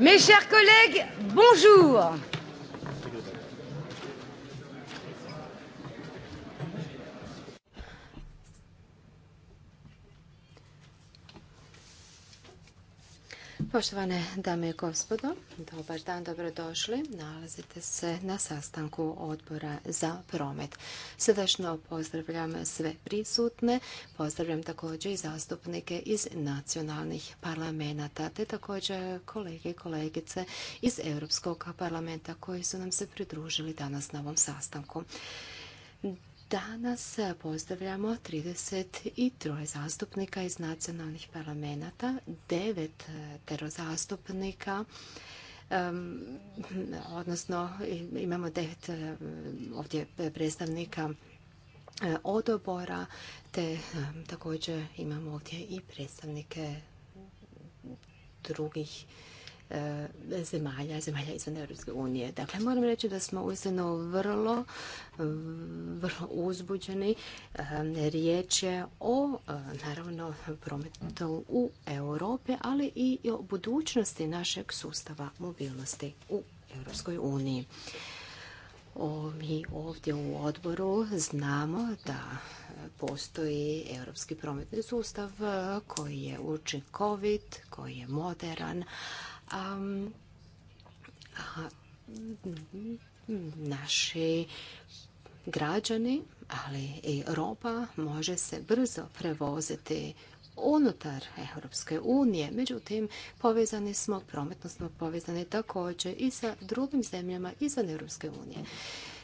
Mes chers collègues, bonjour. Poštovane dame i gospodo, dobar dan, dobrodošli. Nalazite se na sastanku odbora za promet. Srdačno pozdravljam sve prisutne, pozdravljam također i zastupnike iz nacionalnih parlamenta, te također kolege i kolegice iz Europskog parlamenta koji su nam se pridružili danas na ovom sastanku. Danas e, pozdravljamo 33 zastupnika iz nacionalnih parlamenta, 9 e, terozastupnika, odnosno imamo 9 e, ovdje predstavnika odobora te također imamo ovdje i predstavnike drugih E, zemalja, zemalja izvan Europske unije. Dakle, moram reći da smo uistinu vrlo, vrlo uzbuđeni. E, riječ je o, e, naravno, prometu u Europi, ali i o budućnosti našeg sustava mobilnosti u Europskoj uniji. O, mi ovdje u odboru znamo da postoji europski prometni sustav koji je učinkovit, koji je moderan, naši građani, ali i roba može se brzo prevoziti unutar Europske unije. Međutim, povezani smo, prometno smo povezani također i sa drugim zemljama izvan Europske unije.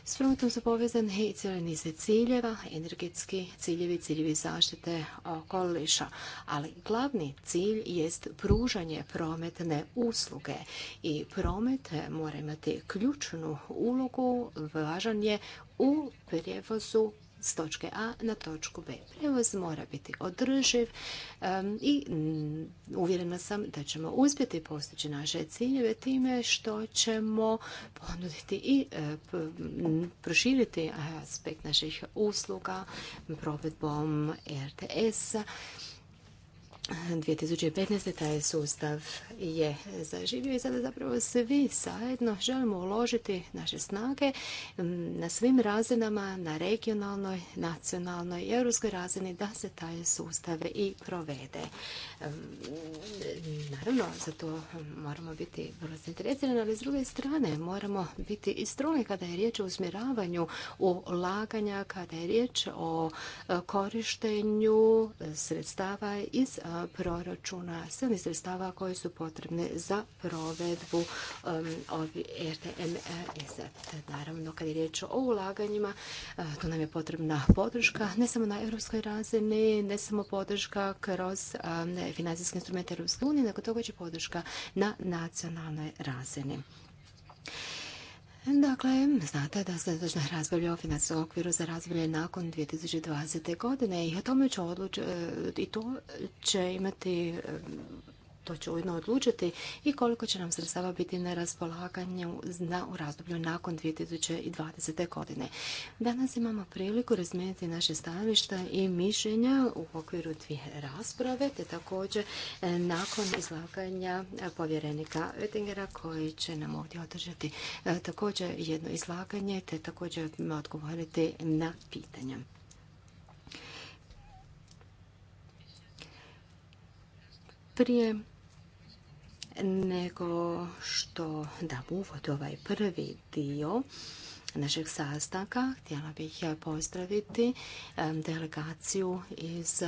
S prometom su povezani i cijeli niz ciljeva, energetski ciljevi, ciljevi zaštite okoliša, ali glavni cilj jest pružanje prometne usluge i promet mora imati ključnu ulogu, važan je u prijevozu s točke A na točku B. Prevoz mora biti održiv i mm, uvjerena sam da ćemo uspjeti postići naše ciljeve time što ćemo ponuditi i e, proširiti e, aspekt naših usluga provedbom RTS-a 2015. taj sustav je zaživio i sada zapravo svi zajedno želimo uložiti naše snage na svim razinama, na regionalnoj, nacionalnoj i europskoj razini da se taj sustav i provede. Naravno, za to moramo biti vrlo zainteresirani, ali s druge strane moramo biti i struni kada je riječ o usmjeravanju ulaganja, kada je riječ o e, korištenju e, sredstava iz e, proračuna sve sredstava koje su potrebne za provedbu um, ovi RTMS. E Naravno, kad je riječ o ulaganjima, uh, tu nam je potrebna podrška, ne samo na europskoj razini, ne samo podrška kroz um, financijske instrumente Europske unije, nego toga će podrška na nacionalnoj razini. Dakle, znate da se točno o financijskom okviru za razdoblje nakon 2020. godine i o tome će odluč... E, i to će imati to će ujedno odlučiti i koliko će nam sredstava biti na raspolaganju na, u razdoblju nakon 2020. godine. Danas imamo priliku razmijeniti naše stajališta i mišljenja u okviru dvije rasprave, te također e, nakon izlaganja povjerenika Oettingera koji će nam ovdje održati e, također jedno izlaganje, te također odgovoriti na pitanja. Prije nego što da uvod ovaj prvi dio našeg sastanka. Htjela bih pozdraviti delegaciju iz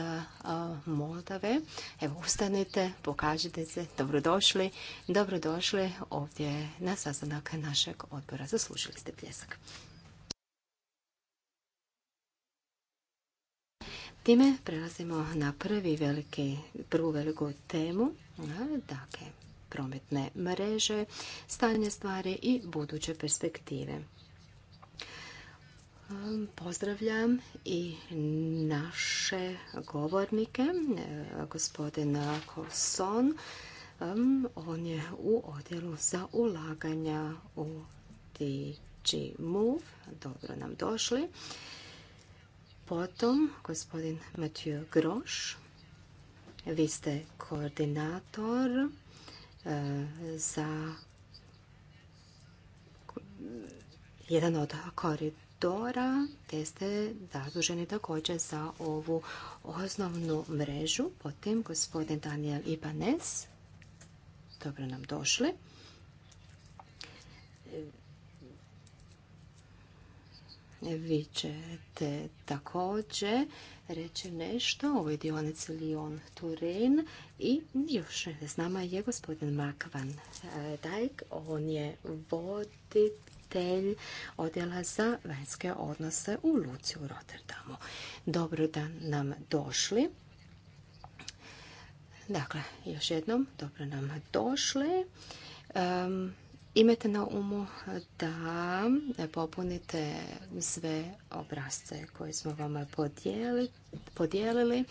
Moldave. Evo, ustanite, pokažite se. Dobrodošli. Dobrodošli ovdje na sastanak našeg odbora. Zaslužili ste pljesak. Time prelazimo na prvi veliki, prvu veliku temu. Dakle, prometne mreže, stanje stvari i buduće perspektive. Um, pozdravljam i naše govornike, e, Gospodin Kolson. Um, on je u odjelu za ulaganja u DG Move. Dobro nam došli. Potom gospodin Mathieu Groš. Vi ste koordinator za jedan od koridora, te ste zaduženi također za ovu osnovnu mrežu. Potim gospodin Daniel Ibanez. Dobro nam došli. Vi ćete također reći nešto o ovoj dionici Lyon Turin i još s nama je gospodin Makvan Dajk. On je voditelj odjela za vanjske odnose u Luci u Rotterdamu. Dobro da nam došli. Dakle, još jednom, dobro nam došli. Imajte na umu da popunite sve obrazce koje smo vam podijelili.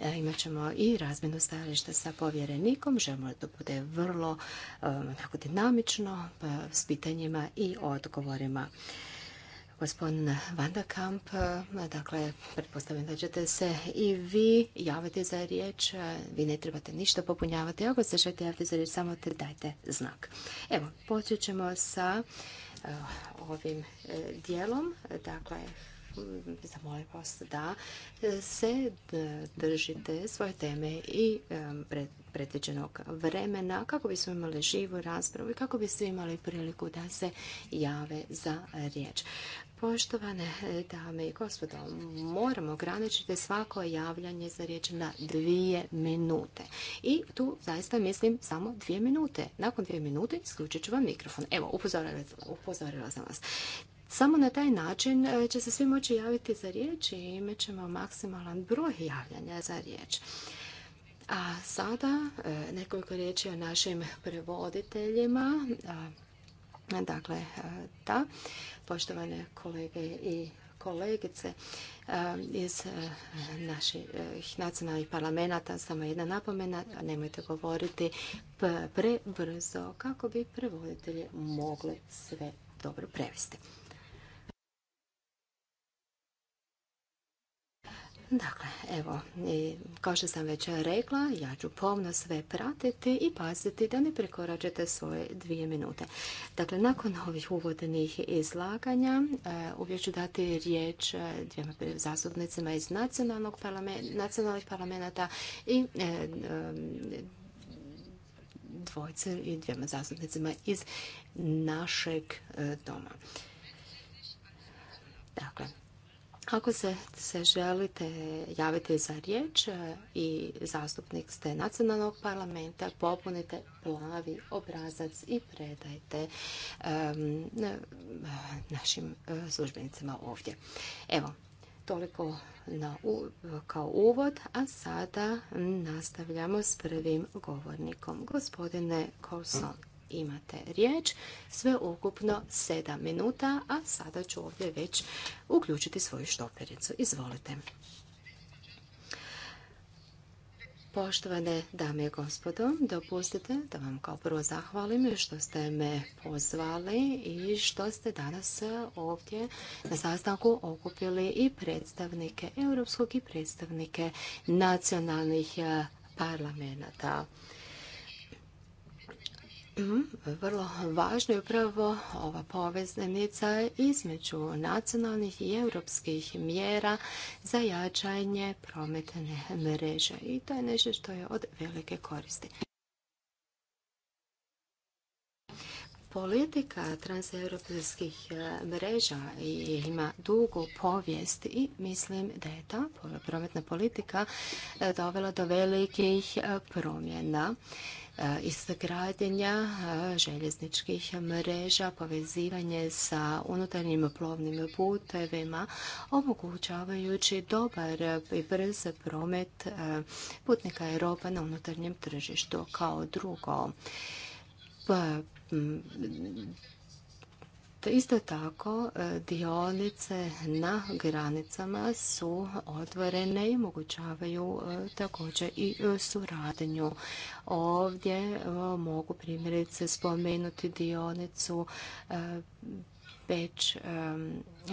E, imat ćemo i razmjenu stajališta sa povjerenikom. Želimo da bude vrlo um, dinamično pa s pitanjima i odgovorima. Gospodin Vandakamp, dakle, pretpostavljam da ćete se i vi javiti za riječ. Vi ne trebate ništa popunjavati. Ako se želite javiti za riječ, samo te dajte znak. Evo, počet ćemo sa eh, ovim eh, dijelom. Dakle, hm, zamolim vas da se držite svoje teme i predviđenog vremena kako bismo imali živu raspravu i kako svi imali priliku da se jave za riječ. Poštovane e, dame i gospodo, moramo ograničiti svako javljanje za riječ na dvije minute. I tu zaista mislim samo dvije minute. Nakon dvije minute isključit ću vam mikrofon. Evo, upozorila, sam vas. Samo na taj način e, će se svi moći javiti za riječ i imat ćemo maksimalan broj javljanja za riječ. A sada e, nekoliko riječi o našim prevoditeljima. Dakle, da poštovane kolege i kolegice um, iz uh, naših uh, nacionalnih parlamenta. Samo jedna napomena, nemojte govoriti prebrzo kako bi prevoditelji mogli sve dobro prevesti. Dakle, evo, kao što sam već rekla, ja ću pomno sve pratiti i paziti da ne prekoračite svoje dvije minute. Dakle, nakon ovih uvodnih izlaganja, e, uvijek ću dati riječ e, dvijema zastupnicima iz nacionalnih parlamenta i e, dvojce i dvijema zastupnicima iz našeg doma. Dakle, ako se, se želite javiti za riječ e, i zastupnik ste nacionalnog parlamenta, popunite plavi obrazac i predajte našim e, službenicima ovdje. Evo, toliko na, kao uvod, a sada nastavljamo s prvim govornikom, gospodine Korson imate riječ. Sve ukupno 7 minuta, a sada ću ovdje već uključiti svoju štopericu. Izvolite. Poštovane dame i gospodo, dopustite da vam kao prvo zahvalim što ste me pozvali i što ste danas ovdje na sastanku okupili i predstavnike europskog i predstavnike nacionalnih eh, parlamenta. Mhm, vrlo važno je upravo ova poveznica između nacionalnih i europskih mjera za jačanje prometne mreže i to je nešto što je od velike koristi. Politika transeuropskih e, mreža ima dugu povijest i mislim da je ta prometna politika e, dovela do velikih e, promjena. Eh, izgradnja eh, željezničkih mreža, povezivanje sa unutarnjim plovnim putevima, omogućavajući dobar i brz promet eh, putnika i na unutarnjem tržištu. Kao drugo, Isto tako, e, dionice na granicama su otvorene i omogućavaju e, također i e, suradnju. Ovdje mogu primjerice spomenuti dionicu Beč,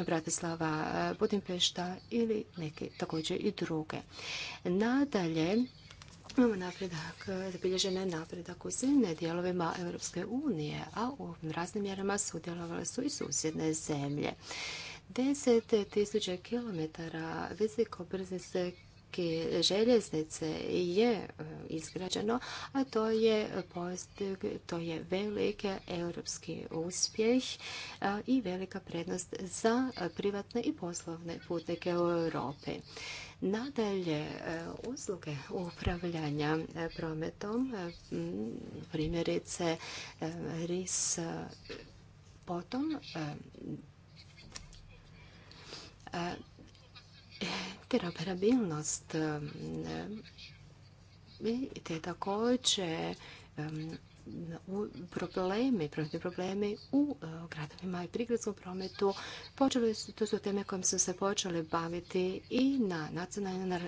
Bratislava, Budimpešta ili neke također i druge. Nadalje, Imamo napredak, zabilježen je napredak u svim dijelovima Europske unije, a u raznim mjerama sudjelovale su i susjedne zemlje. 10.000 km visoko brze se željeznice je e, izgrađeno, a to je, to je europski uspjeh e, i velika prednost za privatne i poslovne putnike u Europi. Nadalje, e, usluge upravljanja prometom, primjerice RIS, potom interoperabilnost te također e, problemi, problemi u e, gradovima i prigradskom prometu. Počeli su, to su teme kojim su se počeli baviti i na nacionalnoj,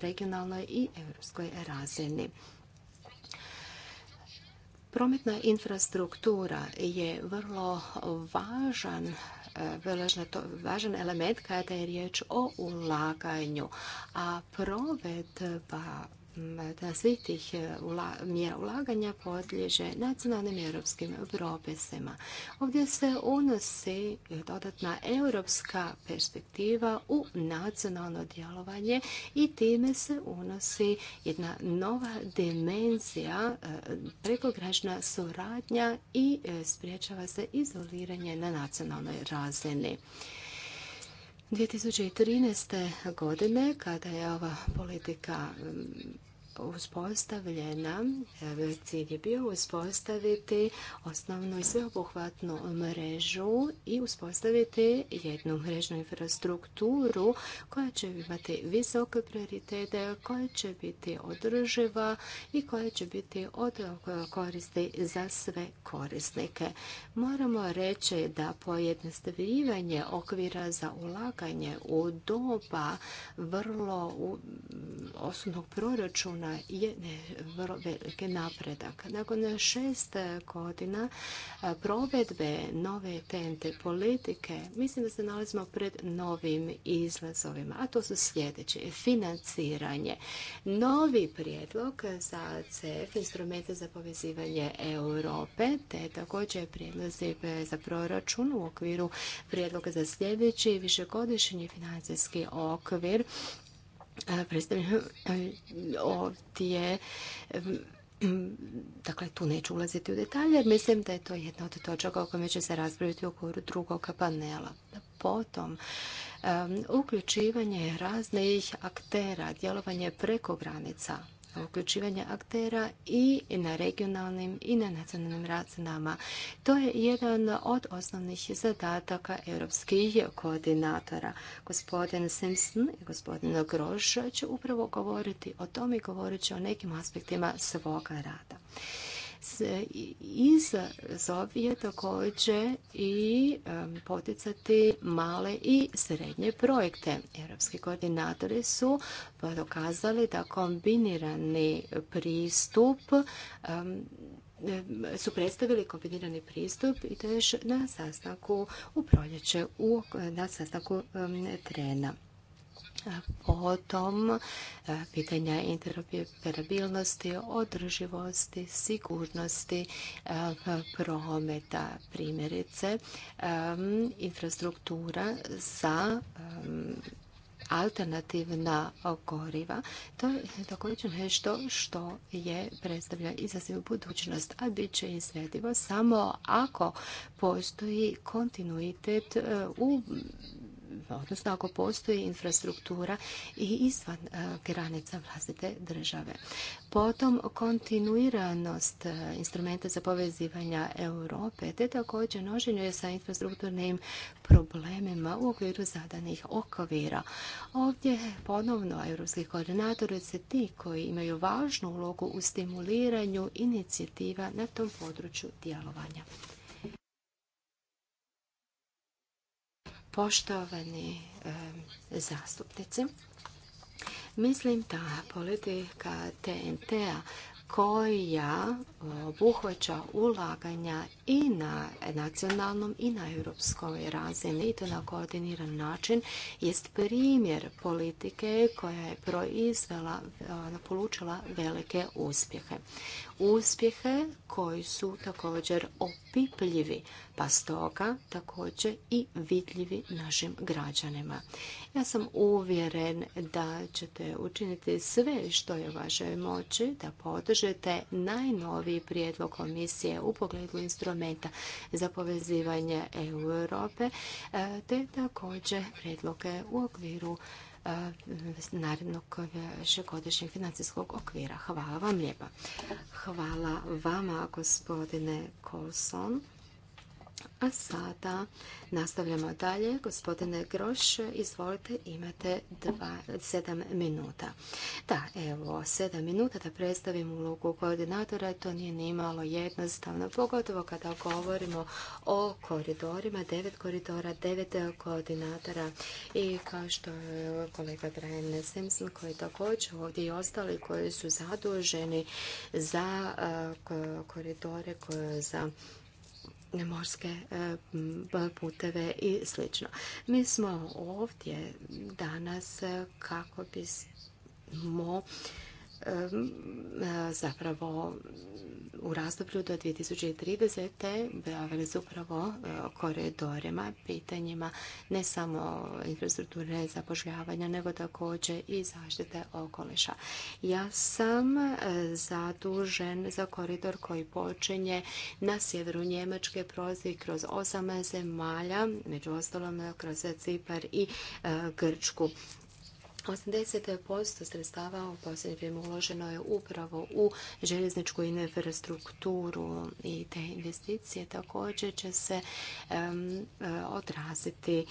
regionalnoj i europskoj razini. Prometna infrastruktura je vrlo važan e, važan element kada je riječ o ulaganju, a provedba da svi tih e, mjera ulaganja podliježe nacionalnim europskim propisima. Ovdje se unosi dodatna europska perspektiva u nacionalno djelovanje i time se unosi jedna nova dimenzija e, prekogražna suradnja i e, spriječava se izoliranje na nacionalnoj razini. 2013. godine, kada je ova politika uspostavljena, cilj je bio uspostaviti osnovnu i sveobuhvatnu mrežu i uspostaviti jednu mrežnu infrastrukturu koja će imati visoke prioritete, koja će biti održiva i koja će biti od koristi za sve korisnike. Moramo reći da pojednostavljivanje okvira za ulaganje u doba vrlo osnovnog proračuna je vrlo veliki napredak. Nakon šest godina provedbe nove tente politike, mislim da se nalazimo pred novim izazovima, a to su sljedeće. Financiranje. Novi prijedlog za CEF, instrumente za povezivanje Europe, te također prijedlozi za proračun u okviru prijedloga za sljedeći višegodišnji financijski okvir predstavljam e, ovdje e, Dakle, tu neću ulaziti u detalje, jer mislim da je to jedna od točaka o kojoj će se raspraviti u okviru drugog panela. Potom, e, uključivanje raznih aktera, djelovanje preko granica, uključivanja aktera i na regionalnim i na nacionalnim razinama. To je jedan od osnovnih zadataka europskih koordinatora. Gospodin Simpson i gospodin Groš će upravo govoriti o tome i govorit će o nekim aspektima svoga rada iz zovije također i poticati male i srednje projekte. Europski koordinatori su dokazali da kombinirani pristup su predstavili kombinirani pristup i to još na sastanku u proljeće, na sastanku trena potom e, pitanja interoperabilnosti, održivosti, sigurnosti e, prometa, primjerice e, infrastruktura za alternativna goriva. To je također nešto što je predstavlja za u budućnost, a bit će izvedivo samo ako postoji kontinuitet u odnosno ako postoji infrastruktura i izvan e, granica vlastite države. Potom kontinuiranost e, instrumenta za povezivanja Europe te također noženje sa infrastrukturnim problemima u okviru zadanih okvira. Ovdje ponovno europski koordinatori se ti koji imaju važnu ulogu u stimuliranju inicijativa na tom području djelovanja. Poštovani zastupnici, mislim da politika TNT-a koja obuhvaća ulaganja i na nacionalnom i na europskoj razini i to na koordiniran način jest primjer politike koja je proizvela, polučila velike uspjehe uspjehe koji su također opipljivi, pa stoga također i vidljivi našim građanima. Ja sam uvjeren da ćete učiniti sve što je u moći da podržete najnoviji prijedlog komisije u pogledu instrumenta za povezivanje Europe, e, te također prijedloge u okviru E, narednog e, višegodišnjeg financijskog okvira. Hvala vam lijepa. Hvala vama, gospodine Colson. A sada nastavljamo dalje. Gospodine Groš, izvolite, imate 7 sedam minuta. Da, evo, sedam minuta da predstavim ulogu koordinatora. To nije ni malo jednostavno, pogotovo kada govorimo o koridorima, devet koridora, devet koordinatora. I kao što je kolega Brian Simpson, koji također ovdje i ostali koji su zaduženi za koridore, za morske e, puteve i sl. Mi smo ovdje danas e, kako bismo zapravo u razdoblju do 2030. bavili se upravo e, koridorima, pitanjima ne samo infrastrukture zapošljavanja, nego također i zaštite okoliša. Ja sam e, zadužen za koridor koji počinje na sjeveru Njemačke, prozi kroz osam zemalja, među ostalom e, kroz Cipar i Grčku. 80% sredstava u posljednje vrijeme uloženo je upravo u željezničku infrastrukturu i te investicije također će se eh, odraziti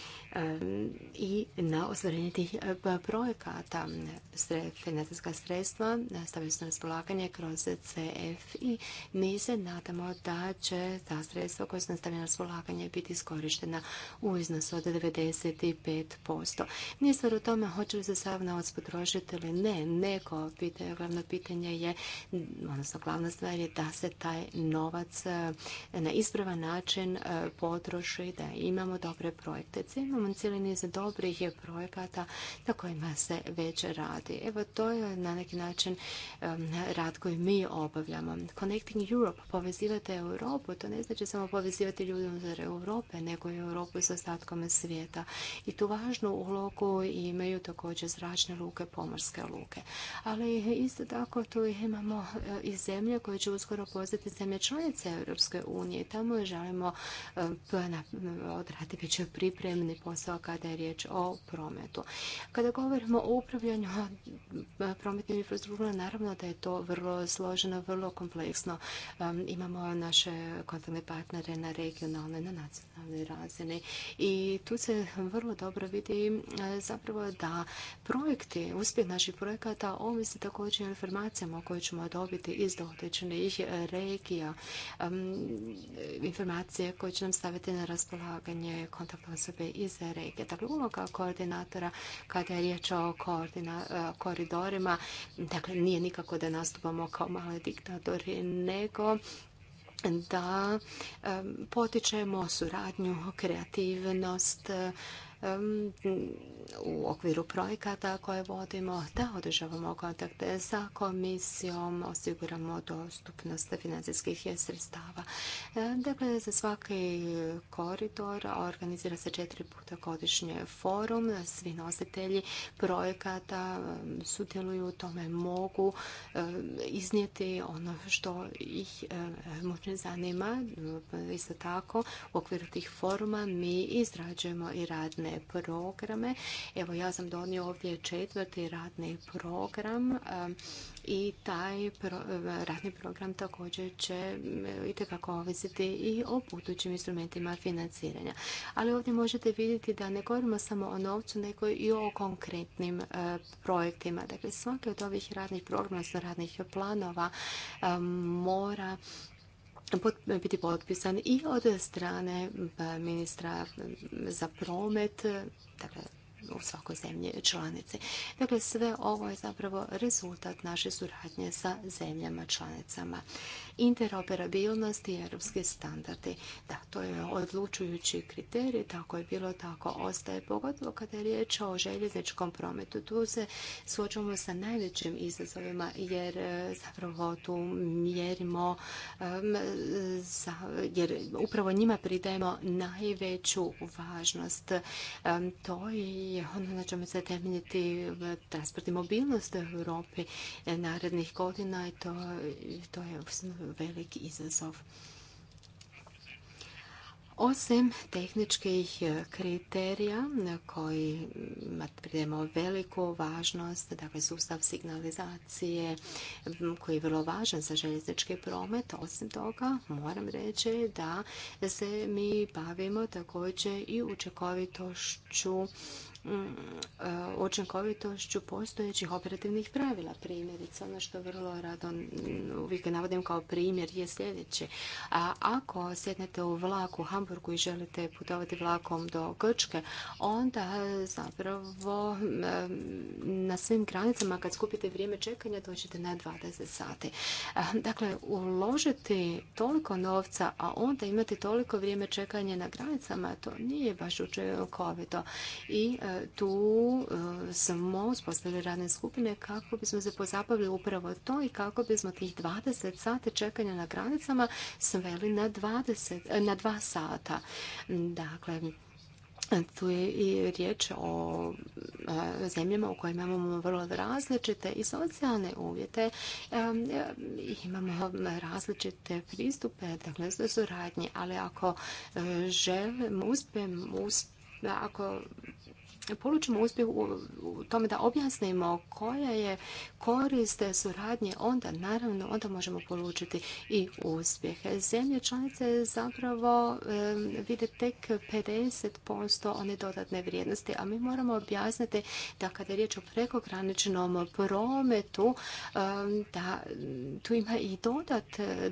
i na ostvarenje tih eh, projekata. Financijska sredstva nastavljaju se na raspolaganje kroz CF i mi se nadamo da će ta sredstva koja su nastavljena na raspolaganje biti iskorištena u iznosu od 95%. Nije stvar u tome hoće li se sav novac ili Ne, neko pitanje, glavno pitanje je, odnosno glavna stvar je da se taj novac e, na ispravan način e, potroši, da imamo dobre projekte. Imamo cijeli niz dobrih projekata na kojima se već radi. Evo to je na neki način rad koji mi obavljamo. Connecting Europe, povezivate Europu, to ne znači samo povezivati ljudi unutar Europe, nego i Europu s ostatkom svijeta. I tu važnu ulogu imaju također zračne luke, pomorske luke. Ali isto tako tu imamo e, i zemlje koje će uskoro postati zemlje članice Europske unije. Tamo želimo e, odraditi pripremni posao kada je riječ o prometu. Kada govorimo o upravljanju e, prometnim infrastrukturom, naravno da je to vrlo složeno, vrlo kompleksno. Imamo naše kontaktne partnere na regionalnoj, na nacionalnoj razini i tu se vrlo dobro vidi zapravo da Projekti, uspjeh naših projekata ovisi također informacijama koje ćemo dobiti iz dotičnih regija, informacije koje će nam staviti na raspolaganje kontakt osobe iz regije. Dakle, uloga koordinatora kada je riječ o e, koridorima, dakle, nije nikako da nastupamo kao male diktatori, nego da potičemo suradnju, kreativnost, u okviru projekata koje vodimo, da održavamo kontakte sa komisijom, osiguramo dostupnost financijskih sredstava. Dakle, za svaki koridor organizira se četiri puta godišnje forum. Svi nositelji projekata sudjeluju u tome, mogu iznijeti ono što ih možda zanima. Isto tako, u okviru tih foruma mi izrađujemo i radne programe. Evo, ja sam donio ovdje četvrti radni program um, i taj um, radni program također će um, itekako ovisiti i o budućim instrumentima financiranja. Ali ovdje možete vidjeti da ne govorimo samo o novcu, nego i o konkretnim uh, projektima. Dakle, svaki od ovih radnih programa, odnosno radnih planova mora biti potpisan i od strane pa, ministra za promet, dakle, u svakoj zemlji članici. Dakle, sve ovo je zapravo rezultat naše suradnje sa zemljama članicama interoperabilnost i europske standardi. Da, to je odlučujući kriterij, tako je bilo, tako ostaje, pogotovo kada je riječ o željezničkom prometu. Tu se suočavamo sa najvećim izazovima, jer e, zapravo tu mjerimo, jer upravo njima pridajemo najveću važnost. To je ono na čemu se temeljiti transport i mobilnost u Europi e, narednih godina i to, to je veliki izazov. Osim tehničkih kriterija na koji pridemo veliku važnost, dakle sustav signalizacije koji je vrlo važan za željeznički promet, osim toga moram reći da se mi bavimo također i učinkovitošću Mm, e, učinkovitošću postojećih operativnih pravila. Primjerice, ono što vrlo rado uvijek navodim kao primjer je sljedeće. ako sjednete u vlak u Hamburgu i želite putovati vlakom do Grčke, onda e, zapravo mm, e, na svim granicama kad skupite vrijeme čekanja dođete na 20 sati. Dakle, uložiti toliko novca, a onda imati toliko vrijeme čekanja na granicama, to nije baš učinkovito. I tu e, smo uspostavili radne skupine kako bismo se pozabavili upravo to i kako bismo tih 20 sati čekanja na granicama sveli na, 20, e, na 2 sata. Dakle, tu je i riječ o e, zemljama u kojima imamo vrlo različite i socijalne uvjete, imamo različite pristupe, dakle, suradnje, ali ako želim, uspijem, ako polučimo uspjeh u tome da objasnimo koja je koriste suradnje, onda naravno onda možemo polučiti i uspjeh. Zemlje članice zapravo vide tek 50% one dodatne vrijednosti, a mi moramo objasniti da kada je riječ o prekograničnom prometu, da tu ima i dodat,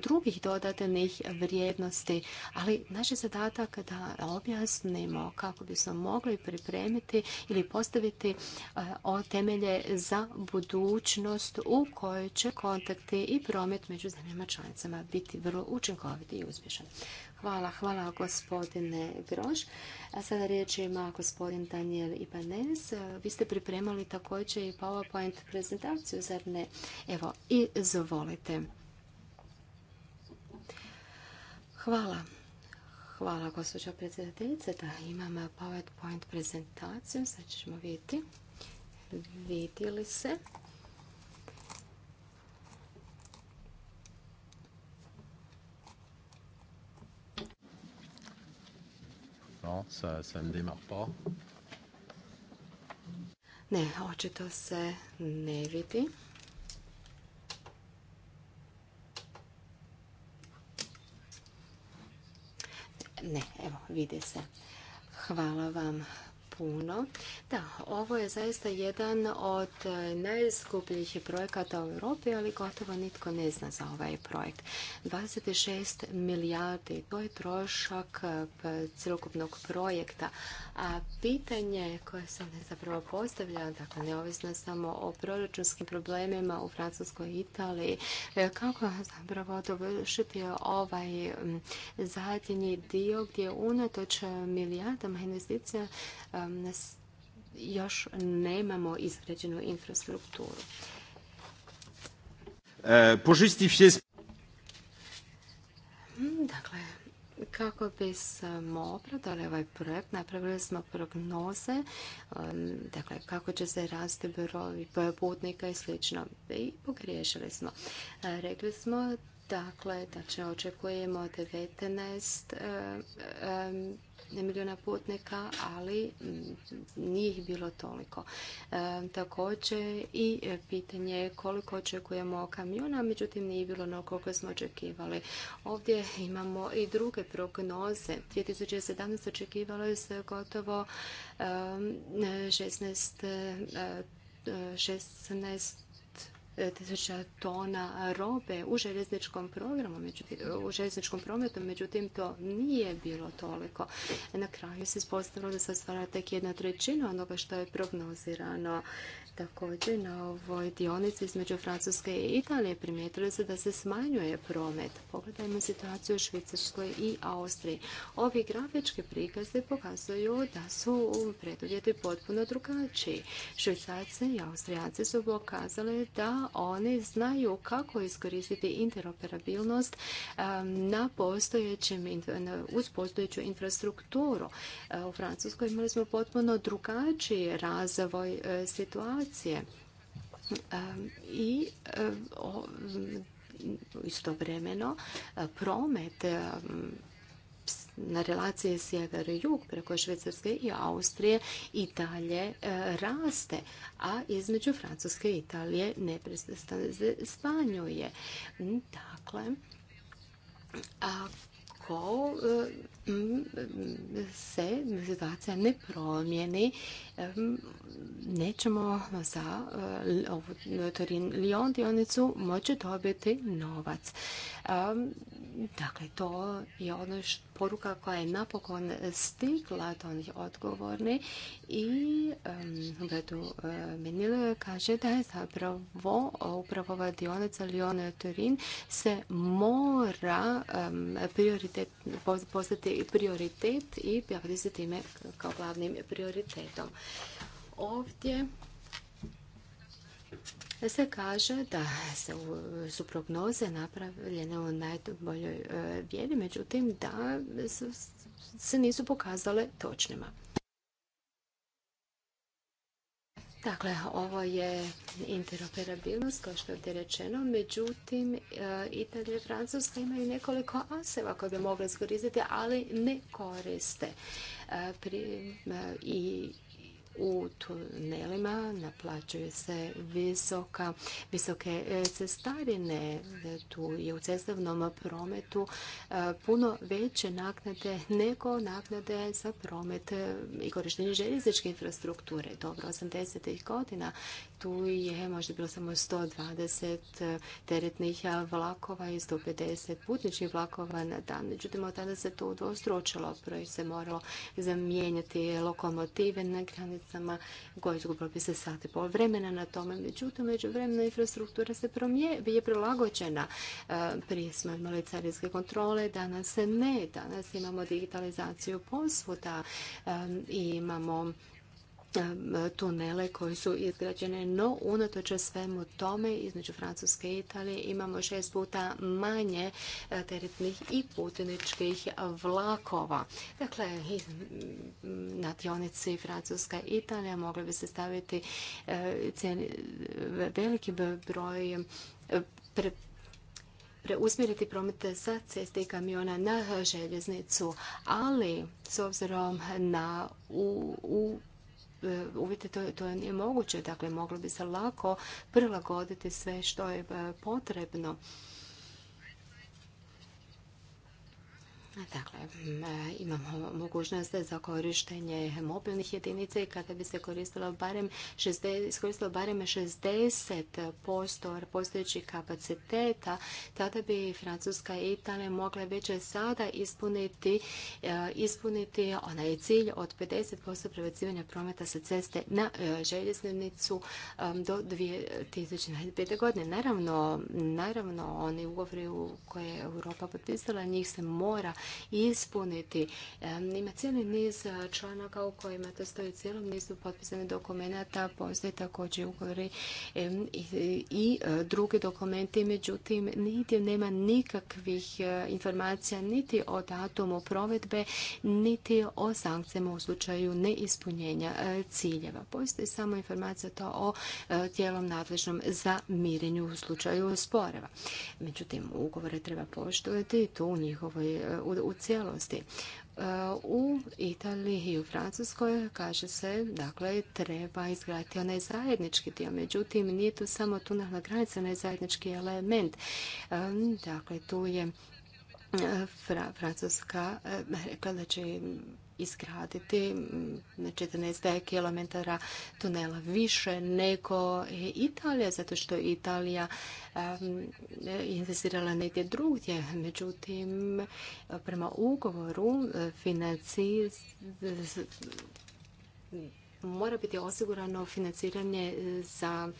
drugih dodatnih vrijednosti, ali naš je zadatak da objasnimo kako bismo mogli pripremiti ili postaviti o temelje za budućnost u kojoj će kontakti i promet među zemljama članicama biti vrlo učinkoviti i uspješan. Hvala, hvala gospodine Groš. A sada riječ ima gospodin Daniel Ibanez. Vi ste pripremali također i PowerPoint prezentaciju, zar ne? Evo, izvolite. Hvala. Hvala, gospođo predsjedateljice. Da, imam PowerPoint prezentaciju. Sad ćemo vidjeti. Vidjeli se. ne pa. Ne, očito se ne vidi. Ne, evo, vidi se. Hvala vam puno. Da, ovo je zaista jedan od najskupljih projekata u Europi, ali gotovo nitko ne zna za ovaj projekt. 26 milijardi, to je trošak eh, cjelokupnog projekta. A pitanje koje se ne zapravo postavlja, dakle neovisno samo o proračunskim problemima u Francuskoj i Italiji, eh, kako zapravo dovršiti ovaj mm, zadnji dio gdje unatoč milijardama investicija eh, još nemamo izgrađenu infrastrukturu. E, mm, dakle, kako bismo opravdali ovaj projekt, napravili smo prognoze, dakle, kako će se rasti broj putnika i slično. I pogriješili smo. E, rekli smo, dakle, da će očekujemo 19 milijuna putnika, ali mm, nije ih bilo toliko. E, također i pitanje koliko očekujemo kamiona, međutim nije bilo ono koliko smo očekivali. Ovdje imamo i druge prognoze. 2017 očekivalo je se gotovo 16 e, 16 tisuća tona robe u željezničkom programu, u željezničkom prometu, međutim to nije bilo toliko. Na kraju se ispostavilo da se stvara tek jedna trećina onoga što je prognozirano. Također na ovoj dionici između Francuske i Italije primijetili se da se smanjuje promet. Pogledajmo situaciju u Švicarskoj i Austriji. Ovi grafički prikaze pokazuju da su preduvjeti potpuno drugačiji. Švicarci i Austrijanci su pokazali da oni znaju kako iskoristiti interoperabilnost na postojećem, uz postojeću infrastrukturu. E, u Francuskoj imali smo potpuno drugačiji razvoj e, situacije. I e, istovremeno promet na relaciji sjever i jug preko Švicarske i Austrije Italije e, raste, a između Francuske i Italije ne smanjuje. Dakle, ako e, se situacija ne promijeni, e, nećemo za ovu Lyon dionicu moći dobiti novac. Dakle, to je ono poruka koja je napokon stigla do onih odgovorni i gledu kaže da je zapravo upravo ova dionica Lione Turin se mora postati prioritet i javiti se time kao glavnim prioritetom. Ovdje se kaže da su prognoze napravljene u najboljoj e, vjeri, međutim da se nisu pokazale točnima. Dakle, ovo je interoperabilnost, kao što je ovdje rečeno. Međutim, e, Italija i Francuska imaju nekoliko aseva koje bi mogli skoristiti, ali ne koriste. E, I u tunelima, naplaćuju se visoka, visoke e, cestarine, tu je u cestovnom prometu e, puno veće naknade nego naknade za promet e, i korištenje željezničke infrastrukture. Dobro, 80. godina tu je možda bilo samo 120 e, teretnih e, vlakova i 150 putničnih vlakova na dan. Međutim, od tada se to udvostručilo. Prvo se moralo zamijenjati lokomotive na granicama koje su gubili se pol vremena na tome. Međutim, međuvremena infrastruktura se promije, je prilagođena. E, prije smo imali kontrole, danas ne. Danas imamo digitalizaciju posvuda i imamo tunele koji su izgrađene. No, unatoč svemu tome, između Francuske i Italije imamo šest puta manje e, teretnih i putničkih vlakova. Dakle, na dionici Francuska i Italija mogli bi se staviti e, veliki broj e, preusmjeriti promete sa ceste i kamiona na željeznicu, ali s obzirom na u E, uvjete to, to nije moguće. Dakle, moglo bi se lako prilagoditi sve što je e, potrebno. Dakle, imamo mogućnost za korištenje mobilnih jedinica i kada bi se koristilo barem 60, iskoristilo barem postojećih kapaciteta, tada bi Francuska i Italija mogle već sada ispuniti, e, ispuniti onaj cilj od 50% prebacivanja prometa sa ceste na e, željeznicu e, do 2025. godine. Naravno, naravno oni ugovori koje je Europa potpisala, njih se mora ispuniti. Ima cijeli niz e, članaka u kojima to stoji cijelom nizu potpisanih dokumenta, postoje također ugovori i e, drugi dokumenti, međutim niti nema nikakvih e, informacija niti o datumu provedbe, niti o sankcijama u slučaju neispunjenja ciljeva. Postoji samo informacija to o tijelom nadležnom za mirenju u slučaju sporeva. Međutim, ugovore treba poštovati tu u njihovoj u cijelosti. E, u Italiji i u Francuskoj kaže se, dakle, treba izgraditi onaj zajednički dio. Međutim, nije tu samo tu na granica, onaj zajednički element. E, dakle, tu je e, Francuska rekla da će izgraditi 14 mm, km tunela više nego Italija, zato što Italija investirala negdje drugdje. Međutim, prema ugovoru e, financije mora biti osigurano financiranje e, za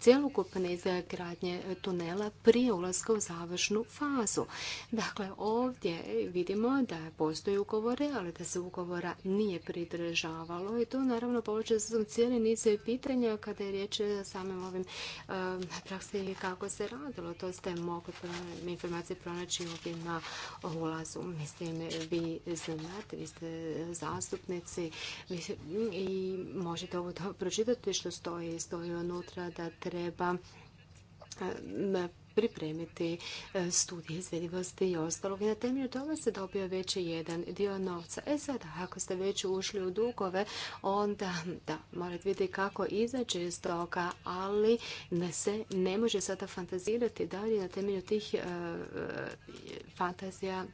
cjelokupne izgradnje tunela prije ulaska u završnu fazu. Dakle, ovdje vidimo da postoje ugovore, ali da se ugovora nije pridržavalo i to naravno povuče se cijeli niz pitanja kada je riječ o samim ovim prakse praksi ili kako se radilo. To ste mogli informacije pronaći ovdje na ulazu. Mislim, vi znate, vi ste zastupnici i možete ovo pročitati što stoji. Stoji unutra da treba e, pripremiti e, studije izvedivosti i ostalog. I na temelju toga se dobio već jedan dio novca. E sad, ako ste već ušli u dugove, onda da, morate vidjeti kako izaći iz toga, ali ne se ne može sada fantazirati li na temelju tih e, fantazija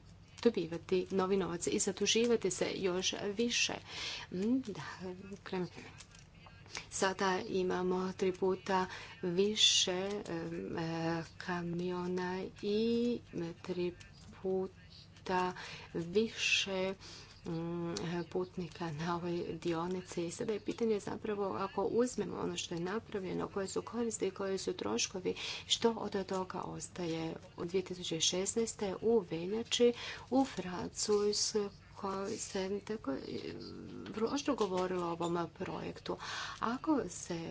dobivati novi novac i zaduživati se još više. Mm, Sada imamo tri puta više e, kamiona i tri puta više putnika na ovoj dionici. I sada je pitanje zapravo ako uzmemo ono što je napravljeno, koje su koriste i koje su troškovi, što od toga ostaje. U 2016. u veljači u Francuskoj koji se tako govorilo o ovom projektu. Ako se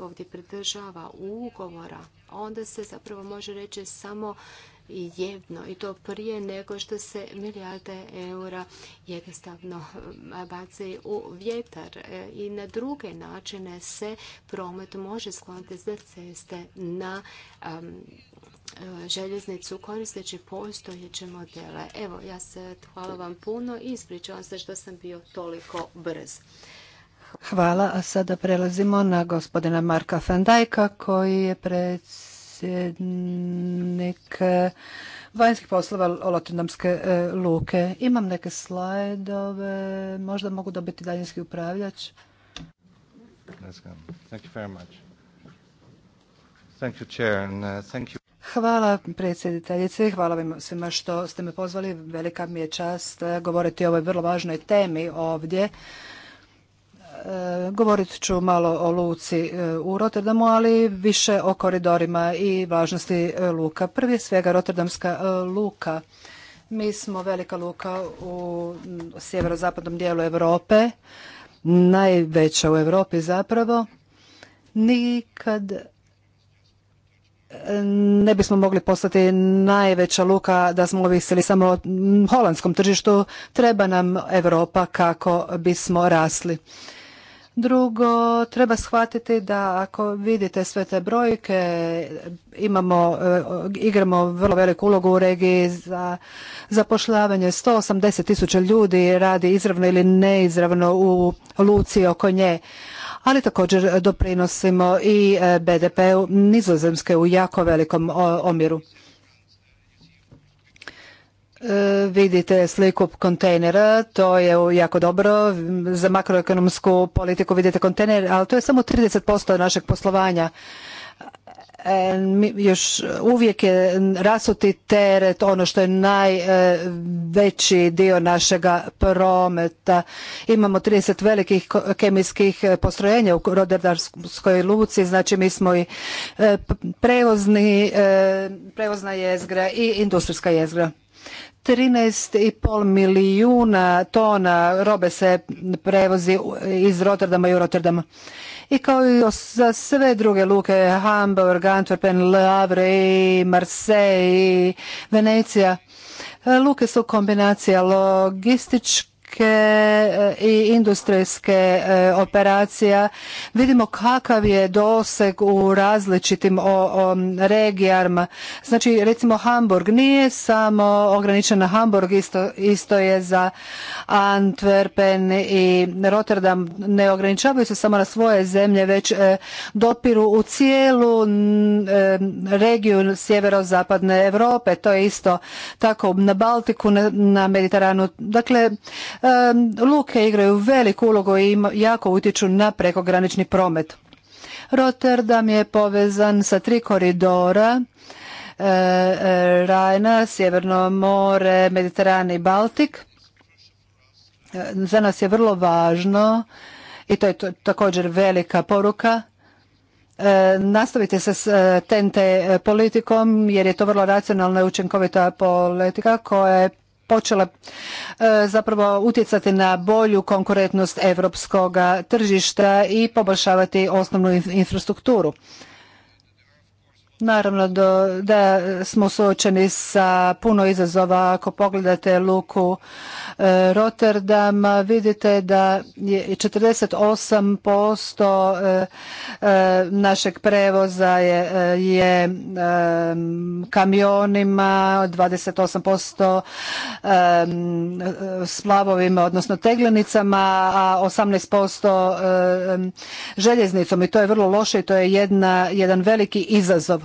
ovdje pridržava ugovora, onda se zapravo može reći samo jedno i to prije nego što se milijarde eura jednostavno eh, bace u vjetar eh, i na druge načine se promet može skloniti za ceste na eh, željeznicu koristeći postojeće modele. Evo, ja se hvala vam puno i ispričavam se što sam bio toliko brz. Hvala, a sada prelazimo na gospodina Marka Fendajka koji je pred predsjednik e, vanjskih poslova Olotondamske e, luke. Imam neke slajdove, možda mogu dobiti daljinski upravljač. Hvala predsjediteljice, hvala vam svima što ste me pozvali. Velika mi je čast e, govoriti o ovoj vrlo važnoj temi ovdje E, govorit ću malo o luci e, u Rotterdamu, ali više o koridorima i važnosti e, luka. Prvi svega Rotterdamska luka. Mi smo velika luka u sjeverozapadnom dijelu Europe, najveća u Europi zapravo. Nikad ne bismo mogli postati najveća luka da smo ovisili samo o holandskom tržištu. Treba nam Europa kako bismo rasli. Drugo, treba shvatiti da ako vidite sve te brojke, imamo, e, igramo vrlo veliku ulogu u regiji za zapošljavanje. 180 tisuća ljudi radi izravno ili neizravno u luci oko nje ali također doprinosimo i e, BDP-u nizozemske u jako velikom omjeru. E, vidite sliku kontejnera, to je jako dobro za makroekonomsku politiku, vidite kontejner, ali to je samo 30% našeg poslovanja. E, još uvijek je rasuti teret ono što je najveći dio našega prometa. Imamo 30 velikih kemijskih postrojenja u Roderdarskoj luci, znači mi smo i e, prevozna jezgra i industrijska jezgra. 13,5 milijuna tona robe se prevozi iz Rotterdama i u Rotterdama. I kao i za sve druge luke, Hamburg, Antwerpen, Havre, Marseille, Venecija, luke su kombinacija logističke E, i industrijske e, operacija. Vidimo kakav je doseg u različitim o, regijama. Znači, recimo Hamburg nije samo ograničen na Hamburg, isto, isto je za Antwerpen i Rotterdam. Ne ograničavaju se samo na svoje zemlje, već e, dopiru u cijelu e, regiju sjeverozapadne Europe. To je isto tako na Baltiku, na, na Mediteranu. Dakle, Luke igraju veliku ulogu i jako utječu na prekogranični promet. Rotterdam je povezan sa tri koridora e, e, Rajna, Sjeverno more, Mediteran i Baltik. E, za nas je vrlo važno i to je također velika poruka nastavite se s TNT politikom jer je to vrlo racionalna i učinkovita politika koja je počela e, zapravo utjecati na bolju konkurentnost europskoga tržišta i poboljšavati osnovnu infrastrukturu. Naravno da smo suočeni sa puno izazova ako pogledate luku Eh, Rotterdam vidite da je 48% eh, eh, našeg prevoza je, je kamionima, 28% splavovima, odnosno teglenicama, a 18% željeznicom i to je vrlo loše i to je jedan veliki izazov.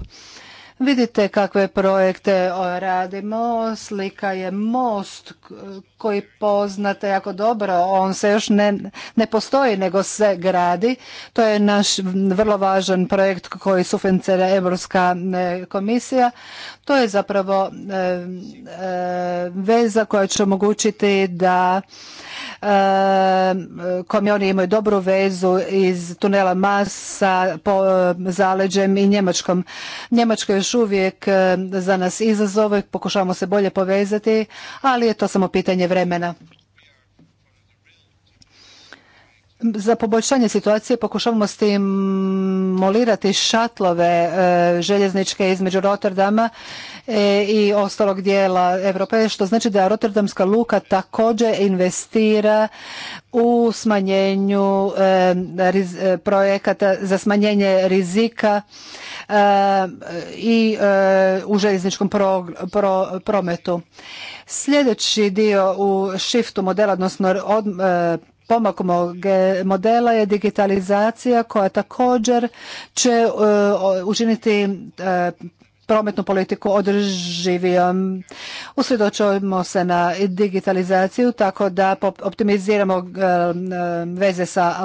Vidite kakve projekte radimo. Slika je most koji poznate jako dobro. On se još ne, ne postoji nego se gradi. To je naš vrlo važan projekt koji sufinancira Europska e, komisija. To je zapravo e, e, veza koja će omogućiti da kome oni imaju dobru vezu iz tunela Masa po e, zaleđem i Njemačkom. Njemačka je još uvijek e, za nas izazove, pokušavamo se bolje povezati, ali je to samo pitanje vremena. Za poboljšanje situacije pokušavamo stimulirati šatlove e, željezničke između Rotterdama e, i ostalog dijela Europe, što znači da Rotterdamska luka također investira u smanjenju e, projekata za smanjenje rizika i u željezničkom prometu. Sljedeći dio u shiftu modela, odnosno pomak modela je digitalizacija koja također će e, učiniti e, prometnu politiku održivijom. Usredočujemo se na digitalizaciju tako da optimiziramo e, veze sa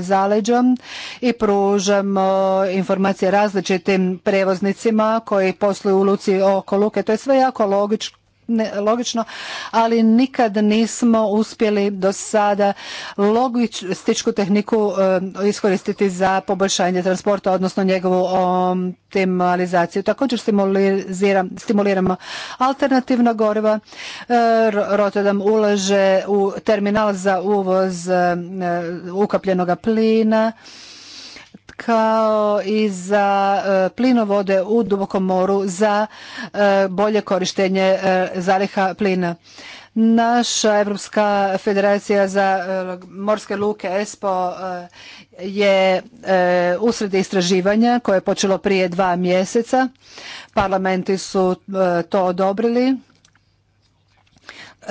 zaleđom i pružamo informacije različitim prevoznicima koji posluju u luci oko luke. To je sve jako logično ne, logično, ali nikad nismo uspjeli do sada logističku tehniku eh, iskoristiti za poboljšanje transporta, odnosno njegovu optimalizaciju. Također stimuliramo alternativna goriva. Eh, Rotodam ulaže u terminal za uvoz eh, ukapljenog plina kao i za e, plinovode u dubokom moru za e, bolje korištenje e, zaliha plina. Naša Evropska federacija za morske luke ESPO je usred istraživanja koje je počelo prije dva mjeseca. Parlamenti su to odobrili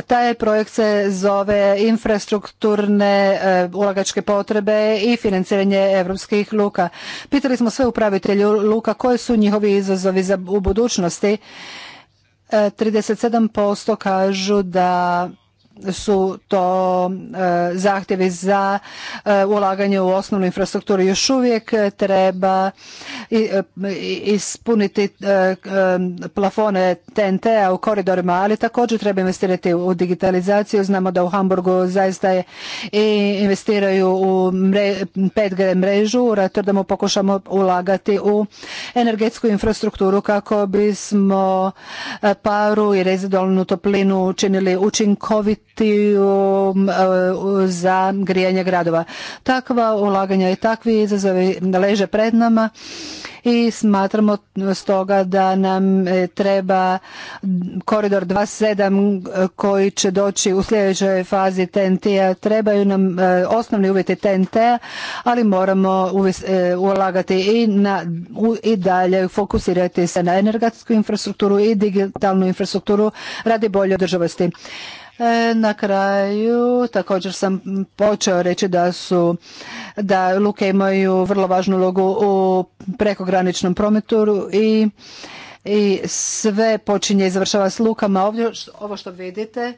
taj projekt se zove infrastrukturne e, ulagačke potrebe i financiranje europskih luka. Pitali smo sve upravitelju luka koji su njihovi izazovi za, u budućnosti. 37% e, kažu da su to e, zahtjevi za e, ulaganje u osnovnu infrastrukturu. Još uvijek treba e, ispuniti plafone TNT-a u koridorima, ali također treba investirati u digitalizaciju. Znamo da u Hamburgu zaista i investiraju u 5G mrežu. U pokušamo ulagati u energetsku infrastrukturu kako bismo paru i rezidualnu toplinu učinili učinkovit E, za grijanje gradova. Takva ulaganja i takvi izazovi leže pred nama i smatramo stoga da nam e, treba koridor 27 e, koji će doći u sljedećoj fazi TNT-a. Trebaju nam osnovni uvjeti TNT-a, ali moramo ulagati i, na, i dalje fokusirati se na energetsku infrastrukturu i digitalnu infrastrukturu radi bolje održivosti. E, na kraju također sam počeo reći da su da luke imaju vrlo važnu ulogu u prekograničnom prometu i i sve počinje i završava s lukama. Ovdje ovo što vidite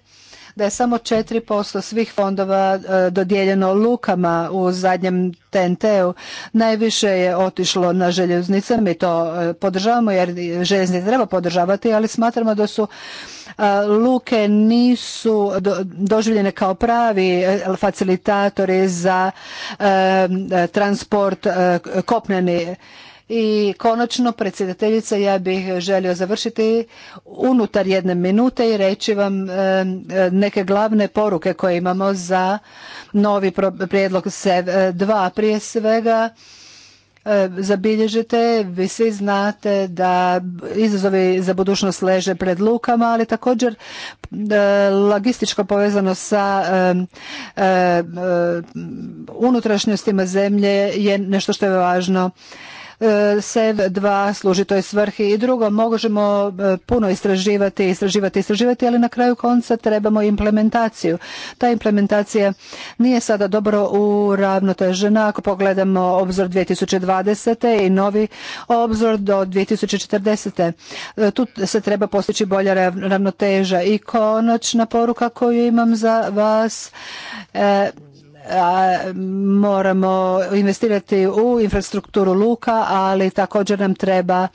da je samo 4% svih fondova e, dodijeljeno lukama u zadnjem TNT-u. Najviše je otišlo na željeznice, mi to e, podržavamo jer željeznice treba podržavati, ali smatramo da su luke nisu doživljene kao pravi e, facilitatori za e, e, transport kopneni i konačno, predsjedateljica, ja bih želio završiti unutar jedne minute i reći vam neke glavne poruke koje imamo za novi prijedlog SEV2. Prije svega, E, zabilježite, vi svi znate da izazovi za budućnost leže pred lukama, ali također e, logističko povezano sa e, unutrašnjostima zemlje je nešto što je važno E, SEV2 služi toj svrhi i drugo, možemo e, puno istraživati, istraživati, istraživati, ali na kraju konca trebamo implementaciju. Ta implementacija nije sada dobro uravnotežena. Ako pogledamo obzor 2020. i novi obzor do 2040. E, tu se treba postići bolja ravnoteža. I konačna poruka koju imam za vas moramo investirati u infrastrukturu luka, ali također nam treba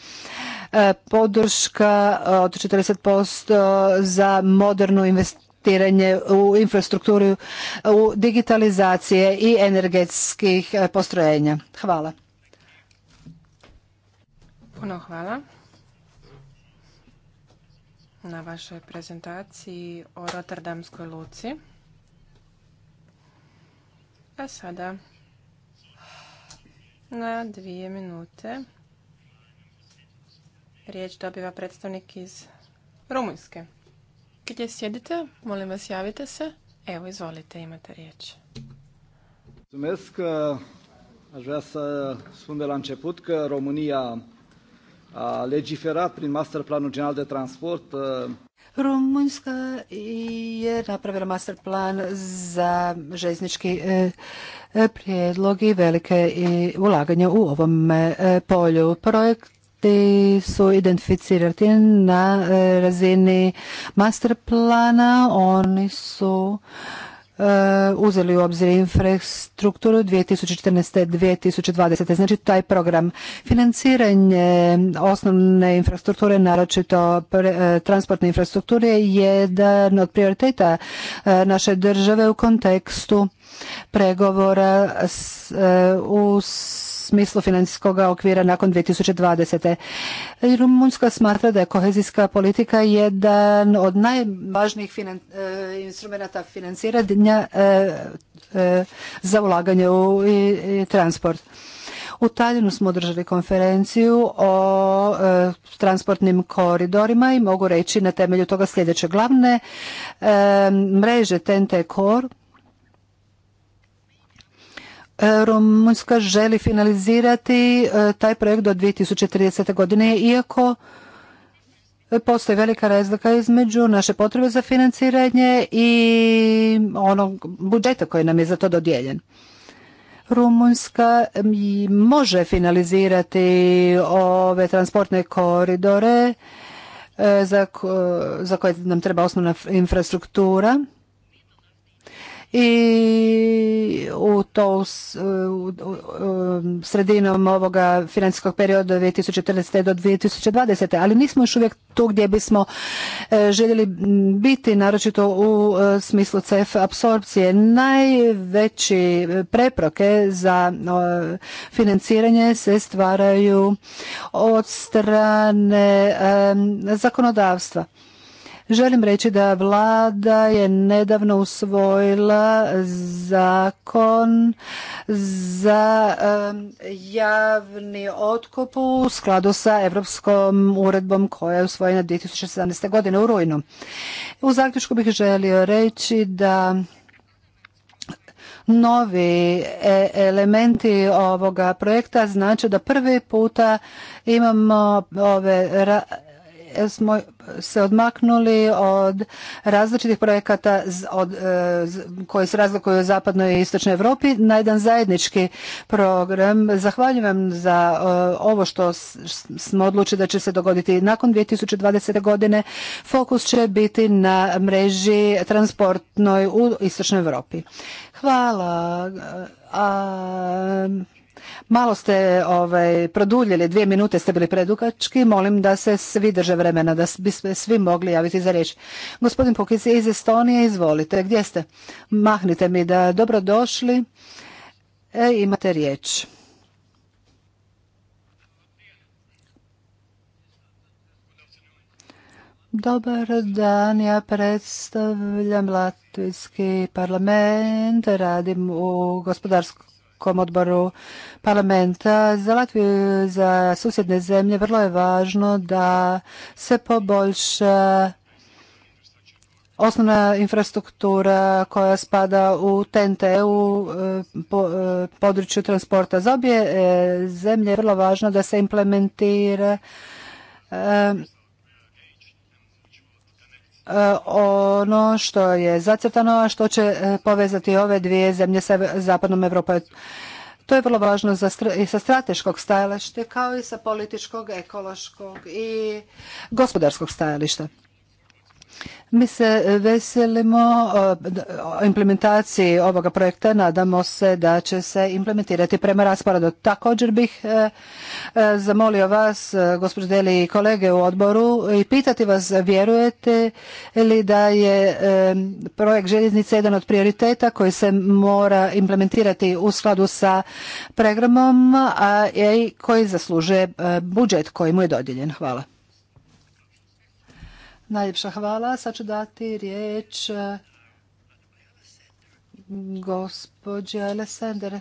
e, podrška od 40% za modernu investiranje u infrastrukturu, u digitalizacije i energetskih e, postrojenja. Hvala. Puno hvala na vašoj prezentaciji o Rotterdamskoj luci. A sada na dvije minute riječ dobiva predstavnik iz Rumunjske. Gdje sjedite? Molim vas, javite se. Evo, izvolite, imate riječ. Mulțumesc. Aș vrea să spun de la început că România a legiferat prin master planul general de transport Rumunjska je napravila master plan za željeznički e, prijedlog i velike e, ulaganja u ovom e, polju. projekti su identificirati na razini master plana. Oni su Uh, uzeli u obzir infrastrukturu 2014. 2020. Znači taj program financiranje osnovne infrastrukture, naročito uh, transportne infrastrukture je jedan od prioriteta uh, naše države u kontekstu pregovora u s smislu financijskog okvira nakon 2020. Rumunjska smatra da je kohezijska politika jedan od najvažnijih finan, eh, instrumenta financiranja eh, eh, za ulaganje u i, transport. U Taljinu smo održali konferenciju o transportnim koridorima i mogu reći na temelju toga sljedeće glavne e, mreže TNT Core E, Rumunjska želi finalizirati e, taj projekt do 2030. godine, iako postoji velika razlika između naše potrebe za financiranje i onog budžeta koji nam je za to dodijeljen. Rumunjska može finalizirati ove transportne koridore e, za koje nam treba osnovna infrastruktura i u to um, sredinom ovoga financijskog perioda 2014. do 2020. Ali nismo još uvijek tu gdje bismo e, željeli biti, naročito u e, smislu CEF apsorpcije. Najveći e, preproke za financiranje se stvaraju od strane zakonodavstva. Želim reći da vlada je nedavno usvojila zakon za javni otkup u skladu sa Europskom uredbom koja je usvojena 2017. godine u rujnu. U zaključku bih želio reći da novi e, elementi ovoga projekta znači da prvi puta imamo ove smo se odmaknuli od različitih projekata e, koji se razlikuju u zapadnoj i istočnoj Europi na jedan zajednički program. Zahvaljujem za e, ovo što smo odlučili da će se dogoditi nakon 2020. godine. Fokus će biti na mreži transportnoj u istočnoj Europi. Hvala. A, Malo ste ovaj, produljili, dvije minute ste bili predugački, molim da se svi drže vremena, da bi svi mogli javiti za riječ. Gospodin Pukic iz Estonije, izvolite, gdje ste? Mahnite mi da dobrodošli, e, imate riječ. Dobar dan, ja predstavljam Latvijski parlament, radim u gospodarskom kom odboru parlamenta. Za Latviju za susjedne zemlje vrlo je važno da se poboljša osnovna infrastruktura koja spada u TNT u eh, eh, području transporta. Za obje eh, zemlje je vrlo važno da se implementira E, ono što je zacrtano, a što će e, povezati ove dvije zemlje sa zapadnom Evropom. To je vrlo važno za, i sa strateškog stajališta kao i sa političkog, ekološkog i gospodarskog stajališta. Mi se veselimo eh, implementaciji ovoga projekta, nadamo se da će se implementirati prema rasporedu. Također bih eh, eh, zamolio vas, gospođo Deli i kolege u odboru, i pitati vas vjerujete li da je projekt željeznice jedan od prioriteta koji se mora implementirati u skladu sa programom, a koji zaslužuje budžet koji mu je dodijeljen. Hvala. Najljepša hvala. Sad ću dati riječ e, gospođe Alessandere.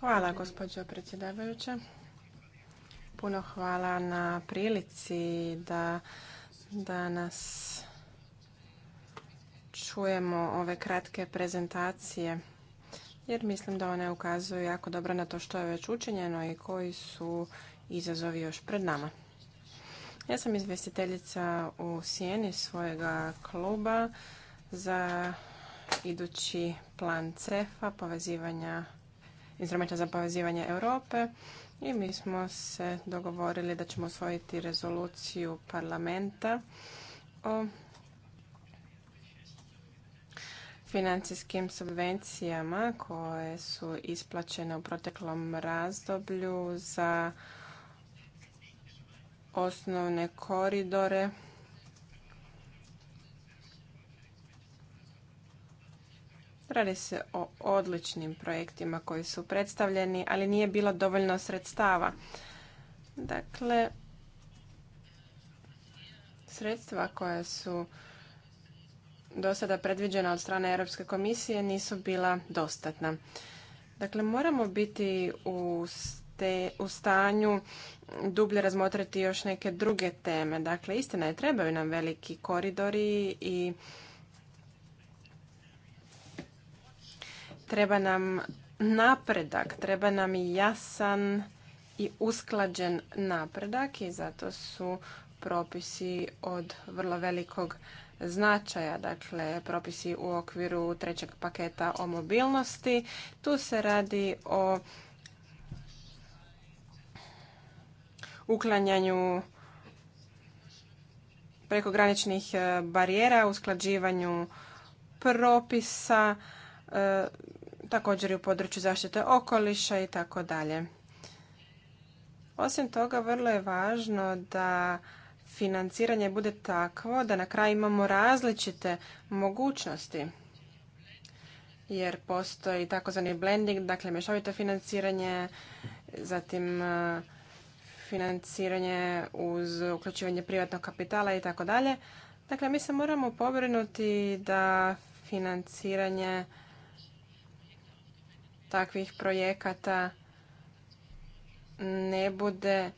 Hvala gospođo predsjedavajuća. Puno hvala na prilici da danas čujemo ove kratke prezentacije jer mislim da one ukazuju jako dobro na to što je već učinjeno i koji su izazovi još pred nama. Ja sam izvjestiteljica u sjeni svojega kluba za idući plan CEFA, povezivanja, instrumenta za povezivanje Europe i mi smo se dogovorili da ćemo usvojiti rezoluciju parlamenta o financijskim subvencijama koje su isplaćene u proteklom razdoblju za osnovne koridore Radi se o odličnim projektima koji su predstavljeni, ali nije bilo dovoljno sredstava. Dakle, sredstva koja su do sada predviđena od strane Europske komisije nisu bila dostatna. Dakle, moramo biti u te u stanju dublje razmotriti još neke druge teme. Dakle, istina je, trebaju nam veliki koridori i treba nam napredak, treba nam jasan i usklađen napredak i zato su propisi od vrlo velikog značaja, dakle propisi u okviru trećeg paketa o mobilnosti. Tu se radi o uklanjanju prekograničnih e, barijera, usklađivanju propisa, e, također i u području zaštite okoliša i tako dalje. Osim toga, vrlo je važno da financiranje bude takvo da na kraju imamo različite mogućnosti. Jer postoji takozvani blending, dakle mješovito financiranje, zatim e, financiranje uz uključivanje privatnog kapitala i tako dalje. Dakle, mi se moramo pobrinuti da financiranje takvih projekata ne bude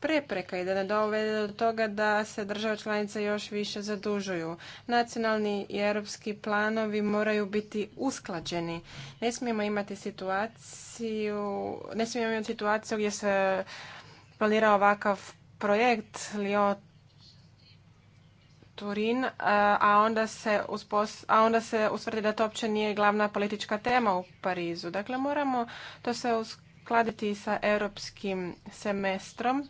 prepreka i da ne dovede do toga da se države članice još više zadužuju. Nacionalni i europski planovi moraju biti usklađeni. Ne smijemo imati situaciju, ne smijemo imati situaciju gdje se planira ovakav projekt Lio Turin, eh, a onda, se uspos, a onda se usvrdi da to uopće nije glavna politička tema u Parizu. Dakle, moramo to se uskladiti sa europskim semestrom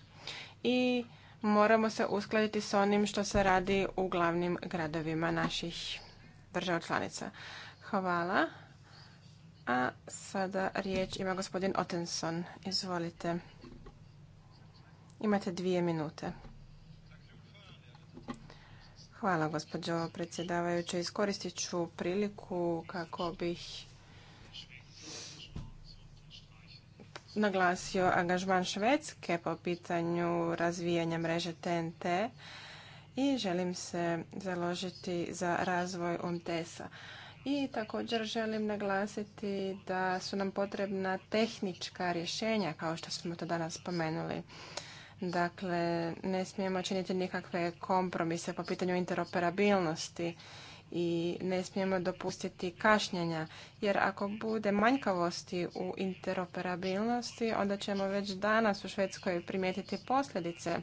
i moramo se uskladiti s onim što se radi u glavnim gradovima naših država članica. Hvala. A sada riječ ima gospodin Otenson. Izvolite. Imate dvije minute. Hvala gospođo predsjedavajuće. Iskoristit ću priliku kako bih naglasio angažman Švedske po pitanju razvijanja mreže TNT i želim se založiti za razvoj ONTESA. a I također želim naglasiti da su nam potrebna tehnička rješenja, kao što smo to danas spomenuli. Dakle, ne smijemo činiti nikakve kompromise po pitanju interoperabilnosti i ne smijemo dopustiti kašnjenja, jer ako bude manjkavosti u interoperabilnosti, onda ćemo već danas u Švedskoj primijetiti posljedice.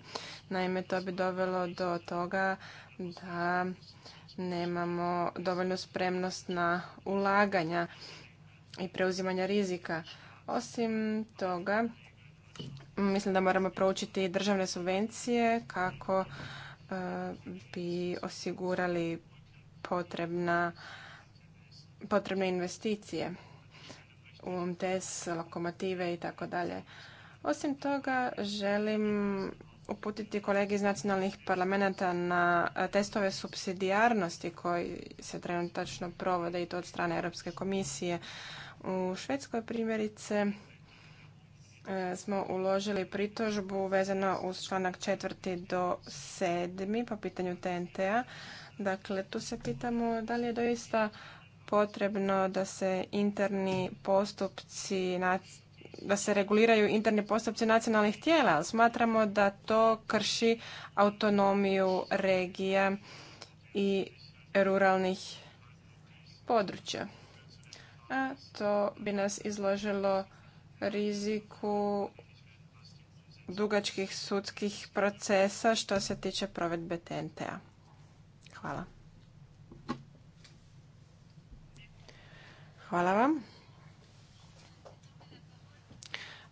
Naime, to bi dovelo do toga da nemamo dovoljnu spremnost na ulaganja i preuzimanja rizika. Osim toga, Mislim da moramo proučiti državne subvencije kako e, bi osigurali potrebna, potrebne investicije u MTS, lokomotive i tako dalje. Osim toga, želim uputiti kolege iz nacionalnih parlamenta na testove subsidijarnosti koji se trenutačno provode i to od strane Europske komisije. U Švedskoj primjerice E, smo uložili pritožbu vezano uz članak 4. do 7. po pitanju TNT-a. Dakle, tu se pitamo da li je doista potrebno da se interni postupci da se reguliraju interni postupci nacionalnih tijela. Smatramo da to krši autonomiju regija i ruralnih područja. A to bi nas izložilo riziku dugačkih sudskih procesa što se tiče provedbe TNT-a. Hvala. Hvala vam.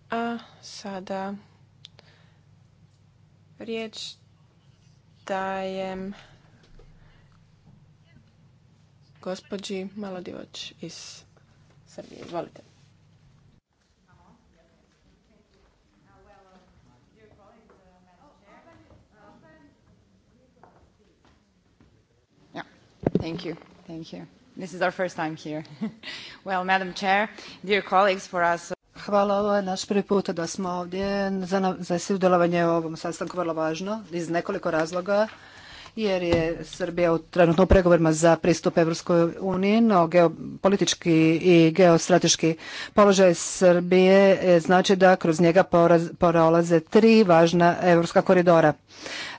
A sada riječ dajem gospođi Malodivoć iz Srbije. Izvolite. Thank you. Thank you. This is our first time here. well, Madam Chair, dear colleagues, for us... Uh, Hvala, ovo je naš prvi put da smo ovdje. Za, za sudjelovanje u ovom sastanku vrlo važno iz nekoliko razloga jer je Srbija u trenutno u pregovorima za pristup Evropskoj uniji, no geopolitički i geostrateški položaj Srbije e, znači da kroz njega porolaze tri važna evropska koridora.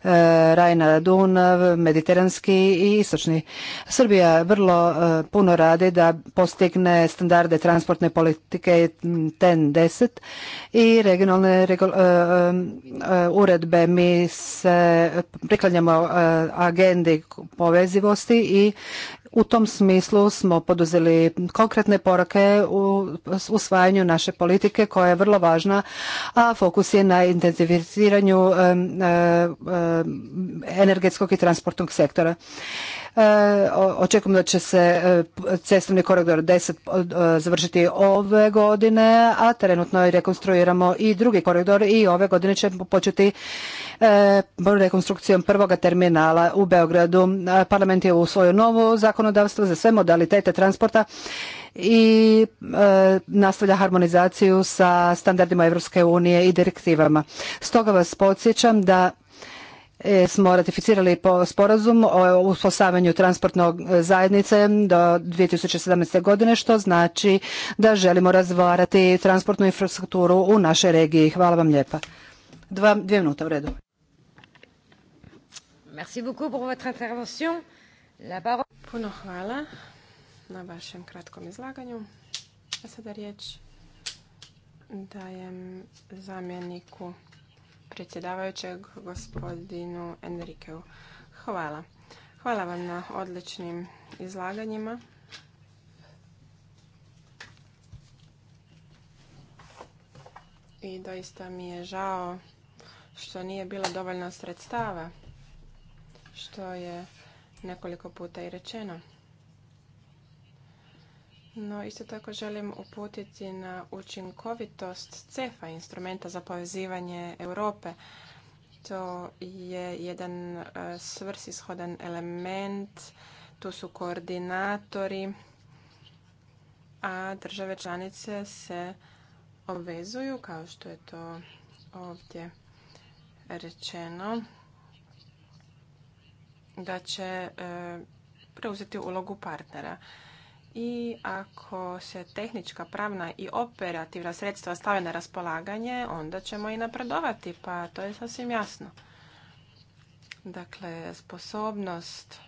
E, Rajna, Dunav, Mediteranski i Istočni. Srbija vrlo e, puno radi da postigne standarde transportne politike TEN-10 i regionalne uredbe. Mi se priklanjamo agende povezivosti i u tom smislu smo poduzeli konkretne porake u usvajanju naše politike koja je vrlo važna, a fokus je na intenziviranju energetskog i transportnog sektora. E, Očekujem da će se e, cestovni koridor 10 završiti ove godine, a trenutno rekonstruiramo i drugi koridor i ove godine ćemo početi e, rekonstrukcijom prvoga terminala u Beogradu. Parlament je usvojio novu zakon zakonodavstvo za sve modalitete transporta i e, nastavlja harmonizaciju sa standardima Europske unije i direktivama. Stoga vas podsjećam da e, smo ratificirali po sporazum o uspostavljanju transportnog e, zajednice do 2017. godine, što znači da želimo razvarati transportnu infrastrukturu u našoj regiji. Hvala vam lijepa. dvije minuta u redu. Merci beaucoup pour Puno hvala na vašem kratkom izlaganju. A sada riječ dajem zamjeniku predsjedavajućeg gospodinu Enrikeu. Hvala. Hvala vam na odličnim izlaganjima. I doista mi je žao što nije bilo dovoljno sredstava, što je nekoliko puta i rečeno. No, isto tako želim uputiti na učinkovitost CEFA, instrumenta za povezivanje Europe. To je jedan e, svrsishodan element, tu su koordinatori, a države članice se obvezuju, kao što je to ovdje rečeno, da će e, preuzeti ulogu partnera. I ako se tehnička, pravna i operativna sredstva stave na raspolaganje, onda ćemo i napredovati, pa to je sasvim jasno. Dakle, sposobnost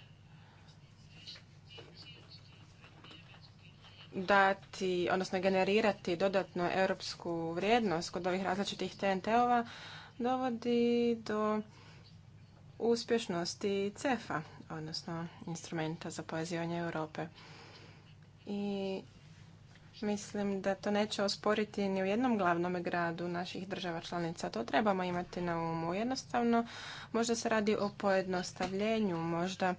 dati, odnosno generirati dodatnu europsku vrijednost kod ovih različitih TNT-ova dovodi do uspješnosti CEFA, odnosno instrumenta za povezivanje Europe. I mislim da to neće osporiti ni u jednom glavnom gradu naših država članica. To trebamo imati na umu. Jednostavno, možda se radi o pojednostavljenju, možda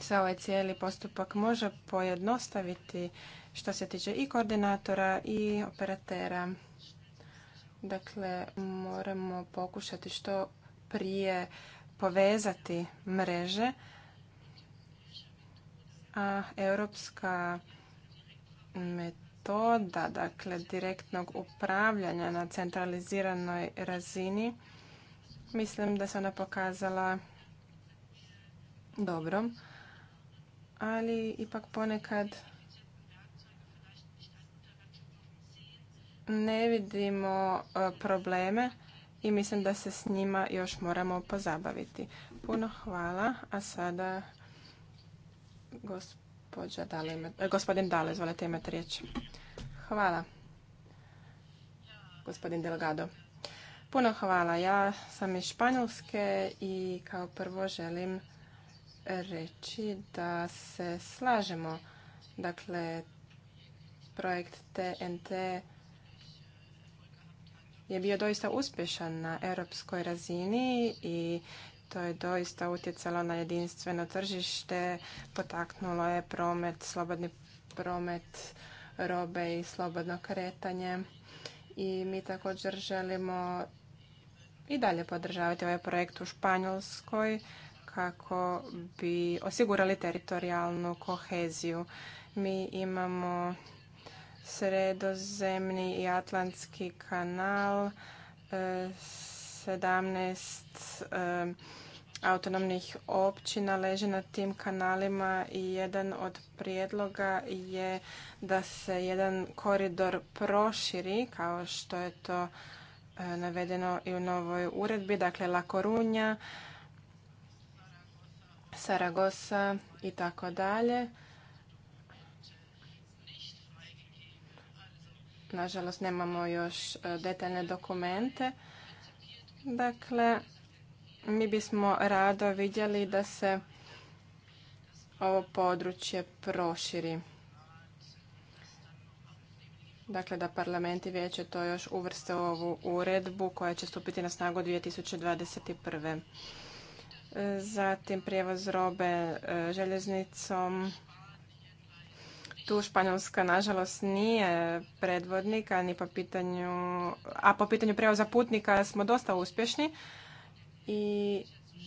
se ovaj cijeli postupak može pojednostaviti što se tiče i koordinatora i operatera. Dakle, moramo pokušati što prije povezati mreže, a europska metoda, dakle direktnog upravljanja na centraliziranoj razini, mislim da se ona pokazala dobrom, ali ipak ponekad ne vidimo e, probleme i mislim da se s njima još moramo pozabaviti. Puno hvala, a sada e, gospodin Dale, izvolite imate riječ. Hvala, gospodin Delgado. Puno hvala. Ja sam iz Španjolske i kao prvo želim reći da se slažemo. Dakle, projekt TNT je bio doista uspješan na europskoj razini i to je doista utjecalo na jedinstveno tržište, potaknulo je promet, slobodni promet robe i slobodno kretanje. I mi također želimo i dalje podržavati ovaj projekt u Španjolskoj kako bi osigurali teritorijalnu koheziju. Mi imamo Sredozemni i Atlantski kanal, 17 e, e, autonomnih općina leže na tim kanalima i jedan od prijedloga je da se jedan koridor proširi kao što je to e, navedeno i u novoj uredbi, dakle La Corunja, Saragosa i tako dalje. Nažalost, nemamo još e, detaljne dokumente. Dakle, mi bismo rado vidjeli da se ovo područje proširi. Dakle, da parlament i vijeće to još uvrste u ovu uredbu koja će stupiti na snagu 2021. Zatim prijevoz robe e, željeznicom, tu Španjolska nažalost nije predvodnika ni po pitanju, a po pitanju prevoza putnika smo dosta uspješni i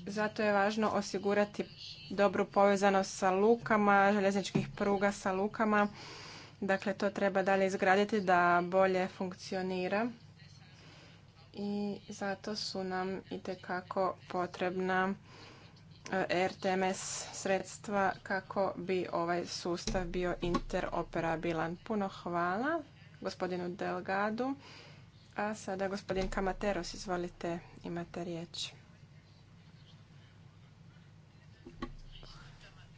zato je važno osigurati dobru povezanost sa lukama, željezničkih pruga sa lukama. Dakle, to treba dalje izgraditi da bolje funkcionira i zato su nam i potrebna E, RTMS sredstva kako bi ovaj sustav bio interoperabilan. Puno hvala gospodinu Delgadu. A sada gospodin Kamateros, izvolite, imate riječ.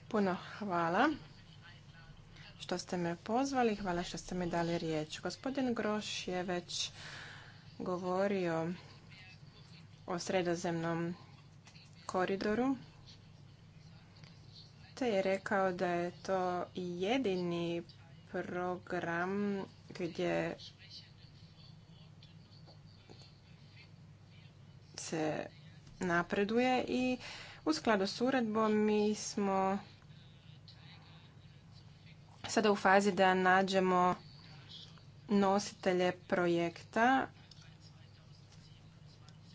Puno hvala što ste me pozvali, hvala što ste mi dali riječ. Gospodin Groš je već govorio o sredozemnom koridoru je rekao da je to jedini program gdje se napreduje i u skladu s uredbom mi smo sada u fazi da nađemo nositelje projekta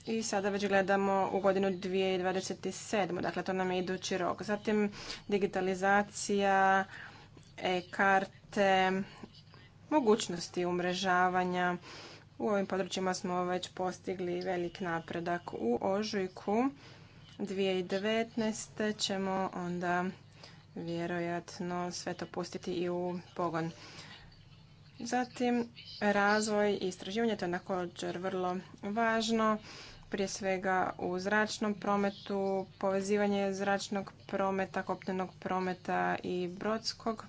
i sada već gledamo u godinu 2027. Dakle, to nam je idući rok. Zatim digitalizacija, e-karte, mogućnosti umrežavanja. U ovim područjima smo već postigli velik napredak. U ožujku 2019. ćemo onda vjerojatno sve to pustiti i u pogon. Zatim, razvoj i istraživanje, to je također vrlo važno prije svega u zračnom prometu, povezivanje zračnog prometa, kopnenog prometa i brodskog.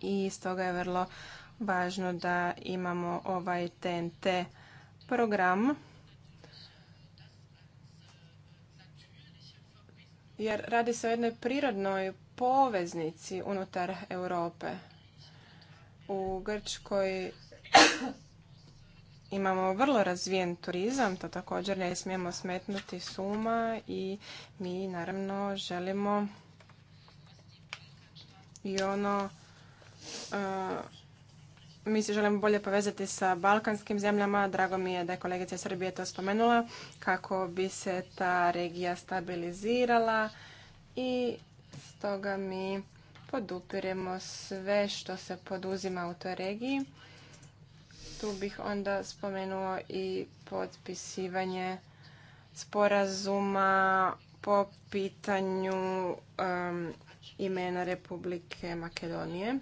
I stoga je vrlo važno da imamo ovaj TNT program. Jer radi se o jednoj prirodnoj poveznici unutar Europe. U Grčkoj imamo vrlo razvijen turizam, to također ne smijemo smetnuti suma i mi naravno želimo i ono mi se želimo bolje povezati sa balkanskim zemljama. Drago mi je da je kolegica Srbije to spomenula kako bi se ta regija stabilizirala i stoga mi podupiremo sve što se poduzima u toj regiji tu bih onda spomenuo i potpisivanje sporazuma po pitanju imena Republike Makedonije.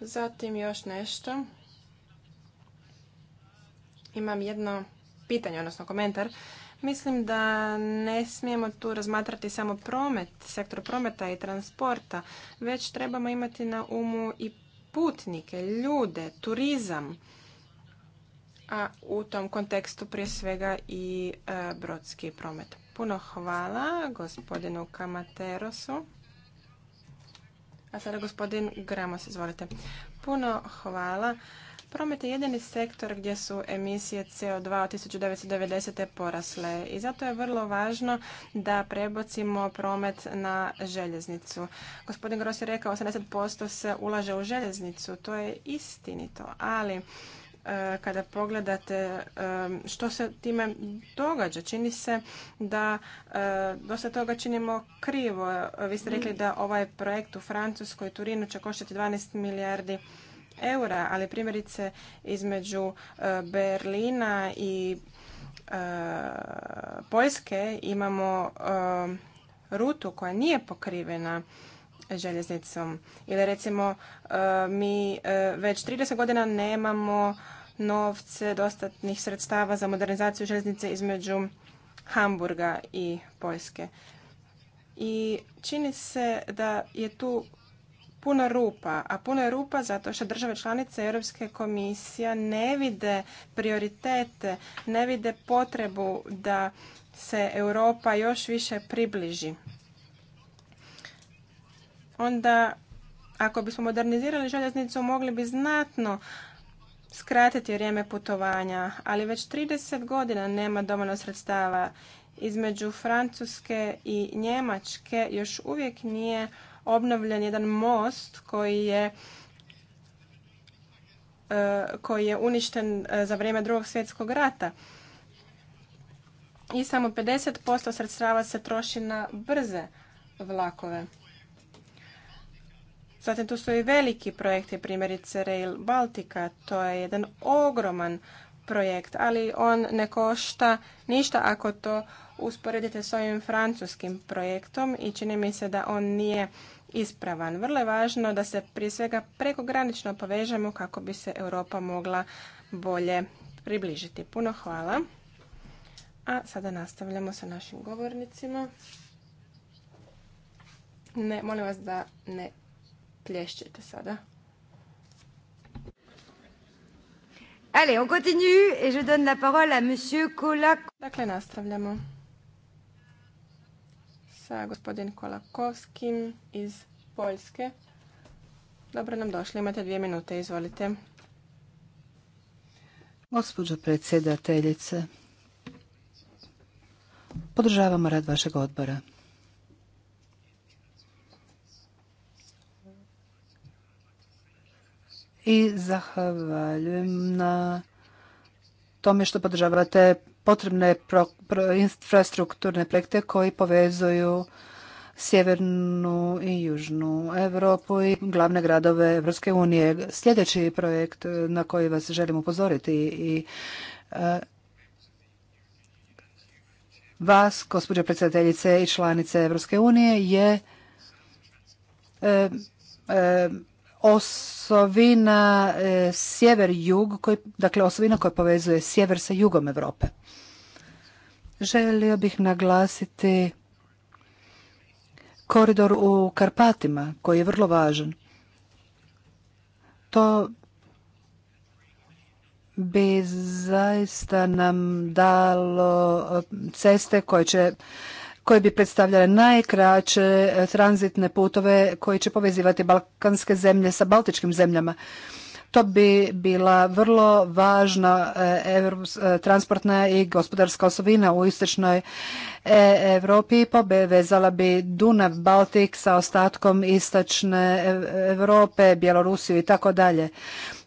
Zatim još nešto. Imam jedno pitanje, odnosno komentar Mislim da ne smijemo tu razmatrati samo promet, sektor prometa i transporta, već trebamo imati na umu i putnike, ljude, turizam, a u tom kontekstu prije svega i e, brodski promet. Puno hvala gospodinu Kamaterosu. A sada gospodin Gramos, izvolite. Puno hvala. Promet je jedini sektor gdje su emisije CO2 od 1990. porasle i zato je vrlo važno da prebocimo promet na željeznicu. Gospodin Grossi je rekao 80% se ulaže u željeznicu, to je istinito, ali e, kada pogledate e, što se time događa. Čini se da e, dosta toga činimo krivo. Vi ste rekli da ovaj projekt u Francuskoj Turinu će koštati 12 milijardi eura, ali primjerice između e, Berlina i e, Poljske imamo e, rutu koja nije pokrivena željeznicom. Ili recimo mi već 30 godina nemamo novce, dostatnih sredstava za modernizaciju željeznice između Hamburga i Poljske. I čini se da je tu puno rupa, a puno je rupa zato što države članice Europske komisija ne vide prioritete, ne vide potrebu da se Europa još više približi. Onda, ako bismo modernizirali željeznicu, mogli bi znatno skratiti vrijeme putovanja, ali već 30 godina nema dovoljno sredstava. Između Francuske i Njemačke još uvijek nije obnovljen jedan most koji je e, koji je uništen e, za vrijeme drugog svjetskog rata. I samo 50% sredstava se troši na brze vlakove. Zatim tu su i veliki projekti, primjerice Rail Baltica. To je jedan ogroman projekt, ali on ne košta ništa ako to usporedite s ovim francuskim projektom i čini mi se da on nije ispravan. Vrlo je važno da se prije svega prekogranično povežemo kako bi se Europa mogla bolje približiti. Puno hvala. A sada nastavljamo sa našim govornicima. Ne, molim vas da ne plješćete sada. Allez, on continue et je donne la parole à monsieur Dakle, nastavljamo sa gospodin Kolakovskim iz Poljske. Dobro nam došli, imate dvije minute, izvolite. Gospođo predsjedateljice, podržavamo rad vašeg odbora. I zahvaljujem na tome što podržavate potrebne infrastrukturne projekte koji povezuju sjevernu i južnu Europu i glavne gradove Evropske unije. Sljedeći projekt na koji vas želim upozoriti i e, vas, gospođo predsjedateljice i članice Evropske unije, je e, e, osovina e, sjever-jug, dakle osovina koja povezuje sjever sa jugom Europe. Želio bih naglasiti koridor u Karpatima koji je vrlo važan. To bi zaista nam dalo e, ceste koje će koje bi predstavljale najkraće e, tranzitne putove koji će povezivati balkanske zemlje sa baltičkim zemljama. To bi bila vrlo važna e, e, transportna i gospodarska osovina u istočnoj Europi. Povezala bi Dunav, Baltik sa ostatkom istočne Europe, Bjelorusiju i tako dalje.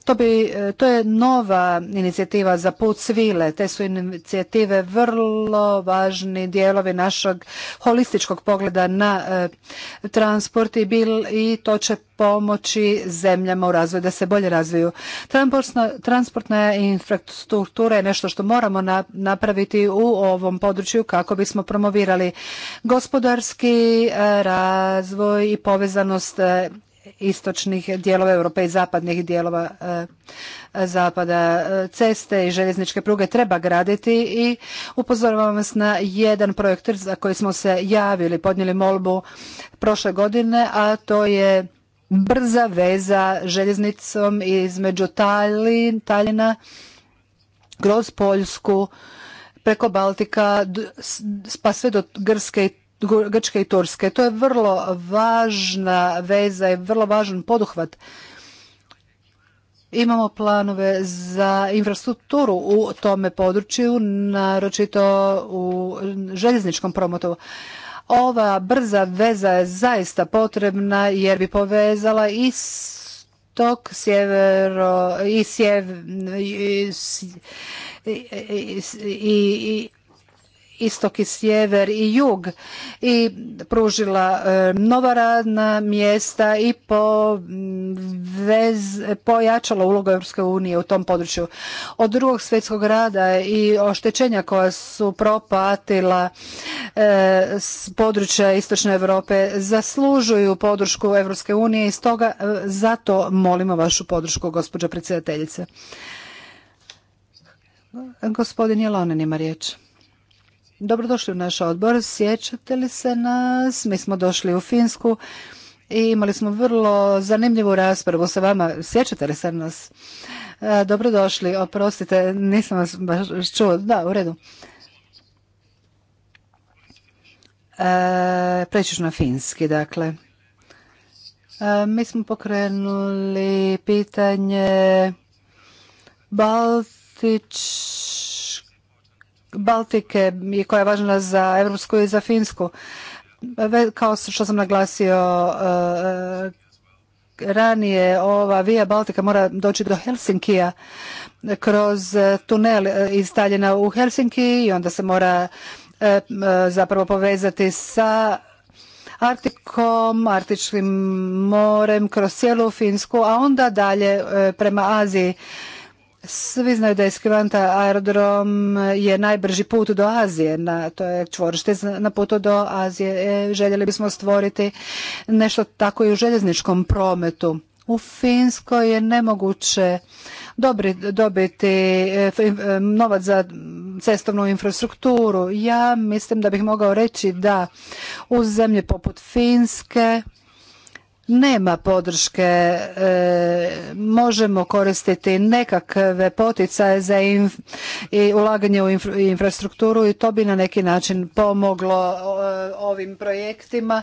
To, bi, e, to je nova inicijativa za put svile. Te su inicijative vrlo važni dijelovi našeg holističkog pogleda na e, transport i, bil, i to će pomoći zemljama u razvoju da se bolje razviju. Transportna, infrastruktura je nešto što moramo napraviti u ovom području kako bismo promovirali gospodarski e, razvoj i povezanost e, istočnih dijelova Europe i zapadnih dijelova e, zapada. Ceste i željezničke pruge treba graditi i upozoravam vas na jedan projekt za koji smo se javili, podnijeli molbu prošle godine, a to je brza veza željeznicom između Taljina, Talina kroz Poljsku preko Baltika pa sve do Grske i Grčke i Turske. To je vrlo važna veza i vrlo važan poduhvat. Imamo planove za infrastrukturu u tome području, naročito u željezničkom promotovu. Ova brza veza je zaista potrebna jer bi povezala i tok sjevero i sjev i, i istok i sjever i jug i pružila e, nova radna mjesta i mm, pojačala ulogu Europske unije u tom području. Od drugog svjetskog rada i oštećenja koja su propatila e, s područja istočne Europe zaslužuju podršku Europske unije i stoga e, zato molimo vašu podršku gospođo predsjedateljice. Gospodin Jelonen ima riječ. Dobrodošli u naš odbor. Sjećate li se nas? Mi smo došli u Finsku i imali smo vrlo zanimljivu raspravu sa vama. Sjećate li se nas? E, dobrodošli. Oprostite, nisam vas baš čuo. Da, u redu. E, preći ću na finski, dakle. E, mi smo pokrenuli pitanje Baltič... Baltike i koja je važna za Europsku i za Finsku. Kao što sam naglasio e, e, ranije, ova Via Baltika mora doći do Helsinkija kroz e, tunel iz Taljina u Helsinki i onda se mora zapravo povezati sa Artikom, Artičkim morem, kroz cijelu Finsku, a onda dalje prema Aziji. Svi znaju da je skrivanta aerodrom e, je najbrži put do Azije, na, to je čvorište na putu do Azije. E, željeli bismo stvoriti nešto tako i u željezničkom prometu. U Finskoj je nemoguće dobiti e, novac za cestovnu infrastrukturu. Ja mislim da bih mogao reći da u zemlje poput Finske nema podrške, e, možemo koristiti nekakve poticaje za i ulaganje u infrastrukturu i to bi na neki način pomoglo e, ovim projektima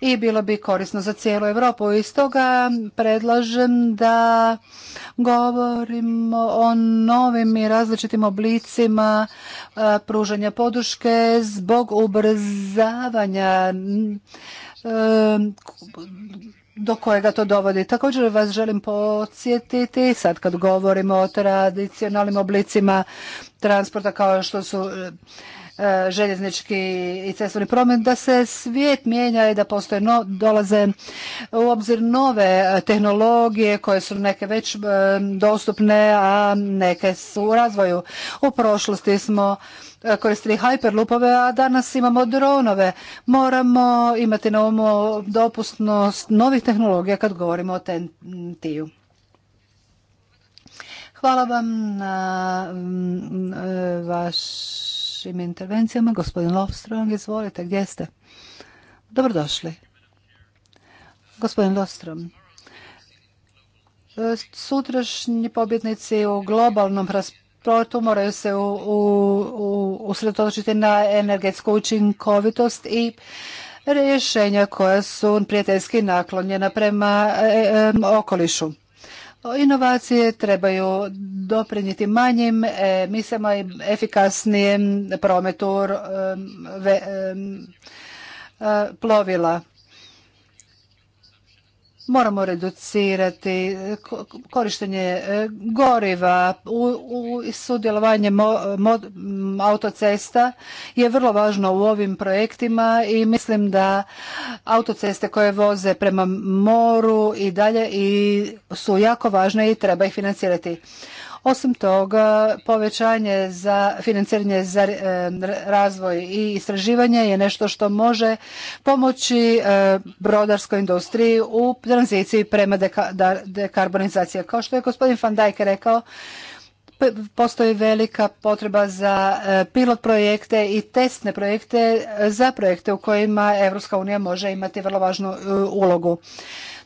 i bilo bi korisno za cijelu Europu. I stoga predlažem da govorimo o novim i različitim oblicima e, pružanja podrške zbog ubrzavanja do kojega to dovodi. Također vas želim podsjetiti, sad kad govorimo o tradicionalnim oblicima transporta kao što su e, željeznički i cestovni promet, da se svijet mijenja i da postoje dolaze u obzir nove e, tehnologije koje su neke već e, dostupne, a neke su u razvoju. U prošlosti smo E, koristili hyperloopove, a danas imamo dronove. Moramo imati na umu dopustnost novih tehnologija kad govorimo o TNT-u. Hvala vam na e, vašim intervencijama. Gospodin Lofstrong, izvolite, gdje ste? Dobrodošli. Gospodin Lofstrong, e, sutrašnji pobjednici u globalnom tu moraju se usredotočiti na energetsku učinkovitost i rješenja koja su prijateljski naklonjena prema e, e, okolišu. Inovacije trebaju doprinijeti manjim emisijama i efikasnijem prometu plovila. Moramo reducirati eh, korištenje eh, goriva u, sudjelovanje mm, autocesta je vrlo važno u ovim projektima i mislim da autoceste koje voze prema moru i dalje su jako važne i treba ih financirati. Osim toga, povećanje za financiranje za e, razvoj i istraživanje je nešto što može pomoći e, brodarskoj industriji u tranziciji prema dekarbonizaciji. Kao što je gospodin Van Dijk rekao, postoji velika potreba za e, pilot projekte i testne projekte za projekte u kojima EU unija može imati vrlo važnu ulogu.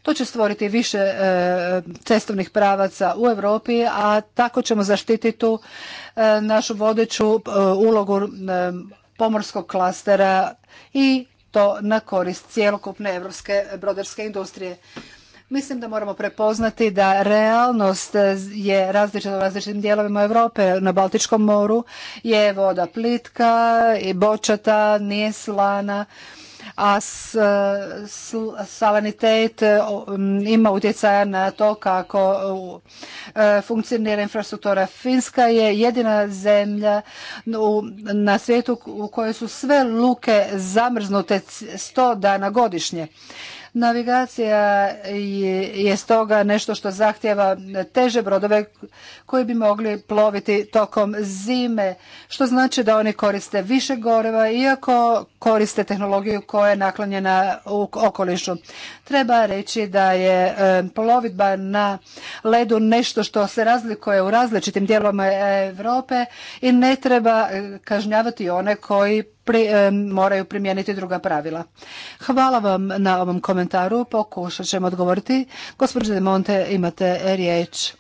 To će stvoriti više e, cestovnih pravaca u Europi, a tako ćemo zaštiti tu e, našu vodeću e, ulogu pomorskog klastera i to na korist cijelokupne europske brodarske industrije. Mislim da moramo prepoznati da realnost je različita u različitim dijelovima Europe. Na Baltičkom moru je voda plitka i bočata, nije slana a salanitet e, ima utjecaja na to kako e, funkcionira infrastruktura. Finska je jedina zemlja na svijetu u kojoj su sve luke zamrznute sto dana godišnje. Navigacija je stoga nešto što zahtjeva teže brodove koji bi mogli ploviti tokom zime, što znači da oni koriste više goriva iako koriste tehnologiju koja je naklonjena u okolišu. Treba reći da je e, plovidba na ledu nešto što se razlikuje u različitim dijelovima Europe i ne treba e, kažnjavati one koji pri, e, moraju primijeniti druga pravila. Hvala vam na ovom komentaru. Pokušat ćemo odgovoriti. Gospodine Monte, imate riječ.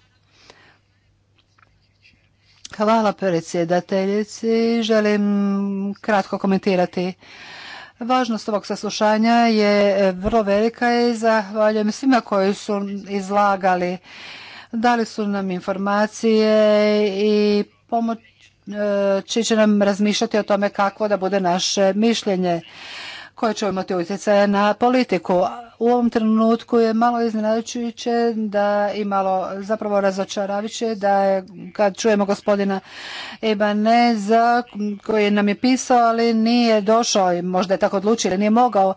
Hvala predsjedateljici. Želim kratko komentirati. Važnost ovog saslušanja je vrlo velika i zahvaljujem svima koji su izlagali. Dali su nam informacije i pomoć E, čiji će nam razmišljati o tome kakvo da bude naše mišljenje koje će imati utjecaje na politiku. U ovom trenutku je malo iznenađujuće da i malo zapravo razočaravajuće da je, kad čujemo gospodina Ibaneza koji nam je pisao, ali nije došao i možda je tako odlučio ili nije mogao.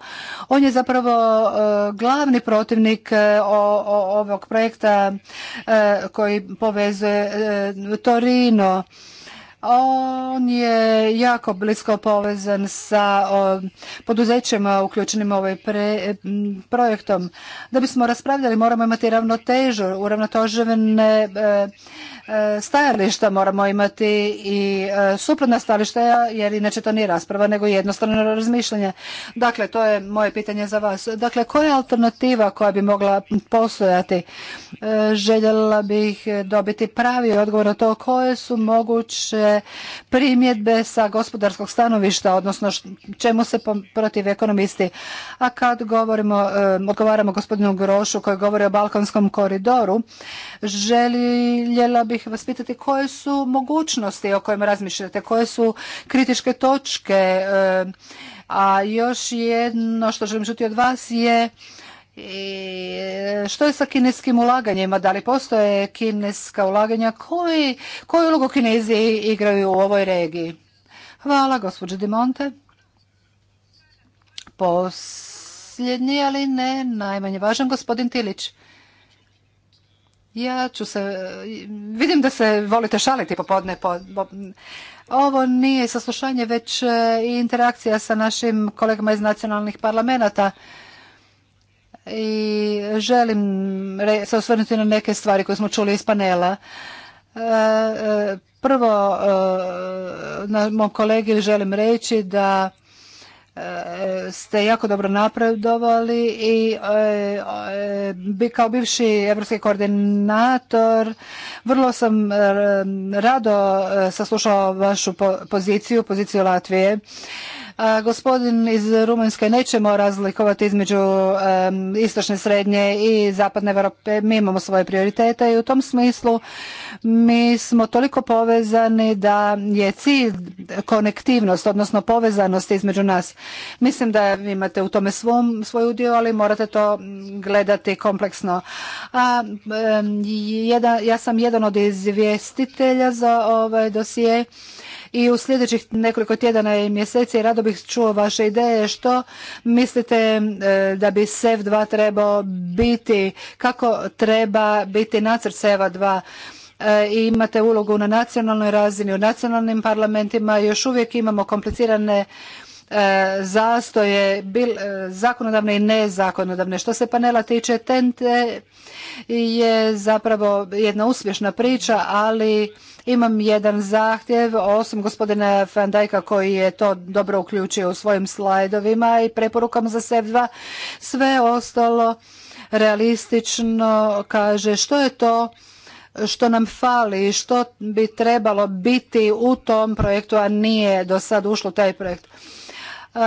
On je zapravo e, glavni protivnik e, ovog projekta koji povezuje Torino on je jako blisko povezan sa poduzećima uključenim ovaj pre, projektom. Da bismo raspravljali moramo imati ravnotežu, uravnotožene e, E, stajališta moramo imati i e, suprotna stajališta jer inače to nije rasprava nego jednostavno razmišljanje. Dakle, to je moje pitanje za vas. Dakle, koja je alternativa koja bi mogla postojati? E, željela bih dobiti pravi odgovor na to koje su moguće primjedbe sa gospodarskog stanovišta, odnosno čemu se protiv ekonomisti. A kad govorimo, odgovaramo gospodinu Grošu koji govori o Balkanskom koridoru, željela bih bih vas pitati koje su mogućnosti o kojima razmišljate, koje su kritičke točke. Eh, a još jedno što želim čuti od vas je i eh, što je sa kineskim ulaganjima? Da li postoje kineska ulaganja? Koji, koju ulogu Kinezi igraju u ovoj regiji? Hvala, gospođo Dimonte. Posljednji, ali ne najmanje važan, gospodin Tilić. Ja ću se, vidim da se volite šaliti popodne. Po, ovo nije saslušanje, već e, i interakcija sa našim kolegama iz nacionalnih parlamenta i želim se osvrnuti na neke stvari koje smo čuli iz panela. E, e, prvo, na mom kolegi želim reći da ste jako dobro napredovali i e, e, kao bivši evropski koordinator vrlo sam e, rado saslušao vašu poziciju, poziciju Latvije Gospodin iz Rumunjske nećemo razlikovati između istočne, srednje i zapadne Europe. Mi imamo svoje prioritete i u tom smislu mi smo toliko povezani da je cilj konektivnost, odnosno povezanost između nas. Mislim da imate u tome svom, svoj udio, ali morate to gledati kompleksno. A, ja sam jedan od izvjestitelja za ovaj dosije i u sljedećih nekoliko tjedana i mjeseci rado bih čuo vaše ideje što mislite e, da bi SEV 2 trebao biti, kako treba biti nacrt sev 2 e, i imate ulogu na nacionalnoj razini, u nacionalnim parlamentima, još uvijek imamo komplicirane E, zastoje bil, e, zakonodavne i nezakonodavne. Što se panela tiče, tente je zapravo jedna uspješna priča, ali imam jedan zahtjev, osim gospodina Fandajka, koji je to dobro uključio u svojim slajdovima i preporukama za SEV2, sve ostalo realistično kaže što je to što nam fali, što bi trebalo biti u tom projektu, a nije do sad ušlo taj projekt. E,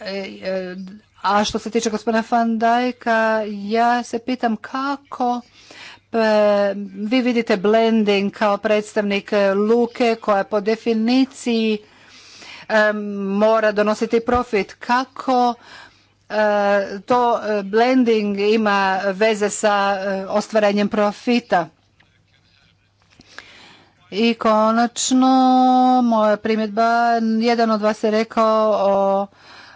e, a što se tiče gospodina Van ja se pitam kako vi vidite blending kao predstavnik luke koja po definiciji mora donositi profit. Kako e, to blending ima veze sa ostvarenjem profita? I konačno, moja primjedba, jedan od vas je rekao o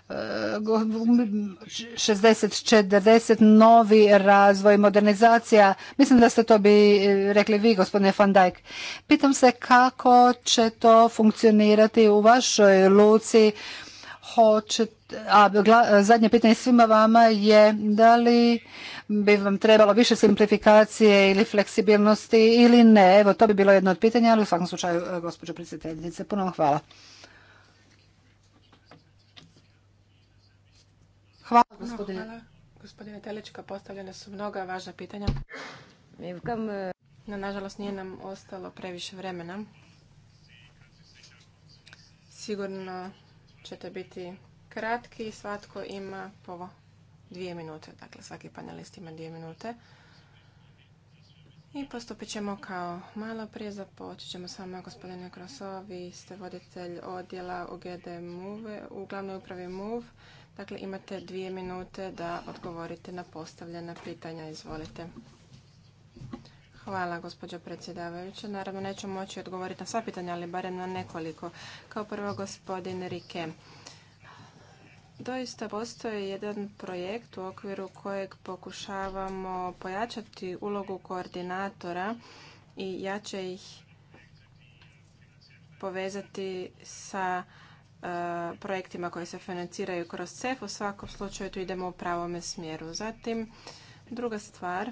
60-40 e, novi razvoj, modernizacija. Mislim da ste to bi e, rekli vi, gospodine Van Dijk. Pitam se kako će to funkcionirati u vašoj luci. Hoćete, a zadnje pitanje svima vama je da li bi vam trebalo više simplifikacije ili fleksibilnosti ili ne? Evo, to bi bilo jedno od pitanja, ali u svakom slučaju, e, gospođo predsjedateljice, puno vam hvala. Hvala, gospodine. hvala. Gospodine Telička, postavljene su mnoga važna pitanja. E. No, nažalost, nije nam ostalo previše vremena. Sigurno ćete biti kratki, svatko ima povo dvije minute, dakle svaki panelist ima dvije minute. I postupit ćemo kao malo prije, započet ćemo s vama gospodine Krasovi, vi ste voditelj odjela u GD Move, u glavnoj upravi Move. Dakle, imate dvije minute da odgovorite na postavljena pitanja, izvolite. Hvala, gospođo predsjedavajuća. Naravno, neću moći odgovoriti na sva pitanja, ali barem na nekoliko. Kao prvo, gospodin Rike. Doista postoji jedan projekt u okviru kojeg pokušavamo pojačati ulogu koordinatora i jače ih povezati sa e, projektima koji se financiraju kroz CEF. U svakom slučaju tu idemo u pravome smjeru. Zatim, druga stvar,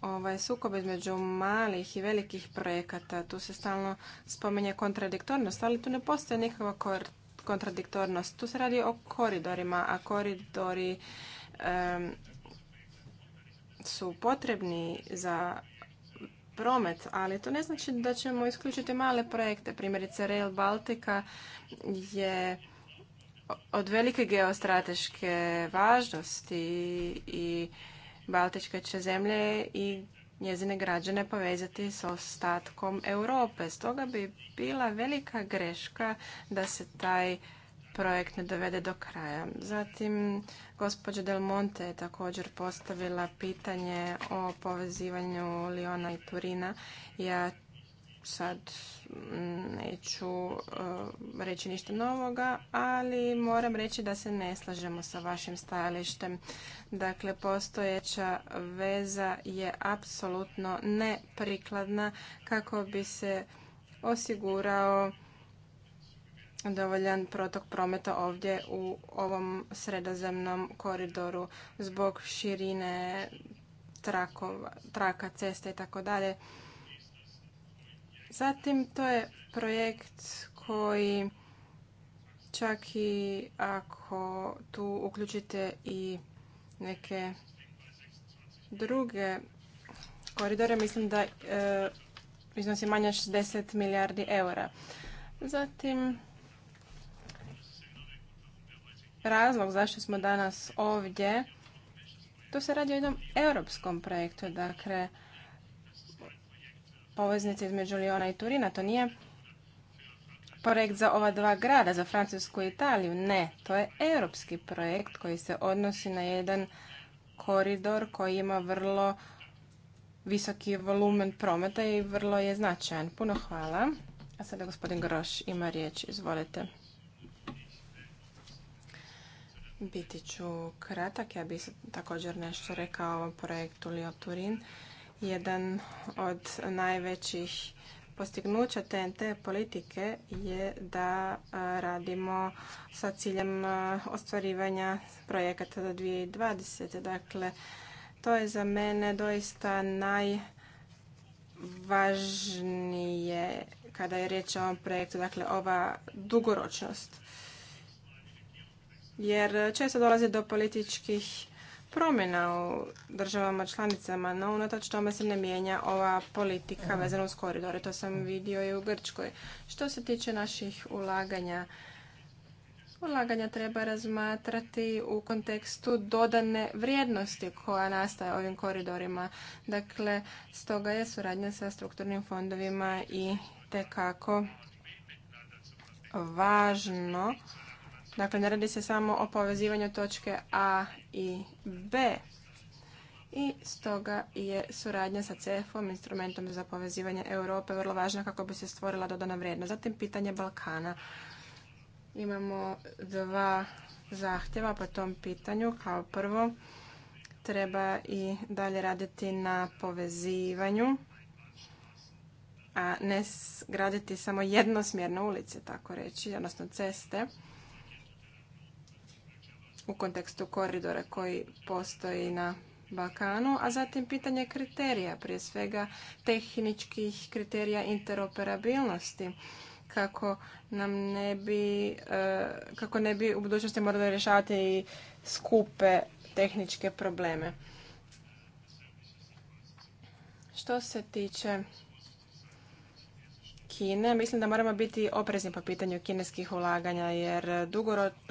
ovaj sukob između malih i velikih projekata. Tu se stalno spominje kontradiktornost, ali tu ne postoji nikakva kontradiktornost. Tu se radi o koridorima, a koridori su potrebni za promet, ali to ne znači da ćemo isključiti male projekte. Primjerice, Rail Baltica je od velike geostrateške važnosti i Baltičke će zemlje i njezine građane povezati s ostatkom Europe. Stoga bi bila velika greška da se taj projekt ne dovede do kraja. Zatim, gospođa Del Monte je također postavila pitanje o povezivanju Liona i Turina. Ja sad mm, neću eh, reći ništa novoga, ali moram reći da se ne slažemo sa vašim stajalištem. Dakle, postojeća veza je apsolutno neprikladna kako bi se osigurao dovoljan protok prometa ovdje u ovom sredozemnom koridoru zbog širine trakova, traka, ceste i tako dalje. Zatim, to je projekt koji čak i ako tu uključite i neke druge koridore, mislim da e, iznosi manje 60 milijardi eura. Zatim, razlog zašto smo danas ovdje, to se radi o jednom europskom projektu, dakle, poveznice između Liona i Turina, to nije projekt za ova dva grada, za Francusku i Italiju. Ne, to je europski projekt koji se odnosi na jedan koridor koji ima vrlo visoki volumen prometa i vrlo je značajan. Puno hvala. A sada gospodin Groš ima riječ, izvolite. Biti ću kratak, ja bih također nešto rekao o ovom projektu Lio Turin. Jedan od najvećih postignuća TNT politike je da radimo sa ciljem ostvarivanja projekata do 2020. Dakle, to je za mene doista najvažnije kada je riječ o ovom projektu, dakle ova dugoročnost. Jer često dolazi do političkih promjena u državama članicama, no unatoč tome se ne mijenja ova politika vezana uz koridore. To sam vidio i u Grčkoj. Što se tiče naših ulaganja, ulaganja treba razmatrati u kontekstu dodane vrijednosti koja nastaje ovim koridorima. Dakle, stoga je suradnja sa strukturnim fondovima i tekako važno Dakle, ne radi se samo o povezivanju točke A i B. I stoga je suradnja sa CEF-om, instrumentom za povezivanje Europe, vrlo važna kako bi se stvorila dodana vrijednost. Zatim pitanje Balkana. Imamo dva zahtjeva po tom pitanju. Kao prvo, treba i dalje raditi na povezivanju, a ne graditi samo jednosmjerne ulice, tako reći, odnosno ceste u kontekstu koridora koji postoji na Balkanu, a zatim pitanje kriterija, prije svega tehničkih kriterija interoperabilnosti kako nam ne bi, e, kako ne bi u budućnosti morali rješavati i skupe tehničke probleme. Što se tiče Kine, mislim da moramo biti oprezni po pitanju kineskih ulaganja, jer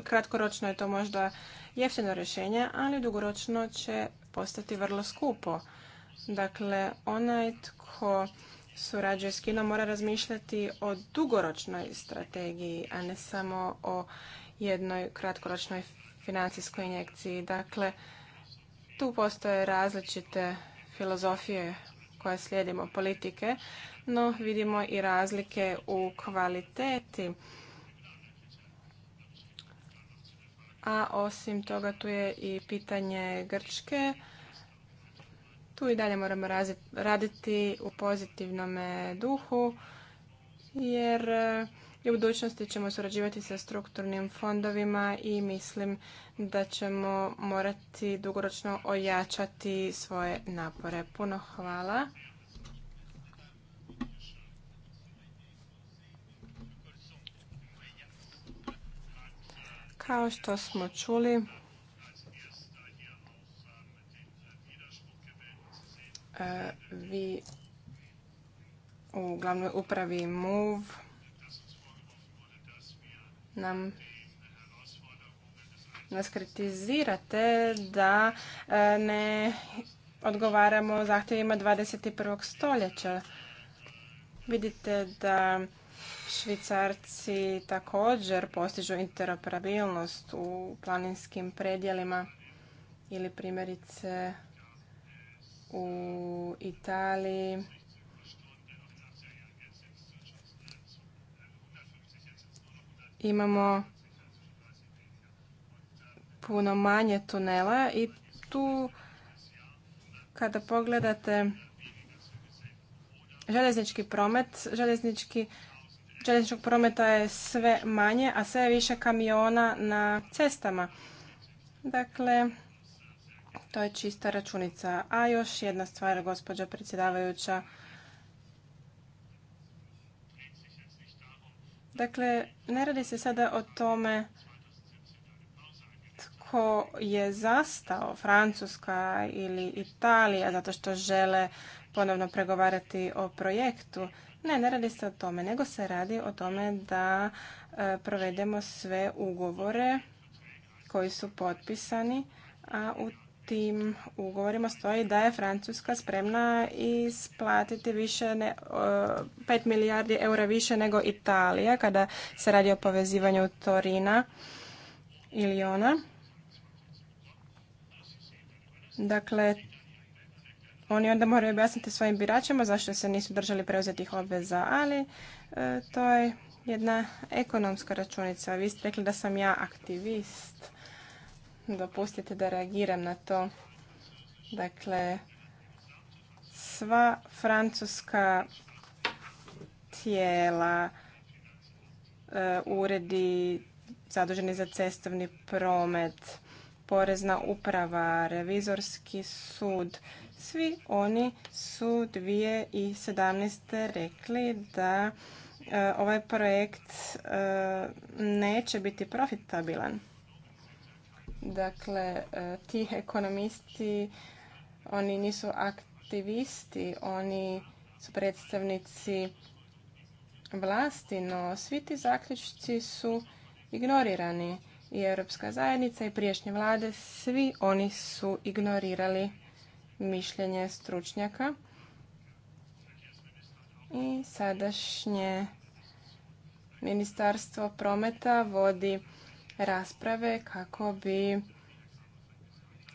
kratkoročno je to možda jeftino rješenje, ali dugoročno će postati vrlo skupo. Dakle, onaj tko surađuje s Kinom mora razmišljati o dugoročnoj strategiji, a ne samo o jednoj kratkoročnoj financijskoj injekciji. Dakle, tu postoje različite filozofije koje slijedimo politike, no vidimo i razlike u kvaliteti. A osim toga tu je i pitanje Grčke. Tu i dalje moramo raditi u pozitivnom duhu jer i u budućnosti ćemo surađivati sa strukturnim fondovima i mislim da ćemo morati dugoročno ojačati svoje napore. Puno hvala. Kao što smo čuli, e, vi u glavnoj upravi MOVE nam nas kritizirate da e, ne odgovaramo zahtjevima 21. stoljeća. Vidite da Švicarci također postižu interoperabilnost u planinskim predjelima ili primjerice u Italiji imamo puno manje tunela i tu kada pogledate željeznički promet, željeznički željezničkog prometa je sve manje, a sve više kamiona na cestama. Dakle, to je čista računica. A još jedna stvar, gospođa predsjedavajuća, Dakle, ne radi se sada o tome tko je zastao Francuska ili Italija zato što žele ponovno pregovarati o projektu. Ne, ne radi se o tome, nego se radi o tome da e, provedemo sve ugovore koji su potpisani, a u tim ugovorima stoji da je Francuska spremna isplatiti više ne, 5 milijardi eura više nego Italija kada se radi o povezivanju Torina ili ona. Dakle, oni onda moraju objasniti svojim biračima zašto se nisu držali preuzetih obveza, ali e, to je jedna ekonomska računica. Vi ste rekli da sam ja aktivist. Dopustite da reagiram na to. Dakle, sva francuska tijela, e, uredi zaduženi za cestovni promet, porezna uprava, revizorski sud, svi oni su 2017. rekli da e, ovaj projekt e, neće biti profitabilan. Dakle, e, ti ekonomisti, oni nisu aktivisti, oni su predstavnici vlasti, no svi ti zaključci su ignorirani. I Europska zajednica i priješnje vlade, svi oni su ignorirali mišljenje stručnjaka. I sadašnje ministarstvo prometa vodi rasprave kako bi,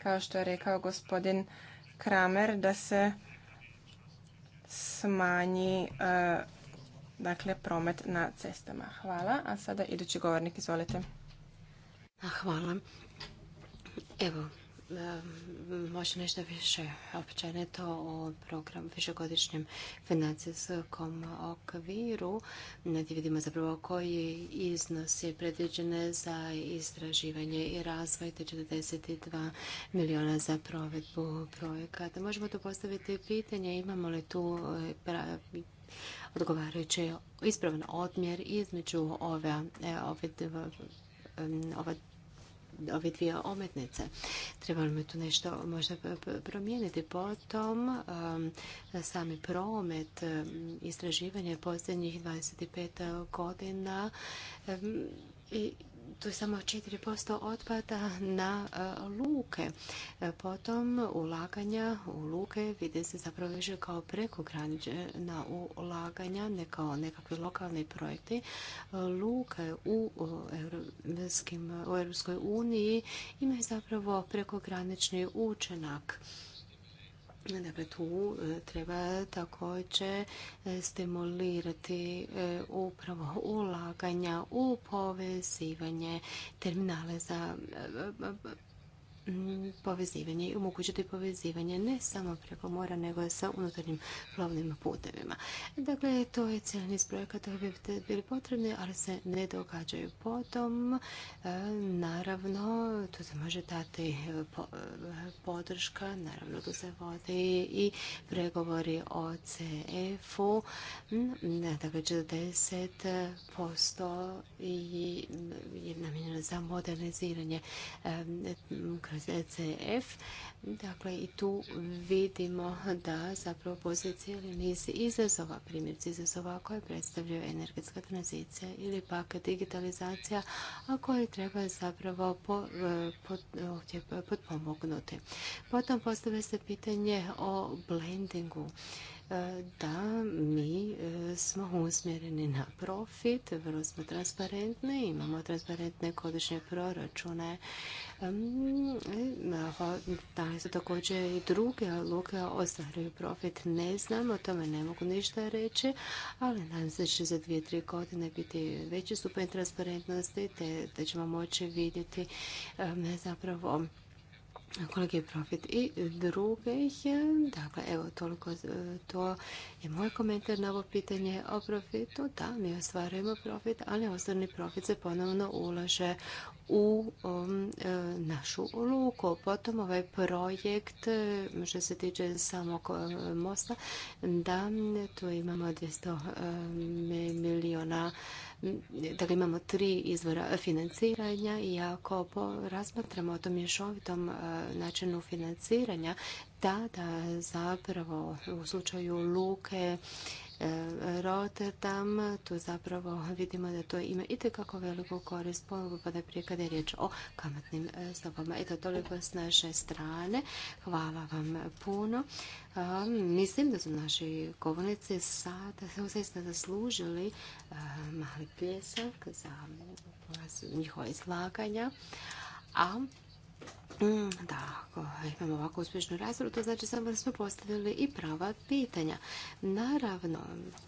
kao što je rekao gospodin Kramer, da se smanji e, dakle, promet na cestama. Hvala. A sada idući govornik, izvolite. Hvala. Evo, Ehm, možda nešto više općenito o program višegodišnjem financijskom okviru. Nadje vidimo zapravo koji iznos je predviđen za istraživanje i razvoj, te 42 miliona za provedbu projekata. Možemo tu postaviti pitanje imamo li tu eh, odgovarajući ispravan odmjer između ove, eh, ove ova ove dvije ometnice. Trebalo mi tu nešto možda promijeniti. Potom um, sami promet, um, istraživanje posljednjih 25 godina um, i tu je samo 4% otpada na e, luke. E, potom ulaganja u luke vide se zapravo više kao prekogranična ulaganja, ne kao nekakvi lokalni projekti. E, luke u, EU Europskoj uniji imaju zapravo prekogranični učenak. Dakle, tu e, treba također e, stimulirati e, upravo ulaganja u povezivanje terminale za Mm, povezivanje i omogućiti povezivanje ne samo preko mora, nego sa unutarnjim plovnim putevima. Dakle, to je cijeli niz projekata koji bi bili potrebni, ali se ne događaju potom. E, naravno, tu se može dati e, e, podrška, naravno tu se vodi i pregovori o CF-u, mm, dakle 40% je namjenjeno za moderniziranje ZCF. E dakle, i tu vidimo da zapravo postoji cijeli niz izazova, primjerice izazova koje predstavljaju energetska tranzicija ili pak digitalizacija, a koje treba zapravo potpomognuti. Potom postavlja se pitanje o blendingu da mi e, smo usmjereni na profit, vrlo smo transparentni, imamo transparentne godišnje proračune. E, da su također i druge luke ostvaraju profit, ne znam, o tome ne mogu ništa reći, ali nadam se da će za dvije, tri godine biti veći stupanj transparentnosti, te da ćemo moći vidjeti zapravo koliki je profit i drugih. Dakle, evo, toliko e, to je moj komentar na ovo pitanje o profitu. Da, mi ostvarujemo profit, ali osnovni profit se ponovno ulaže u um, e, našu luku. Potom ovaj projekt e, što se tiče samog mosta, da tu imamo 200 milijuna Dakle, imamo tri izvora financiranja i ako razmatramo o tom mješovitom e, načinu financiranja, tada zapravo u slučaju luke E, Rotterdam, tu zapravo vidimo da to ima itekako veliku korist pa da prije kada je riječ o kamatnim e, stopama. Eto, toliko s naše strane. Hvala vam puno. E, mislim da su naši govornici sad zaista zaslužili mali pljesak za njihova izlaganja. A da, mm, ako imamo ovako uspješnu raspravu, to znači samo da smo postavili i prava pitanja. Naravno,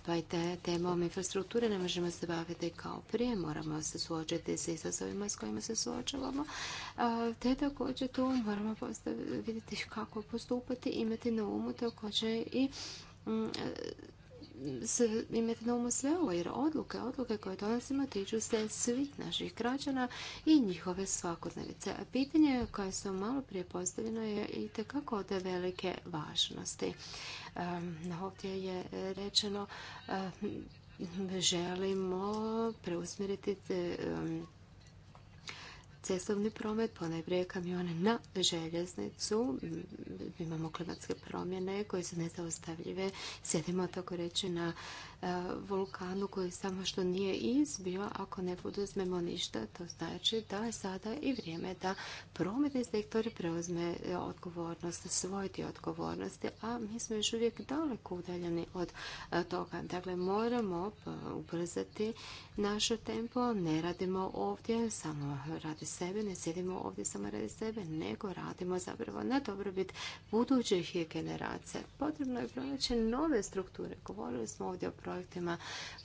pa te, temom infrastrukture ne možemo se baviti kao prije, moramo se suočiti sa izazovima s kojima se suočavamo, te također tu moramo vidjeti kako postupati, imati na umu također i mm, se imati na umu sve ovo, jer odluke, odluke koje donosimo tiču se svih naših građana i njihove svakodnevice. A pitanje koje su malo prije postavljeno je i tekako od velike važnosti. ovdje je rečeno želimo preusmjeriti cestovni promet, ponajprije kamione na željeznicu. Imamo klimatske promjene koje su nezaustavljive. Sjedimo tako reći na E, vulkanu koji samo što nije izbio, ako ne poduzmemo ništa, to znači da je sada i vrijeme da prometni sektor preuzme e, odgovornost, svoj odgovornosti, a mi smo još uvijek daleko udaljeni od e, toga. Dakle, moramo ubrzati našo tempo, ne radimo ovdje samo radi sebe, ne sjedimo ovdje samo radi sebe, nego radimo zapravo na dobrobit budućih generacija. Potrebno je pronaći nove strukture. Govorili smo ovdje o projektima,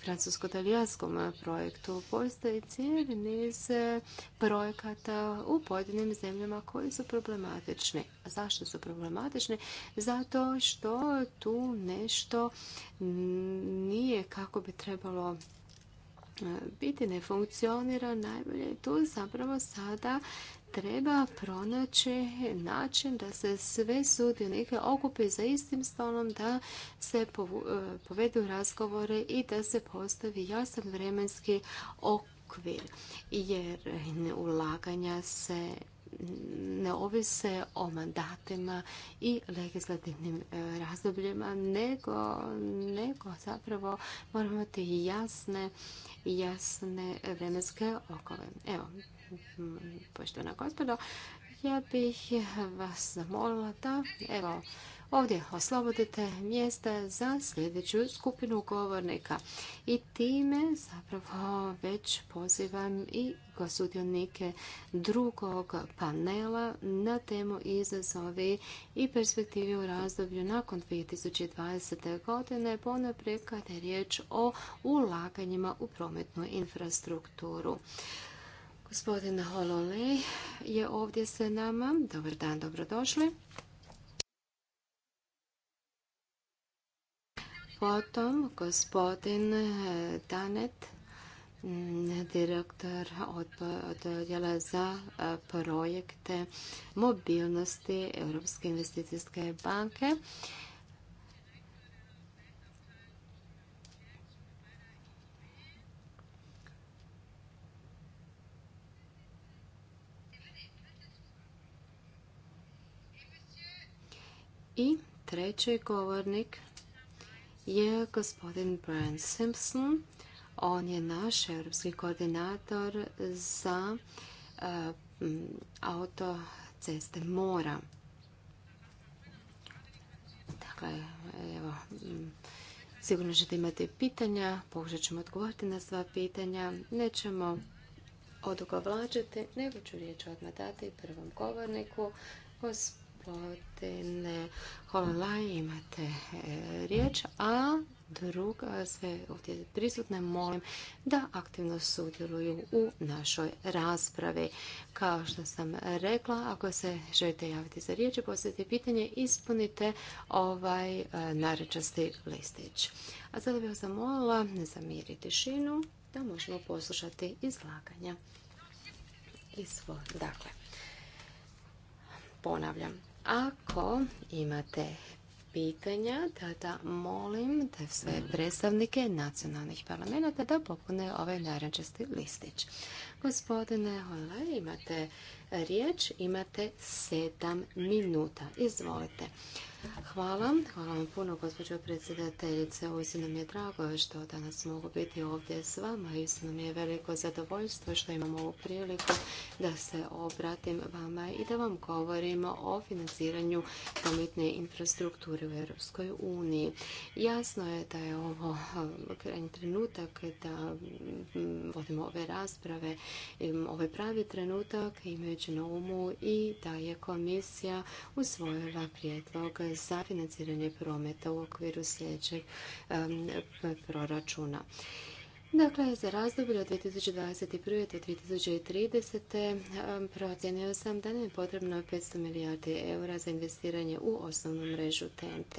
francusko-talijanskom projektu. Postoji cijeli niz e, projekata u pojedinim zemljama koji su problematični. Zašto su problematični? Zato što tu nešto nije kako bi trebalo E, biti ne funkcionira najbolje tu zapravo sada treba pronaći način da se sve sudionike okupi za istim stolom, da se e, povedu razgovore i da se postavi jasan vremenski okvir, jer ulaganja se ne ovise o mandatima i legislativnim e, razdobljima, nego, nego zapravo moramo imati jasne, jasne vremenske okove. Evo, poštovana gospodo, ja bih vas zamolila da, evo, Ovdje oslobodite mjesta za sljedeću skupinu govornika. I time zapravo već pozivam i gosudionike drugog panela na temu izazovi i perspektivi u razdoblju nakon 2020. godine, ponaprijed kada je riječ o ulaganjima u prometnu infrastrukturu. Gospodin Hololej je ovdje sa nama. Dobar dan, dobrodošli. Potom gospodin eh, Danet, mm, direktor odjela za eh, projekte mobilnosti Europske investicijske banke. I treći govornik je gospodin Brian Simpson. On je naš europski koordinator za e, autoceste mora. Dakle, evo, sigurno ćete imati pitanja, pokušat ćemo odgovoriti na sva pitanja. Nećemo odugovlađati, nego ću riječ odmah dati prvom govorniku, gospodinu gospodine Holala imate eh, riječ, a druga sve ovdje prisutne molim da aktivno sudjeluju u našoj raspravi. Kao što sam rekla, ako se želite javiti za riječ i postaviti pitanje, ispunite ovaj eh, narečasti listić. A sada bih vas zamolila ne zamiriti šinu tišinu da možemo poslušati izlaganja. Dakle, ponavljam. Ako imate pitanja, tada molim da sve predstavnike nacionalnih parlamenta da popune ovaj naranđasti listić. Gospodine Hola, imate riječ, imate sedam minuta. Izvolite. Hvala. Hvala vam puno, gospođo predsjedateljice. Uistinu mi je drago što danas mogu biti ovdje s vama. Uistinu mi je veliko zadovoljstvo što imam ovu priliku da se obratim vama i da vam govorim o financiranju prometne infrastrukture u Europskoj uniji. Jasno je da je ovo um, krajnji trenutak da mm, vodimo ove rasprave. Ovo je pravi trenutak imajući na umu i da je komisija usvojila prijedlog za financiranje prometa u okviru sljedećeg proračuna. Dakle, za razdoblje od 2021. do 2030. procijenio sam da nam je potrebno 500 milijardi eura za investiranje u osnovnu mrežu TNT.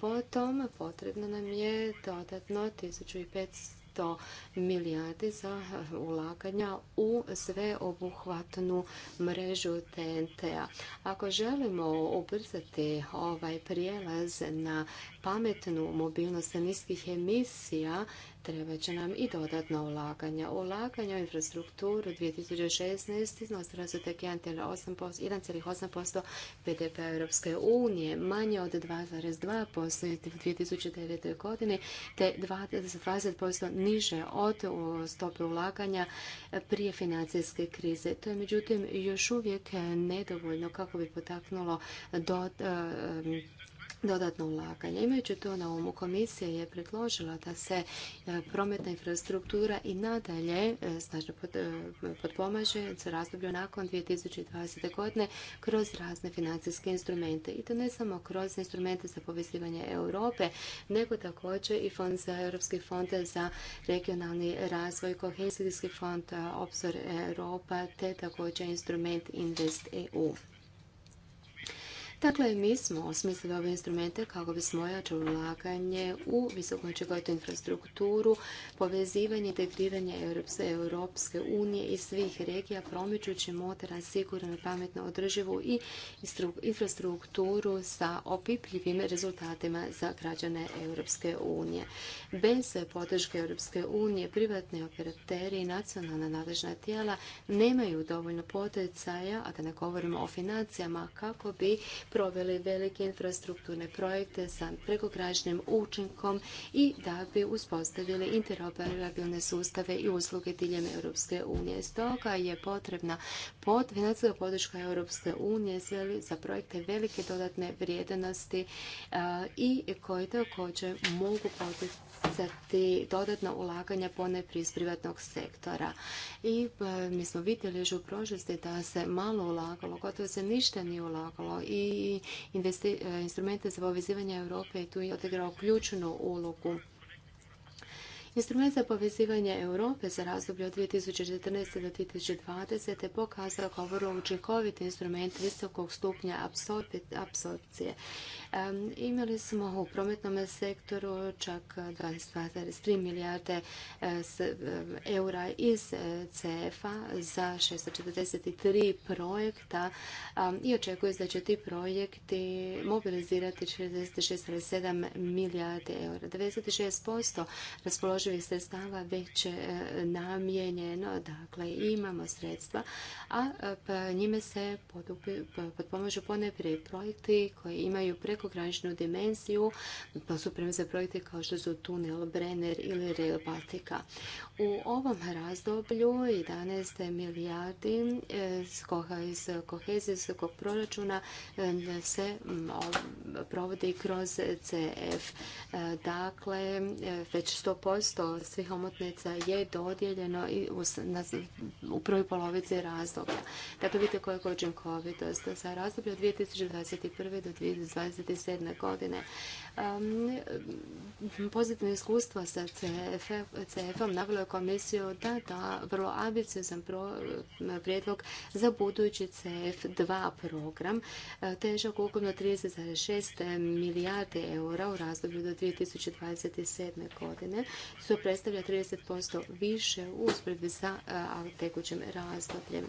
Potom potrebno nam je dodatno 1500 to milijardi za ulaganja u sveobuhvatnu mrežu TNT-a. Ako želimo ubrzati ovaj prijelaz na pametnu mobilnost niskih emisija treba će nam i dodatna ulaganja. Ulaganja u infrastrukturu 2016 iznosila su tek 1,8% BDP Europske unije, manje od 2,2% u 2009. godini, te 20% niže od stope ulaganja prije financijske krize. To je međutim još uvijek nedovoljno kako bi potaknulo do dodatno ulaganje. Imajući to na umu, komisija je predložila da se e, prometna infrastruktura i nadalje e, snažno e, potpomaže za razdoblju nakon 2020. godine kroz razne financijske instrumente. I to ne samo kroz instrumente za povezivanje Europe, nego također i fond za Europski fond za regionalni razvoj, kohezijski fond, obzor Europa, te također instrument Invest EU. Dakle, mi smo osmislili ove instrumente kako bismo jačali ulaganje u visokočegovitu infrastrukturu, povezivanje i integriranje Europske unije i svih regija, promičući motora sigurno i pametno održivu i infrastrukturu sa opipljivim rezultatima za građane Europske unije. Bez podrške Europske unije privatni operateri i nacionalna nadležna tijela nemaju dovoljno poticaja, a da ne govorimo o financijama, kako bi proveli velike infrastrukturne projekte sa prekograničnim učinkom i da bi uspostavili interoperabilne sustave i usluge diljem Europske unije. Stoga je potrebna pod financijska podrška Europske unije za projekte velike dodatne vrijednosti i koje također mogu poticati te dodatna ulaganja pone iz privatnog sektora. I e, mi smo vidjeli još u prošlosti da se malo ulagalo, gotovo se ništa nije ulagalo i e, instrumente za povezivanje Europe je tu i odigrao ključnu ulogu. Instrument za povezivanje Europe za razdoblje od 2014. do 2020. pokazao kao vrlo učinkovit instrument visokog stupnja apsorpcije. Imali smo u prometnom sektoru čak 22,3 milijarde e, e, eura iz e, CF-a za 643 projekta i očekuje se da će ti projekti mobilizirati 66,7 milijarde eura. 96% raspoloživih sredstava već je namijenjeno, dakle imamo sredstva, a pa njime se potpomažu ponajprije projekti koji imaju preko prekograničnu dimenziju, pa su prema za projekte kao što su Tunel, Brenner ili Rail Baltica. U ovom razdoblju 11 milijardi e, iz kohezijskog proračuna e, se provodi kroz CF. E, dakle, već 100% svih omotnica je dodijeljeno u prvoj polovici razdoblja. Dakle, vidite koja je učinkovitost. Za razdoblje od 2021. do dvadeset 2007. godine. Pozitivno iskustva sa CF-om navjelo je komisiju da da vrlo ambiciozan prijedlog za budući CF2 program e, težak ukupno 30,6 milijarde eura u razdoblju do 2027. godine, što predstavlja 30% više u usporedbi sa e, tekućim razdobljem.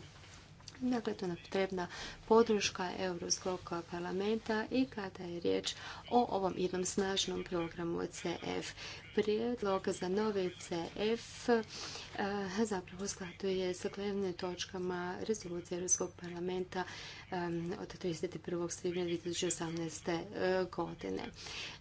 Dakle, to nam potrebna podrška Europskog parlamenta i kada je riječ o ovom jednom snažnom programu CF prijedlog za novi CF eh, zapravo skladuje sa glavnim točkama rezolucije Europskog parlamenta eh, od 31. svibnja 2018. Eh, godine.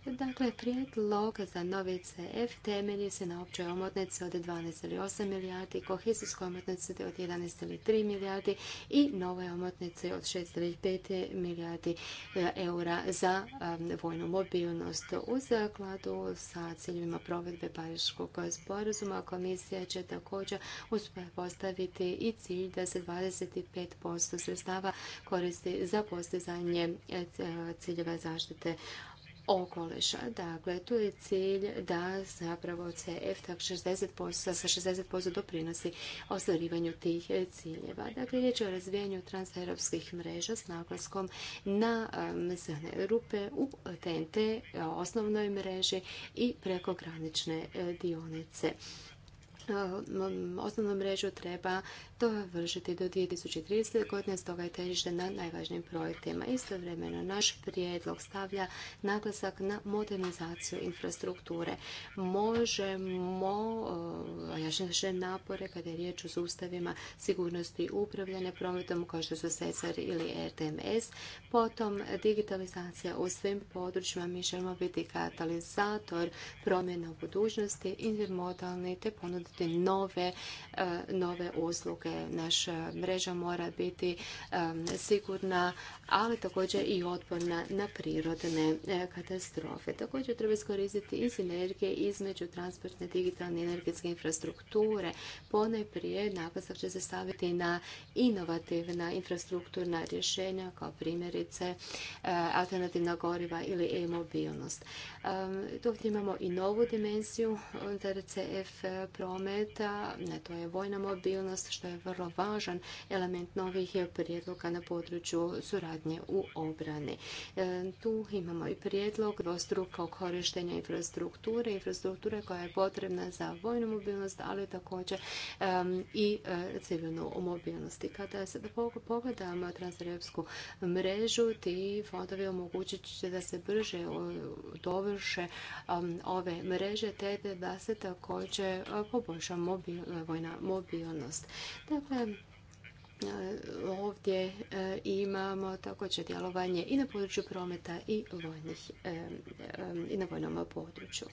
Dakle, prijedlog za novi CF temelji se na općoj omotnici od 12,8 milijardi, kohezijskoj omotnici od 11,3 milijardi i novoj omotnici od 6,5 milijardi eura za vojnu mobilnost u zakladu sa ciljevima provedbe Pariškog sporazuma. Komisija će također postaviti i cilj da se 25% sredstava koristi za postizanje e, ciljeva zaštite okoliša. Dakle, tu je cilj da zapravo CF tak 60%, sa 60% doprinosi ostvarivanju tih ciljeva. Dakle, riječ je o razvijanju transeuropskih mreža s naglaskom na mesane um, rupe u TNT, e, osnovnoj mreži i prekogranične e, dionice. E, osnovnu mrežu treba dovršiti do 2030. godine, stoga je težište na najvažnijim projektima. Istovremeno, naš prijedlog stavlja naglasak na modernizaciju infrastrukture. Možemo e, jašnjaše napore kada je riječ o sustavima sigurnosti upravljanja prometom kao što su SESAR ili RTMS. Potom, digitalizacija u svim područjima. Mi želimo biti katalizator promjena u budućnosti, intermodalni te ponuditi nove, e, nove usluge. Naša mreža mora biti e, sigurna, ali također i otporna na prirodne e, katastrofe. Također treba iskoristiti i sinergije između transportne, digitalne i energetske infrastrukture. prije naglasak će se staviti na inovativna infrastrukturna rješenja kao primjerice alternativna goriva ili e-mobilnost. Tu ovdje imamo i novu dimenziju unutar CF eh, prometa, to je vojna mobilnost što je vrlo važan element novih prijedloga na području suradnje u obrani. Tu imamo i prijedlog dvostrukog korištenja infrastrukture, infrastrukture koja je potrebna za vojnu mobilnost, ali također i eh, civilnu mobilnost. kada se pogledamo transrepsku mrežu, ti fondovi omogućit će da se brže ove više um, ove mreže, te da se također uh, poboljša vojna mobilnost. Dakle, Ovdje e, imamo također djelovanje i na području prometa i, e, e, i na vojnom području.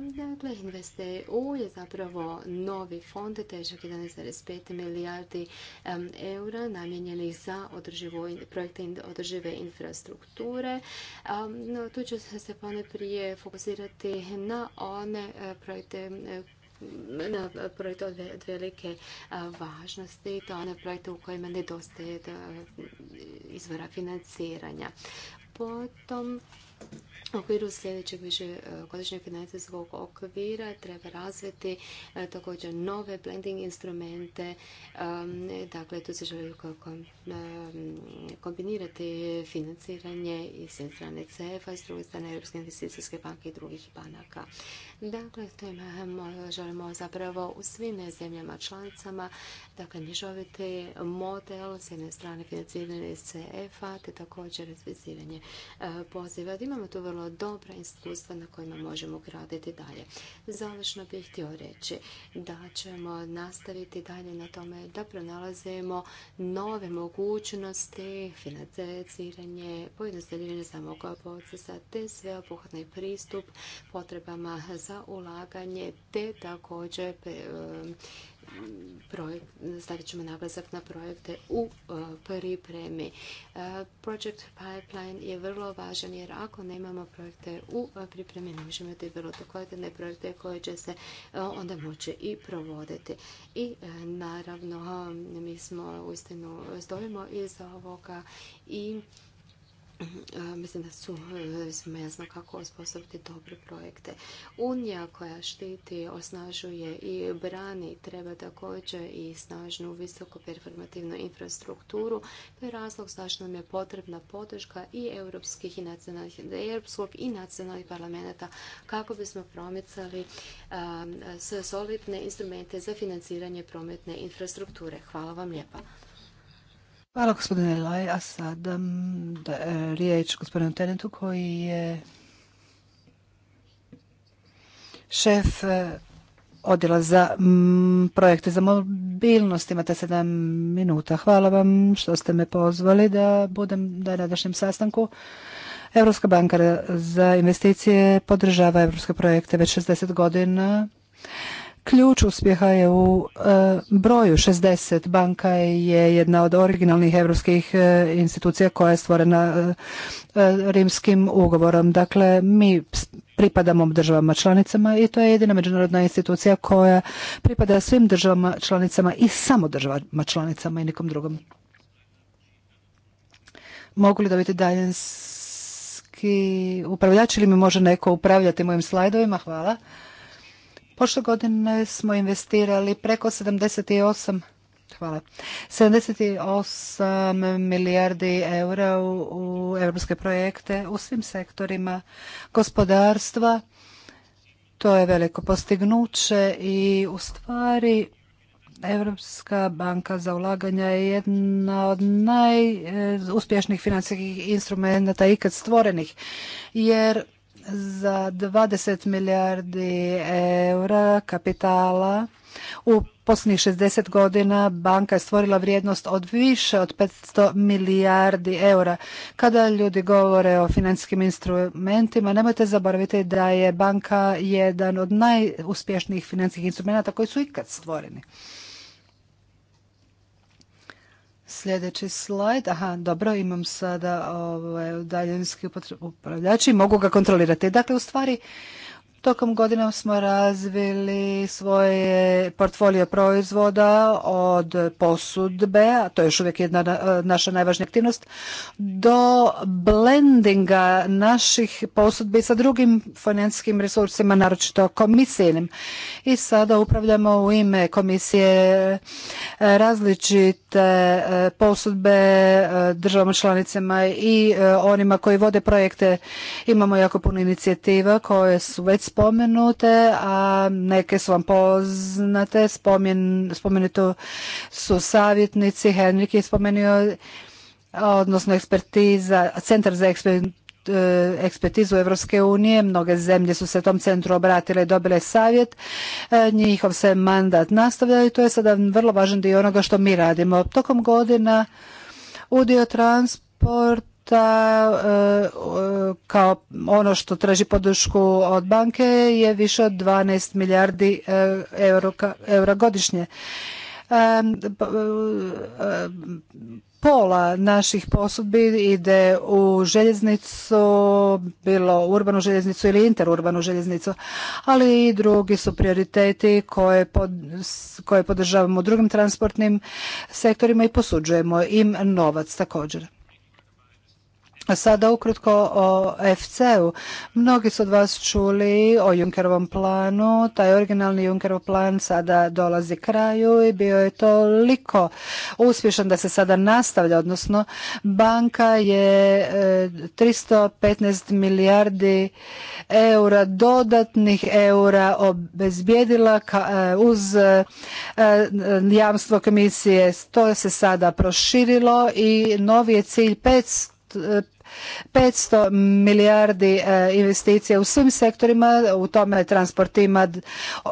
Dakle, InvestEU je zapravo novi fond težak 11,5 milijardi eura namijenjenih za projekte održive infrastrukture. Tu ću se pone prije fokusirati na one projekte na projekt od velike važnosti, to je onaj projekt u kojima nedostaje izvora financiranja. Potom u okviru sljedećeg višegodišnjeg e, financijskog okvira treba razviti e, također nove blending instrumente. Dakle, tu se želi kombinirati financiranje iz centralne strane CEF-a, s druge strane Europske investicijske banke i drugih banaka. Dakle, to želimo zapravo u svim zemljama članicama dakle, nižoviti model s jedne strane financiranje CEF-a te također razviziranje e, poziva. Imamo tu vrlo dobra iskustva na kojima možemo graditi dalje. Završno bih htio reći da ćemo nastaviti dalje na tome da pronalazimo nove mogućnosti, financiranje, pojednostavljanje samog procesa te sveobuhvatni pristup potrebama za ulaganje te također projekt, stavit ćemo naglasak na projekte u e, pripremi. E, project pipeline je vrlo važan jer ako nemamo projekte u e, pripremi ne možemo imati vrlo kvalitetne projekte koje će se onda moći i provoditi. I naravno mi smo uistinu stojimo iz ovoga i Mhm. mislim da su ne jasno kako osposobiti dobre projekte. Unija koja štiti, osnažuje i brani treba također i snažnu visoko performativnu infrastrukturu. To je razlog zašto nam je potrebna podrška i europskih i nacionalnih, europskog i nacionalnih parlamenta kako bismo promicali solidne instrumente za financiranje prometne infrastrukture. Hvala vam lijepa. Hvala gospodine Laj, a sada mm, e, riječ gospodinu Tenetu koji je šef e, odjela za mm, projekte za mobilnost. Imate sedam minuta. Hvala vam što ste me pozvali da budem da na današnjem sastanku. Europska banka za investicije podržava europske projekte već 60 godina. Ključ uspjeha je u e, broju 60. Banka je jedna od originalnih europskih e, institucija koja je stvorena e, rimskim ugovorom. Dakle, mi pripadamo državama članicama i to je jedina međunarodna institucija koja pripada svim državama članicama i samo državama članicama i nikom drugom. Mogu li dobiti daljinski upravljač ili mi može neko upravljati mojim slajdovima? Hvala. Prošle godine smo investirali preko 78 Hvala. 78 milijardi eura u europske projekte u svim sektorima gospodarstva. To je veliko postignuće i u stvari Europska banka za ulaganja je jedna od najuspješnijih financijskih instrumenta ikad stvorenih jer za 20 milijardi eura kapitala u posljednjih 60 godina banka je stvorila vrijednost od više od 500 milijardi eura. Kada ljudi govore o financijskim instrumentima, nemojte zaboraviti da je banka jedan od najuspješnijih financijskih instrumenta koji su ikad stvoreni. Sljedeći slajd. Aha, dobro, imam sada ovaj, daljinski upravljači. Mogu ga kontrolirati. Dakle, u stvari, Tokom godina smo razvili svoje portfolio proizvoda od posudbe, a to je još uvijek jedna e, naša najvažnija aktivnost, do blendinga naših posudbi sa drugim financijskim resursima, naročito komisijenim. I sada upravljamo u ime komisije e, različite e, posudbe državama članicama i onima koji vode projekte. Imamo jako puno inicijativa koje su već spomenute, a neke su vam poznate. Spomen, su savjetnici, Henrik je spomenuo, odnosno ekspertiza, centar za ekspertizu eh, ekspertizu Evropske unije. Mnoge zemlje su se tom centru obratile i dobile savjet. Eh, njihov se mandat nastavlja i to je sada vrlo važan dio onoga što mi radimo. Tokom godina udio transport E, kao ono što traži podršku od banke je više od 12 milijardi e, eura godišnje. E, pa, pola naših posudbi ide u željeznicu, bilo urbanu željeznicu ili interurbanu željeznicu, ali i drugi su prioriteti koje, pod, koje podržavamo u drugim transportnim sektorima i posuđujemo im novac također. A sada ukratko o FC-u. Mnogi su od vas čuli o Junkerovom planu. Taj originalni Junkerov plan sada dolazi kraju i bio je toliko uspješan da se sada nastavlja, odnosno banka je 315 e, milijardi eura, dodatnih eura obezbijedila e, uz e, jamstvo komisije. To se sada proširilo i novi je cilj 500 500 milijardi e, investicija u svim sektorima, u tome transport ima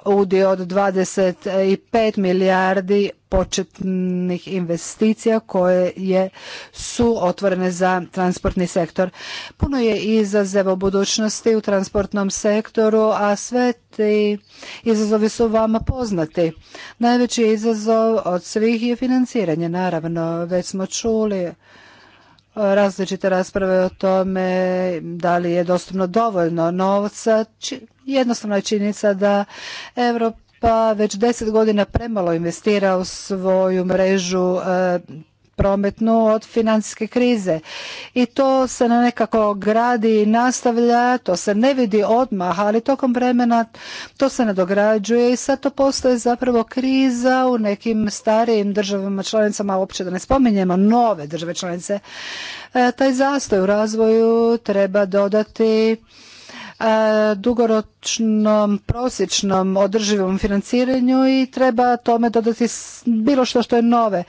udio od 25 milijardi početnih investicija koje je, su otvorene za transportni sektor. Puno je izazova u budućnosti u transportnom sektoru, a sve ti izazovi su vama poznati. Najveći izazov od svih je financiranje, naravno, već smo čuli različite rasprave o tome da li je dostupno dovoljno novca. Jednostavna je činjenica da Europa već deset godina premalo investira u svoju mrežu e, prometnu od financijske krize. I to se nekako gradi i nastavlja, to se ne vidi odmah, ali tokom vremena to se nadograđuje i sad to postoje zapravo kriza u nekim starijim državama članicama, uopće da ne spominjemo nove države članice. E, taj zastoj u razvoju treba dodati e, dugoročnom, prosječnom, održivom financiranju i treba tome dodati bilo što što je nove.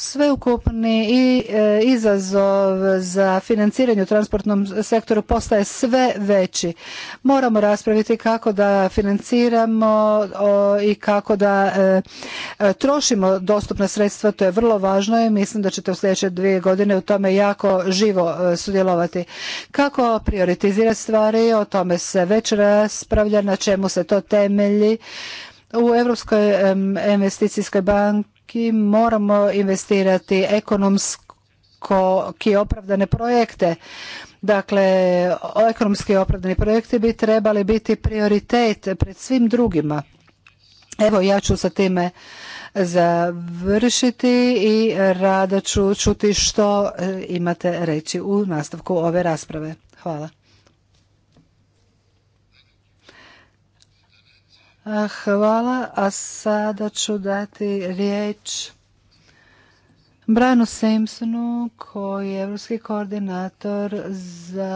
Sveukupni i e, izazov za financiranje u transportnom sektoru postaje sve veći. Moramo raspraviti kako da financiramo i kako da e, e, trošimo dostupna sredstva, to je vrlo važno i mislim da ćete u sljedeće dvije godine u tome jako živo sudjelovati. Kako prioritizirati stvari, o tome se već raspravlja, na čemu se to temelji. U Europskoj investicijskoj banki ki moramo investirati ekonomski opravdane projekte. Dakle, ekonomski opravdani projekti bi trebali biti prioritet pred svim drugima. Evo, ja ću sa time završiti i rado ću čuti što e, imate reći u nastavku ove rasprave. Hvala. Hvala, a sada ću dati riječ Branu Simpsonu koji je evropski koordinator za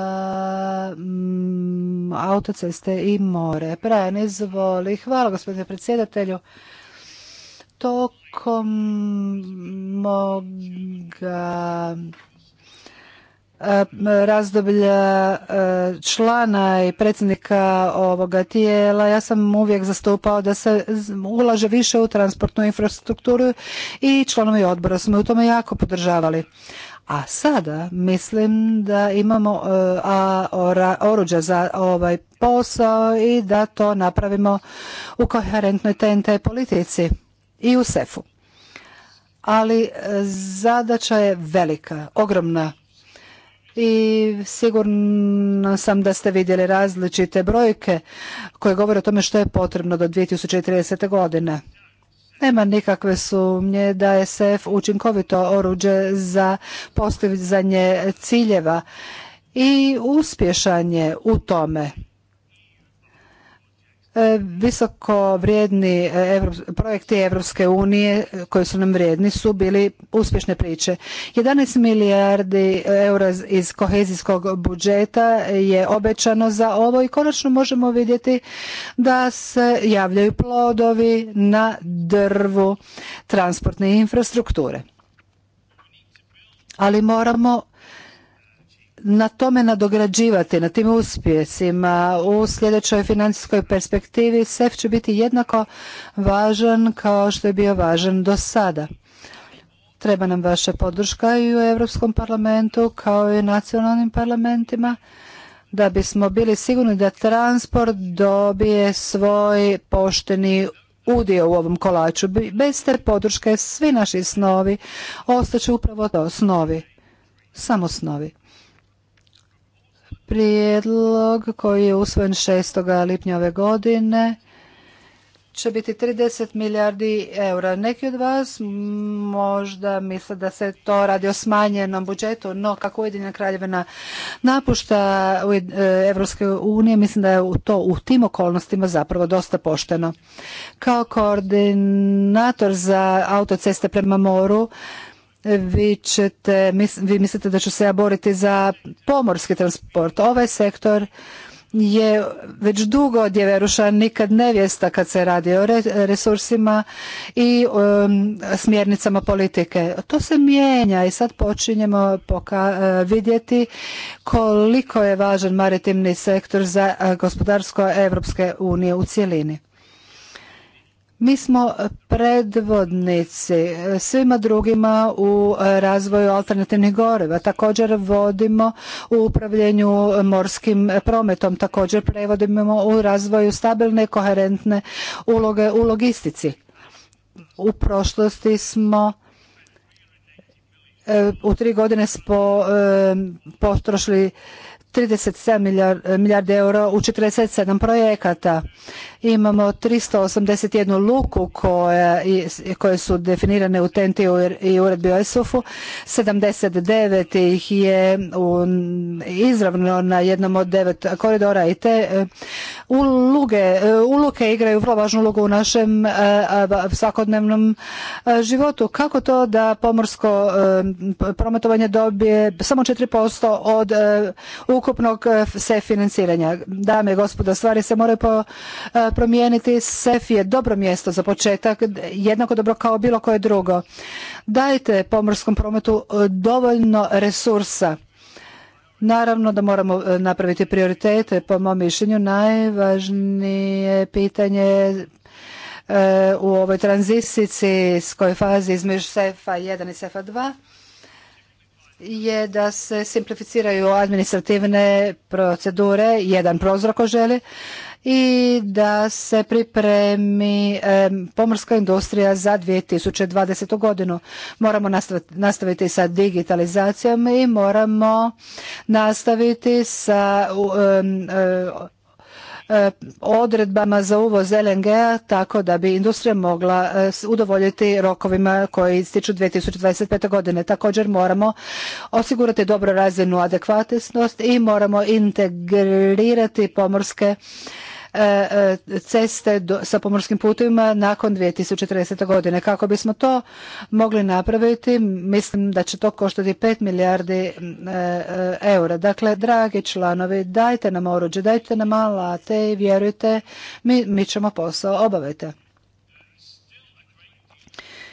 mm, autoceste i more. Brian, izvoli. Hvala gospodine predsjedatelju. Tokom moga razdoblja e, člana i predsjednika ovoga tijela, ja sam uvijek zastupao da se ulaže više u transportnu infrastrukturu i članovi odbora smo u tome jako podržavali. A sada mislim da imamo e, a, oruđa za ovaj posao i da to napravimo u koherentnoj TNT politici i u SEF-u. Ali e, zadaća je velika, ogromna i sigurno sam da ste vidjeli različite brojke koje govore o tome što je potrebno do 2030. godine. Nema nikakve sumnje da je SF učinkovito oruđe za postizanje ciljeva i uspješanje u tome. E, visoko vrijedni e, projekti Evropske unije e, koji su nam vrijedni su bili uspješne priče. 11 milijardi eura iz kohezijskog budžeta je obećano za ovo i konačno možemo vidjeti da se javljaju plodovi na drvu transportne infrastrukture. Ali moramo na tome nadograđivati, na tim uspjesima. U sljedećoj financijskoj perspektivi SEF će biti jednako važan kao što je bio važan do sada. Treba nam vaša podrška i u Europskom parlamentu kao i u nacionalnim parlamentima da bismo bili sigurni da transport dobije svoj pošteni udio u ovom kolaču. Bez te podrške svi naši snovi ostaće upravo to snovi, samo snovi. Prijedlog koji je usvojen 6. lipnja ove godine će biti 30 milijardi eura. Neki od vas možda misle da se to radi o smanjenom budžetu, no kako Ujedinjena kraljevina napušta e, Evropske unije, mislim da je to u tim okolnostima zapravo dosta pošteno. Kao koordinator za autoceste prema moru, vi vi mislite da ću se ja boriti za pomorski transport. Ovaj sektor je već dugo djeverušan, nikad nevjesta kad se radi o resursima i um, smjernicama politike. To se mijenja i sad počinjemo uh, vidjeti koliko je važan maritimni sektor za uh, gospodarsko Evropske unije u cjelini. Mi smo predvodnici e, svima drugima u e, razvoju alternativnih goriva. Također vodimo u upravljanju morskim prometom. Također prevodimo u razvoju stabilne, koherentne uloge u logistici. U prošlosti smo e, u tri godine smo potrošili 37 milijardi eura u 47 projekata. Imamo 381 luku koja, koje su definirane u TNT i uredbi o ESUF-u. 79 ih je u, izravno na jednom od devet koridora i te e, uluge, e, uluke igraju vrlo važnu ulogu u našem e, svakodnevnom životu. Kako to da pomorsko prometovanje dobije samo 4% od ukupnog se financiranja? Dame i gospodo, stvari se moraju po promijeniti. SEF je dobro mjesto za početak, jednako dobro kao bilo koje drugo. Dajte pomorskom prometu e, dovoljno resursa. Naravno da moramo e, napraviti prioritete. Po mom mišljenju najvažnije pitanje e, u ovoj tranzicijskoj fazi između SEFA 1 i SEFA 2 je da se simplificiraju administrativne procedure, jedan prozor ako i da se pripremi pomorska industrija za 2020. godinu. Moramo nastaviti sa digitalizacijom i moramo nastaviti sa e, e, odredbama za uvoz LNG-a tako da bi industrija mogla e, udovoljiti rokovima koji ističu 2025. godine. Također moramo osigurati dobro razinu adekvatnost i moramo integrirati pomorske E, e, ceste sa pomorskim putevima nakon 2040. godine. Kako bismo to mogli napraviti, mislim da će to koštati 5 milijardi e, eura. Dakle, dragi članovi, dajte nam oruđe, dajte nam alate i vjerujte, mi, mi ćemo posao obaviti.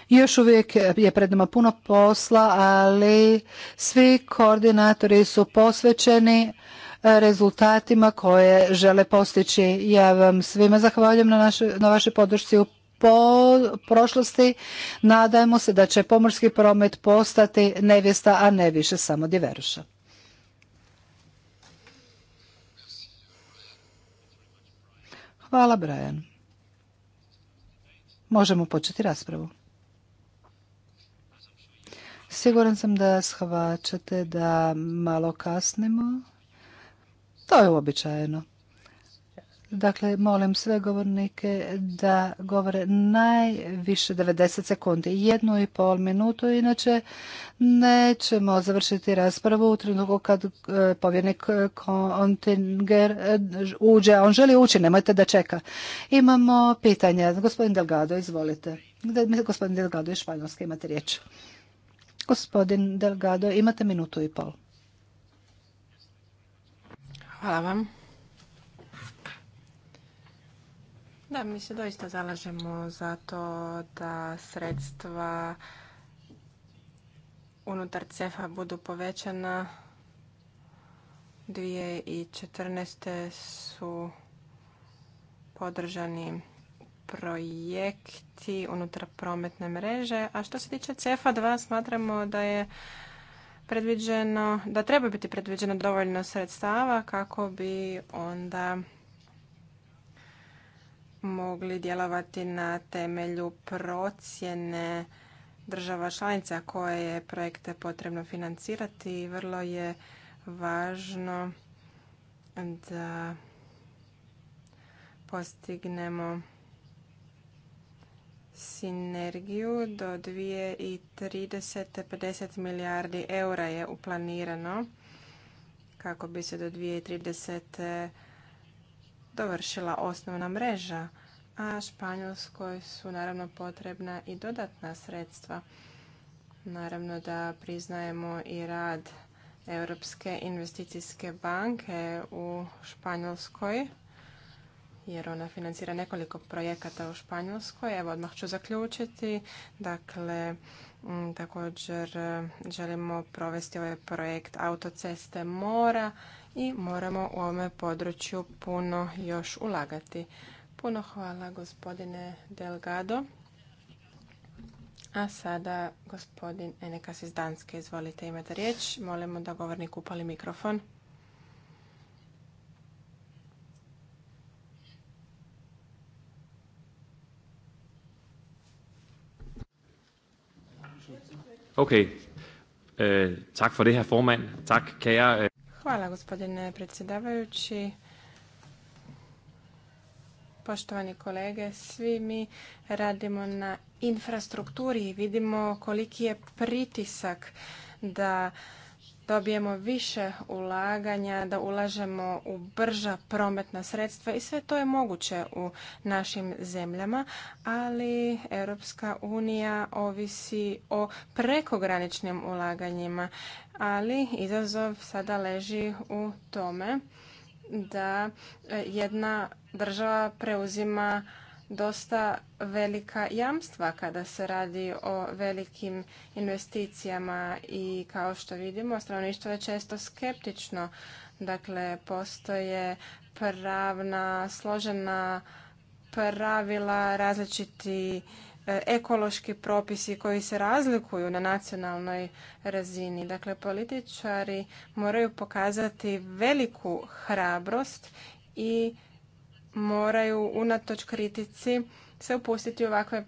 Još uvijek je pred nama puno posla, ali svi koordinatori su posvećeni rezultatima koje žele postići. Ja vam svima zahvaljujem na, na vašoj podršci u po prošlosti. Nadajmo se da će pomorski promet postati nevjesta, a ne više samo diveruša. Hvala, Brian. Možemo početi raspravu. Siguran sam da shvaćate da malo kasnimo. To je uobičajeno. Dakle, molim sve govornike da govore najviše 90 sekundi, jednu i pol minutu, inače nećemo završiti raspravu u trenutku kad e, povjernik Kontinger e, uđe, on želi ući, nemojte da čeka. Imamo pitanja. Gospodin Delgado, izvolite. Gospodin Delgado iz Španjolske, imate riječ. Gospodin Delgado, imate minutu i pol. Hvala vam. Da, mi se doista zalažemo za to da sredstva unutar CEFA budu povećana. 2014. su podržani projekti unutar prometne mreže. A što se tiče CEFA 2, smatramo da je predviđeno, da treba biti predviđeno dovoljno sredstava kako bi onda mogli djelovati na temelju procjene država članica koje je projekte potrebno financirati i vrlo je važno da postignemo sinergiju do 2030. 50 milijardi eura je uplanirano kako bi se do 2030. E, dovršila osnovna mreža, a Španjolskoj su naravno potrebna i dodatna sredstva. Naravno da priznajemo i rad Europske investicijske banke u Španjolskoj jer ona financira nekoliko projekata u Španjolskoj. Evo, odmah ću zaključiti. Dakle, također e, želimo provesti ovaj projekt autoceste mora i moramo u ovome području puno još ulagati. Puno hvala gospodine Delgado. A sada gospodin Enekas iz Danske, izvolite imate riječ. Molimo da govornik upali mikrofon. Okay. Øh, tak for det, her formand. Tak, kære... Øh. Hvala, gospodine predsjedavajući. Poštovani kolege, svi mi radimo na infrastrukturi i vidimo koliki je pritisak da dobijemo više ulaganja, da ulažemo u brža prometna sredstva i sve to je moguće u našim zemljama, ali Europska unija ovisi o prekograničnim ulaganjima, ali izazov sada leži u tome da jedna država preuzima dosta velika jamstva kada se radi o velikim investicijama i kao što vidimo stanovništvo je često skeptično. Dakle, postoje pravna, složena pravila, različiti e, ekološki propisi koji se razlikuju na nacionalnoj razini. Dakle, političari moraju pokazati veliku hrabrost i moraju unatoč kritici se upustiti u ovakve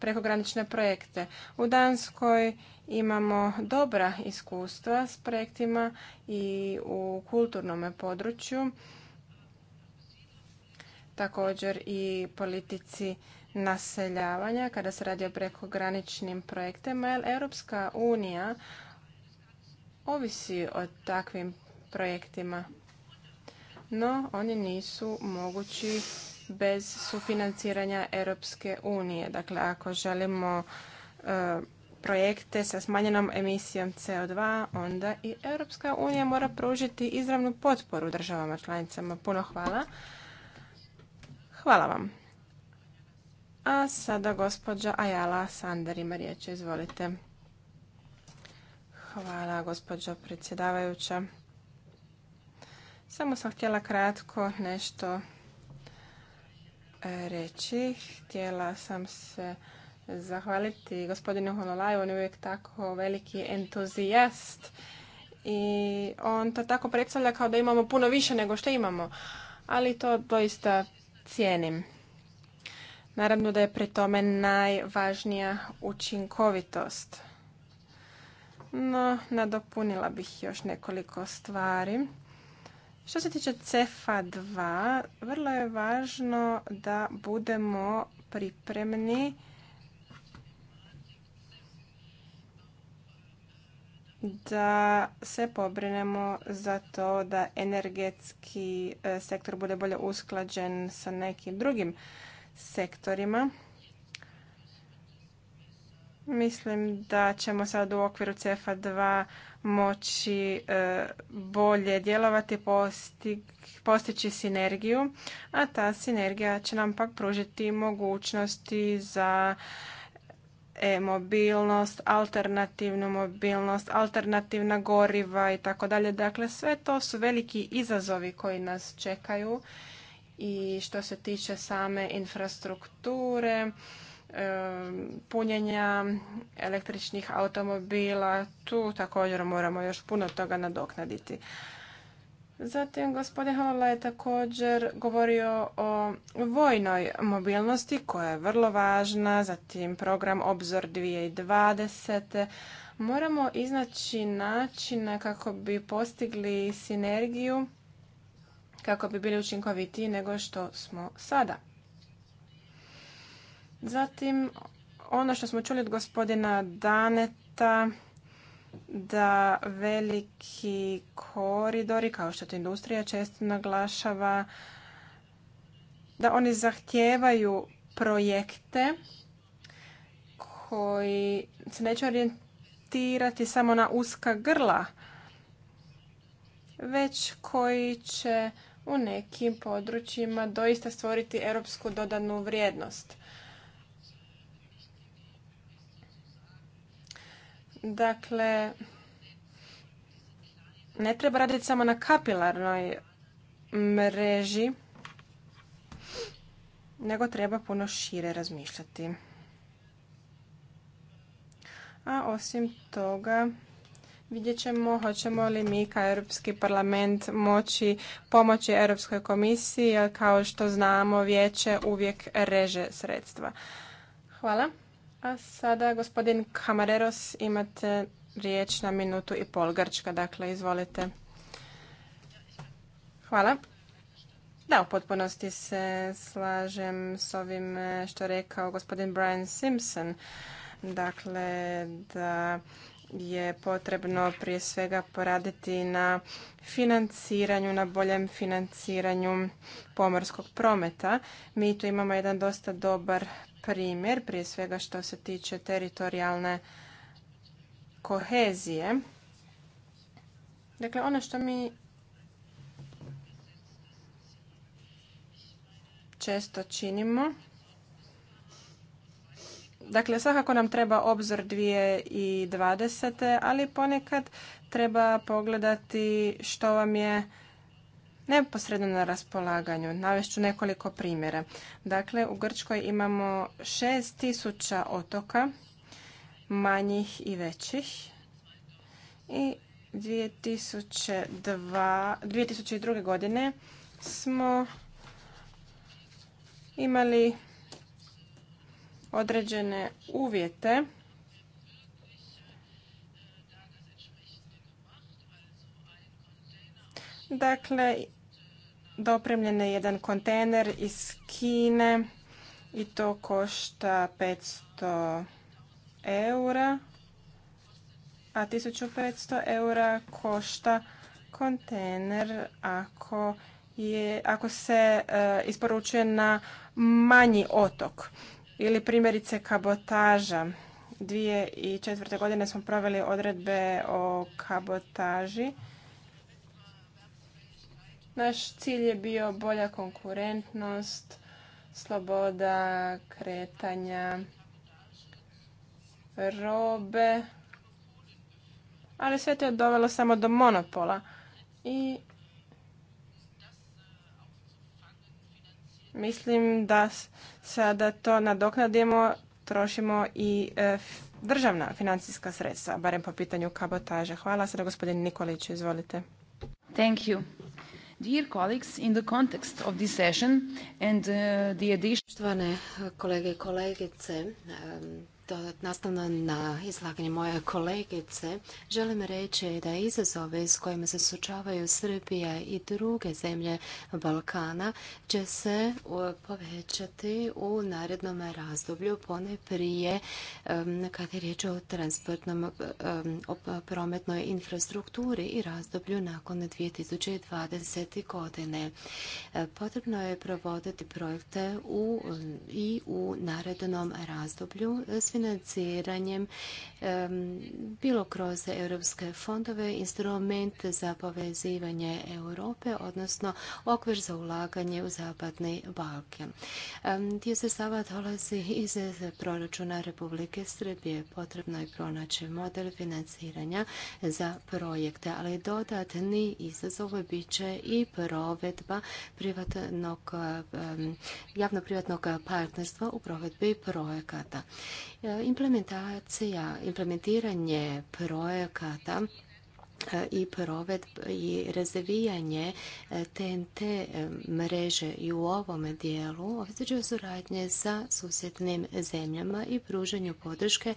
prekogranične projekte. U Danskoj imamo dobra iskustva s projektima i u kulturnom području, također i politici naseljavanja kada se radi o prekograničnim projektima, Europska unija ovisi o takvim projektima no oni nisu mogući bez sufinanciranja Europske unije. Dakle, ako želimo e, projekte sa smanjenom emisijom CO2, onda i Europska unija mora pružiti izravnu potporu državama članicama. Puno hvala. Hvala vam. A sada gospođa Ajala Sander ima riječ. Izvolite. Hvala gospođo predsjedavajuća. Samo sam htjela kratko nešto e, reći. Htjela sam se zahvaliti gospodinu Honolaju. On je uvijek tako veliki entuzijast i on to tako predstavlja kao da imamo puno više nego što imamo. Ali to doista cijenim. Naravno da je pri tome najvažnija učinkovitost. No, nadopunila bih još nekoliko stvari. Što se tiče CEFA 2, vrlo je važno da budemo pripremni da se pobrinemo za to da energetski e, sektor bude bolje usklađen sa nekim drugim sektorima. Mislim da ćemo sad u okviru CEFA 2 moći e, bolje djelovati, postići sinergiju, a ta sinergija će nam pak pružiti mogućnosti za e mobilnost, alternativnu mobilnost, alternativna goriva i tako dalje. Dakle, sve to su veliki izazovi koji nas čekaju i što se tiče same infrastrukture, punjenja električnih automobila. Tu također moramo još puno toga nadoknaditi. Zatim, gospodin Halala je također govorio o vojnoj mobilnosti koja je vrlo važna, zatim program Obzor 2020. Moramo iznaći načine kako bi postigli sinergiju, kako bi bili učinkovitiji nego što smo sada. Zatim, ono što smo čuli od gospodina Daneta, da veliki koridori, kao što to industrija često naglašava, da oni zahtijevaju projekte koji se neće orijentirati samo na uska grla, već koji će u nekim područjima doista stvoriti europsku dodanu vrijednost. Dakle, ne treba raditi samo na kapilarnoj mreži, nego treba puno šire razmišljati. A osim toga, vidjet ćemo hoćemo li mi kao Europski parlament moći pomoći Europskoj komisiji, jer kao što znamo vijeće uvijek reže sredstva. Hvala. A sada gospodin Kamareros imate riječ na minutu i pol Grčka, dakle izvolite. Hvala. Da, u potpunosti se slažem s ovim e, što je rekao gospodin Brian Simpson. Dakle, da je potrebno prije svega poraditi na financiranju, na boljem financiranju pomorskog prometa. Mi tu imamo jedan dosta dobar primjer, prije svega što se tiče teritorijalne kohezije. Dakle, ono što mi često činimo, Dakle, svakako nam treba obzor 2020. ali ponekad treba pogledati što vam je neposredno na raspolaganju. Navešću nekoliko primjera. Dakle, u Grčkoj imamo 6000 otoka, manjih i većih. I 2002, godine smo imali određene uvjete Dakle, dopremljen je jedan kontejner iz Kine i to košta 500 eura, a 1500 eura košta kontejner ako, je, ako se e, isporučuje na manji otok ili primjerice kabotaža. 2004. godine smo proveli odredbe o kabotaži naš cilj je bio bolja konkurentnost, sloboda kretanja robe, ali sve to je dovelo samo do monopola. I mislim da sada to nadoknadimo, trošimo i e, državna financijska sredstva, barem po pitanju kabotaže. Hvala sada gospodin Nikolić, izvolite. Thank Dear colleagues, in the context of this session and uh, the addition... Štovane kolege i kolegice, um, nastavno na izlaganje moje kolegice, želim reći da izazove s kojima se sučavaju Srbija i druge zemlje Balkana će se povećati u narednom razdoblju, pone prije kada je riječ o transportnom prometnoj infrastrukturi i razdoblju nakon 2020. godine. E, potrebno je provoditi projekte i u narednom razdoblju s financiranjem bilo kroz europske fondove, instrument za povezivanje Europe, odnosno okvir za ulaganje u Zapadni Balkan. Dio sredstava dolazi iz proračuna Republike Srbije. Potrebno je pronaći model financiranja za projekte, ali dodatni izazov bit će i provedba privatnog, javno-privatnog partnerstva u provedbi projekata. E, implementacija, implementiranje projekata e, i proved i razvijanje TNT e, mreže i u ovom dijelu osjećaju suradnje sa susjednim zemljama i pružanju podrške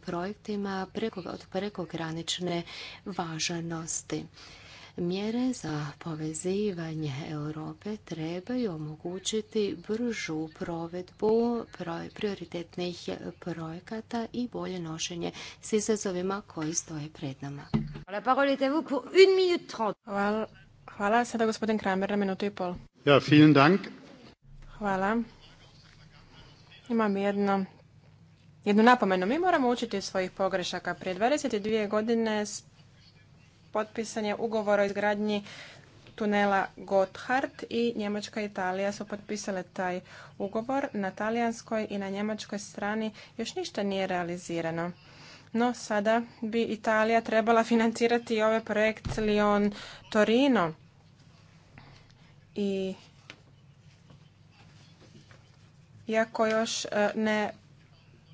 projektima od prekogranične važanosti. Mjere za povezivanje Europe trebaju omogućiti bržu provedbu prioritetnih projekata i bolje nošenje s izazovima koji stoje pred nama. Hvala. Hvala. Sada gospodin Kramer na minutu i pol. Ja, dank. Hvala. Imam jedno jednu napomenu. Mi moramo učiti svojih pogrešaka. Prije 22 godine potpisan je ugovor o izgradnji tunela Gotthard i Njemačka i Italija su potpisale taj ugovor. Na talijanskoj i na njemačkoj strani još ništa nije realizirano. No, sada bi Italija trebala financirati i ovaj projekt Lyon-Torino. I iako još e, ne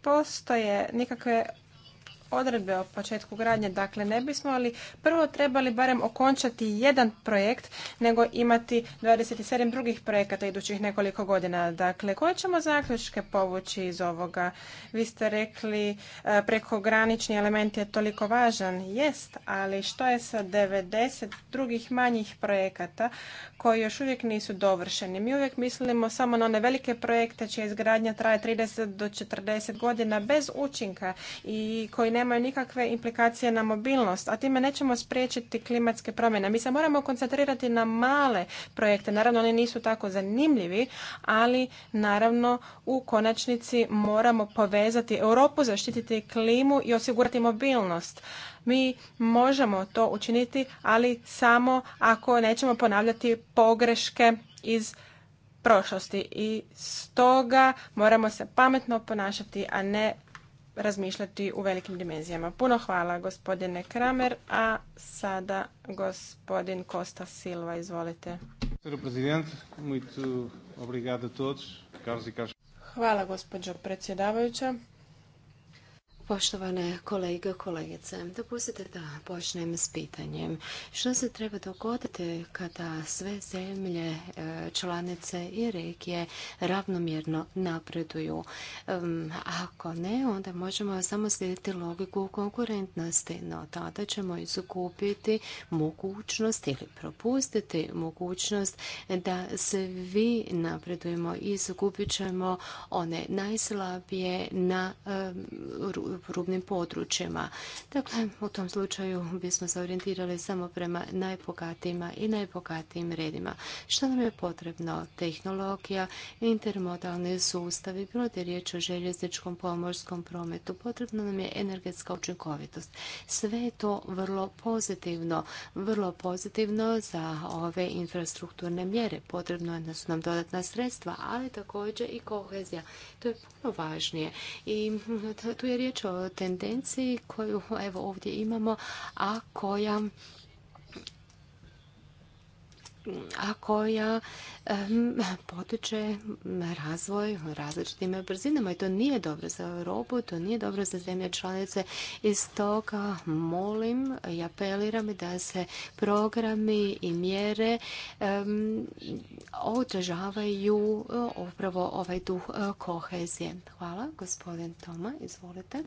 postoje nikakve odredbe o početku gradnje, dakle ne bismo, ali prvo trebali barem okončati jedan projekt, nego imati 27 drugih projekata idućih nekoliko godina. Dakle, koje ćemo zaključke povući iz ovoga? Vi ste rekli e, prekogranični element je toliko važan. Jest, ali što je sa 90 drugih manjih projekata koji još uvijek nisu dovršeni? Mi uvijek mislimo samo na one velike projekte čija izgradnja traje 30 do 40 godina bez učinka i koji ne nemaju nikakve implikacije na mobilnost, a time nećemo spriječiti klimatske promjene. Mi se moramo koncentrirati na male projekte. Naravno, oni nisu tako zanimljivi, ali naravno u konačnici moramo povezati Europu, zaštititi klimu i osigurati mobilnost. Mi možemo to učiniti, ali samo ako nećemo ponavljati pogreške iz prošlosti i stoga moramo se pametno ponašati, a ne razmišljati u velikim dimenzijama. Puno hvala gospodine Kramer, a sada gospodin Kosta Silva, izvolite. E hvala gospođo predsjedavajuća. Poštovane kolege i kolegice, dopustite da počnem s pitanjem. Što se treba dogoditi kada sve zemlje, e, članice i regije ravnomjerno napreduju? Ako ne, onda možemo samo slijediti logiku konkurentnosti, no tada ćemo izgubiti mogućnost ili propustiti mogućnost da se vi napredujemo i izgubit ćemo one najslabije na rubnim područjima. Dakle, u tom slučaju bismo se orijentirali samo prema najbogatijima i najbogatijim redima. Što nam je potrebno? Tehnologija, intermodalni sustavi, bilo da je riječ o željezničkom pomorskom prometu, potrebna nam je energetska učinkovitost. Sve je to vrlo pozitivno, vrlo pozitivno za ove infrastrukturne mjere. Potrebno su nam dodatna sredstva, ali također i kohezija. To je puno važnije. I tu je riječ o tendenciji koju evo ovdje imamo, a koja a koja potiče razvoj različitim brzinama i to nije dobro za Europu, to nije dobro za zemlje članice i stoga molim i apeliram da se programi i mjere odražavaju e, upravo ovaj duh e, kohezije. Hvala, gospodin Toma, izvolite.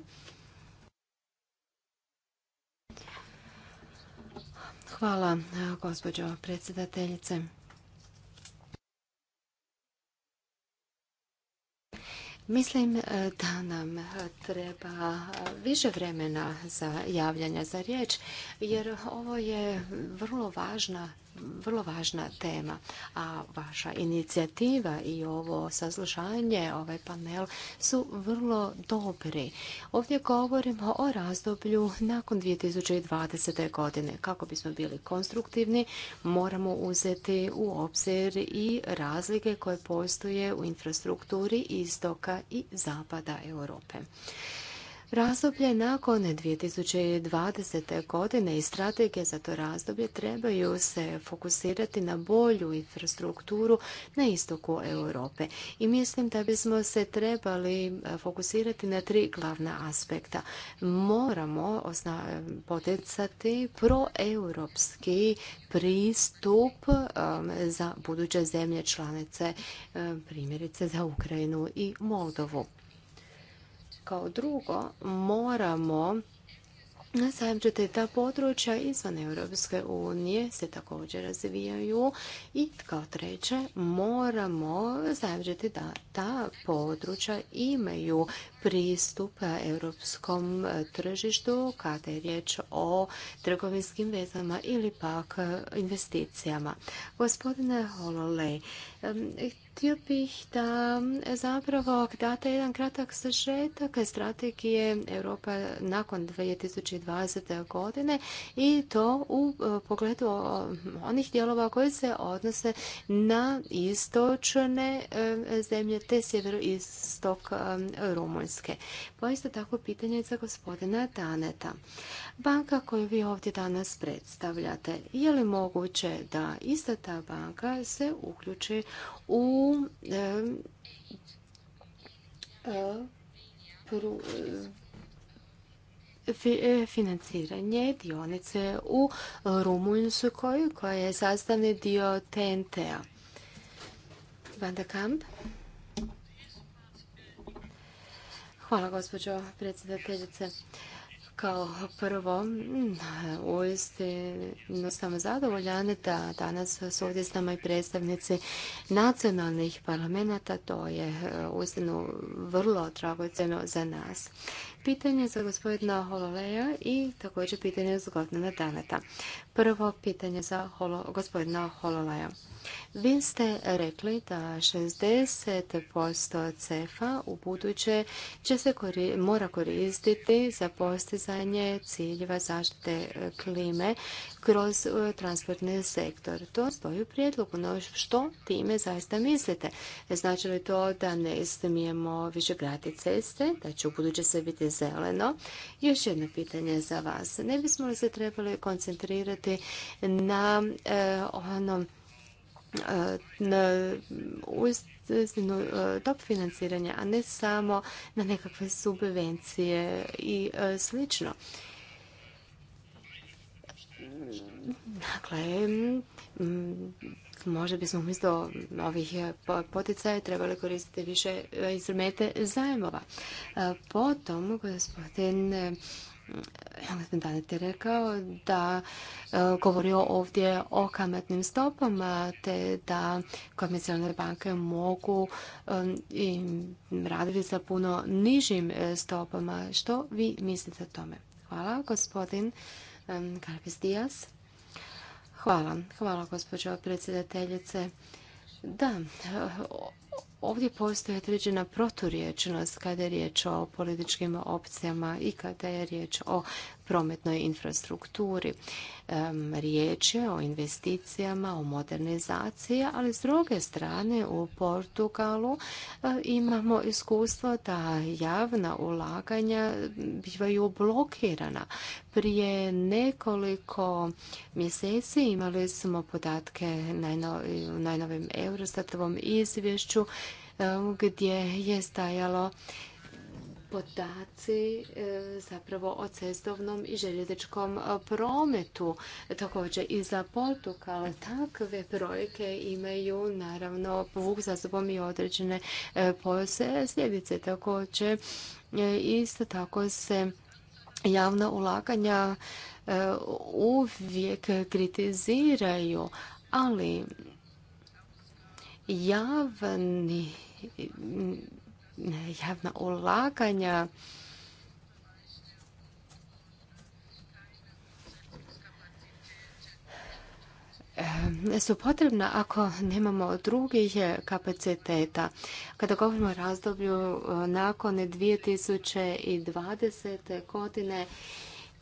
Hvala, gospođo predsjedateljice. Mislim eh, da nam eh, treba više vremena za javljanje za riječ, jer ovo je vrlo važna vrlo važna tema, a vaša inicijativa i ovo saslušanje, ovaj panel su vrlo dobri. Ovdje govorimo o razdoblju nakon 2020. godine. Kako bismo bili konstruktivni, moramo uzeti u obzir i razlike koje postoje u infrastrukturi istoka i zapada Europe. Razdoblje nakon 2020. godine i strategije za to razdoblje trebaju se fokusirati na bolju infrastrukturu na istoku Europe. I mislim da bismo se trebali e, fokusirati na tri glavna aspekta. Moramo poticati proeuropski pristup za buduće zemlje članice, primjerice za Ukrajinu i Moldovu. Kao drugo, moramo Sajamčite ta područja izvan Europske unije se također razvijaju i kao treće moramo zajamčiti da ta područja imaju pristupa europskom tržištu kada je riječ o trgovinskim vezama ili pak investicijama. Gospodine Hololej, Htio bih da zapravo date jedan kratak sažetak strategije Europa nakon 2020. godine i to u e, pogledu onih dijelova koji se odnose na istočne zemlje te sjeveroistok Rumunjske. Poista pa tako pitanje za gospodina Daneta. Banka koju vi ovdje danas predstavljate, je li moguće da ista ta banka se uključi u e, e, financiranje dionice u Rumunjskoj koja je sastavni dio TNT-a. Van Kamp. Hvala gospođo predsjedateljice. Kao prvo, uistinu sam zadovoljan da danas su ovdje s nama i predstavnici nacionalnih parlamenta. To je e, uistinu vrlo dragocjeno za nas. Pitanje za gospodina Hololeja i također pitanje za gospodina daneta. Prvo pitanje za gospodina Hololeja. Vi ste rekli da 60% cefa u buduće će se kori mora koristiti za postizanje ciljeva zaštite e, klime kroz e, transportni sektor. To stoji u prijedlogu, no što time zaista mislite? Znači li to da ne smijemo više graditi ceste, da će u buduće sve biti zeleno? Još jedno pitanje za vas. Ne bismo li se trebali koncentrirati na e, onom E, na uistinu e, top financiranje, a ne samo na nekakve subvencije i e, slično. Dakle, možda bismo umjesto ovih poticaja trebali koristiti više instrumente zajmova. Potom, gospodin Danet je rekao da e, govorio ovdje o kamatnim stopama te da komercijalne banke mogu raditi sa puno nižim e, stopama. Što vi mislite o tome? Hvala, gospodin Karpis Dijas. Hvala, hvala gospođo predsjedateljice. Da, Ovdje postoji određena proturječnost kada je riječ o političkim opcijama i kada je riječ o prometnoj infrastrukturi. Riječ je o investicijama, o modernizaciji, ali s druge strane u Portugalu e, imamo iskustvo da javna ulaganja bivaju blokirana. Prije nekoliko mjeseci imali smo podatke u najnovim Eurostatovom izvješću e, gdje je stajalo podaci e, zapravo o cestovnom i željezničkom e, prometu. Također i za Portugal takve brojke imaju naravno povuk za sobom i određene e, sljedice Također isto tako se javna ulaganja uvijek kritiziraju, ali javni javna ulaganja su potrebna ako nemamo drugih kapaciteta. Kada govorimo o razdoblju eh, nakon 2020. godine,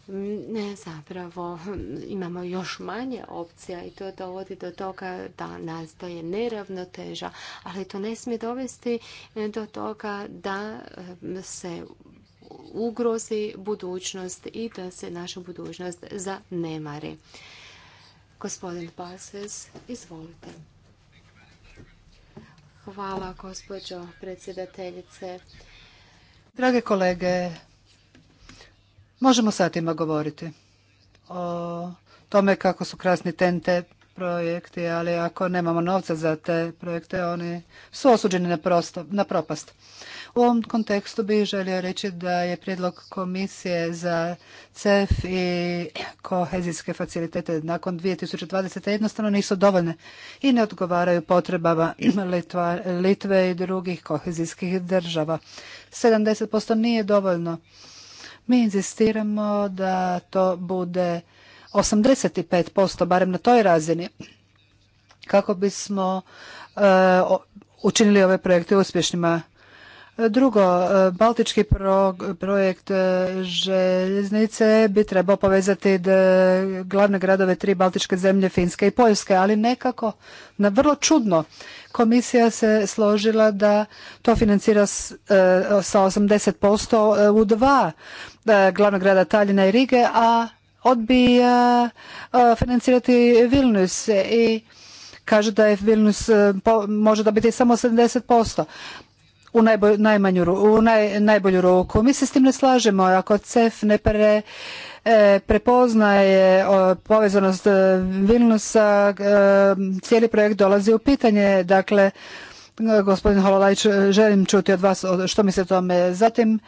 ne zapravo imamo još manje opcija i to dovodi do toga da nastaje neravnoteža, ali to ne smije dovesti e, do toga da e, se ugrozi budućnost i da se naša budućnost zanemari. Gospodin Pases, izvolite. Hvala, gospođo predsjedateljice. Drage kolege, Možemo satima govoriti o tome kako su krasni tente projekti, ali ako nemamo novca za te projekte, oni su osuđeni na, prosto, na propast. U ovom kontekstu bih želio reći da je prijedlog komisije za CEF i kohezijske facilitete nakon 2020. jednostavno nisu dovoljne i ne odgovaraju potrebama Litva, Litve i drugih kohezijskih država. 70% nije dovoljno mi inzistiramo da to bude 85%, barem na toj razini, kako bismo e, učinili ove projekte uspješnima. Drugo, e, Baltički projekt e, željeznice bi trebao povezati glavne gradove tri Baltičke zemlje, Finske i Poljske, ali nekako na vrlo čudno. Komisija se složila da to financira e, sa 80% u dva glavna grada Taljina i Rige, a odbija financirati Vilnius i kaže da je Vilnius može dobiti samo 70% u, najmanju, u najbolju ruku. Mi se s tim ne slažemo. Ako CEF ne pre, e, prepoznaje o, povezanost e, Vilnusa, e, cijeli projekt dolazi u pitanje. Dakle, gospodin Hololajč, želim čuti od vas što mislite o tome. Zatim,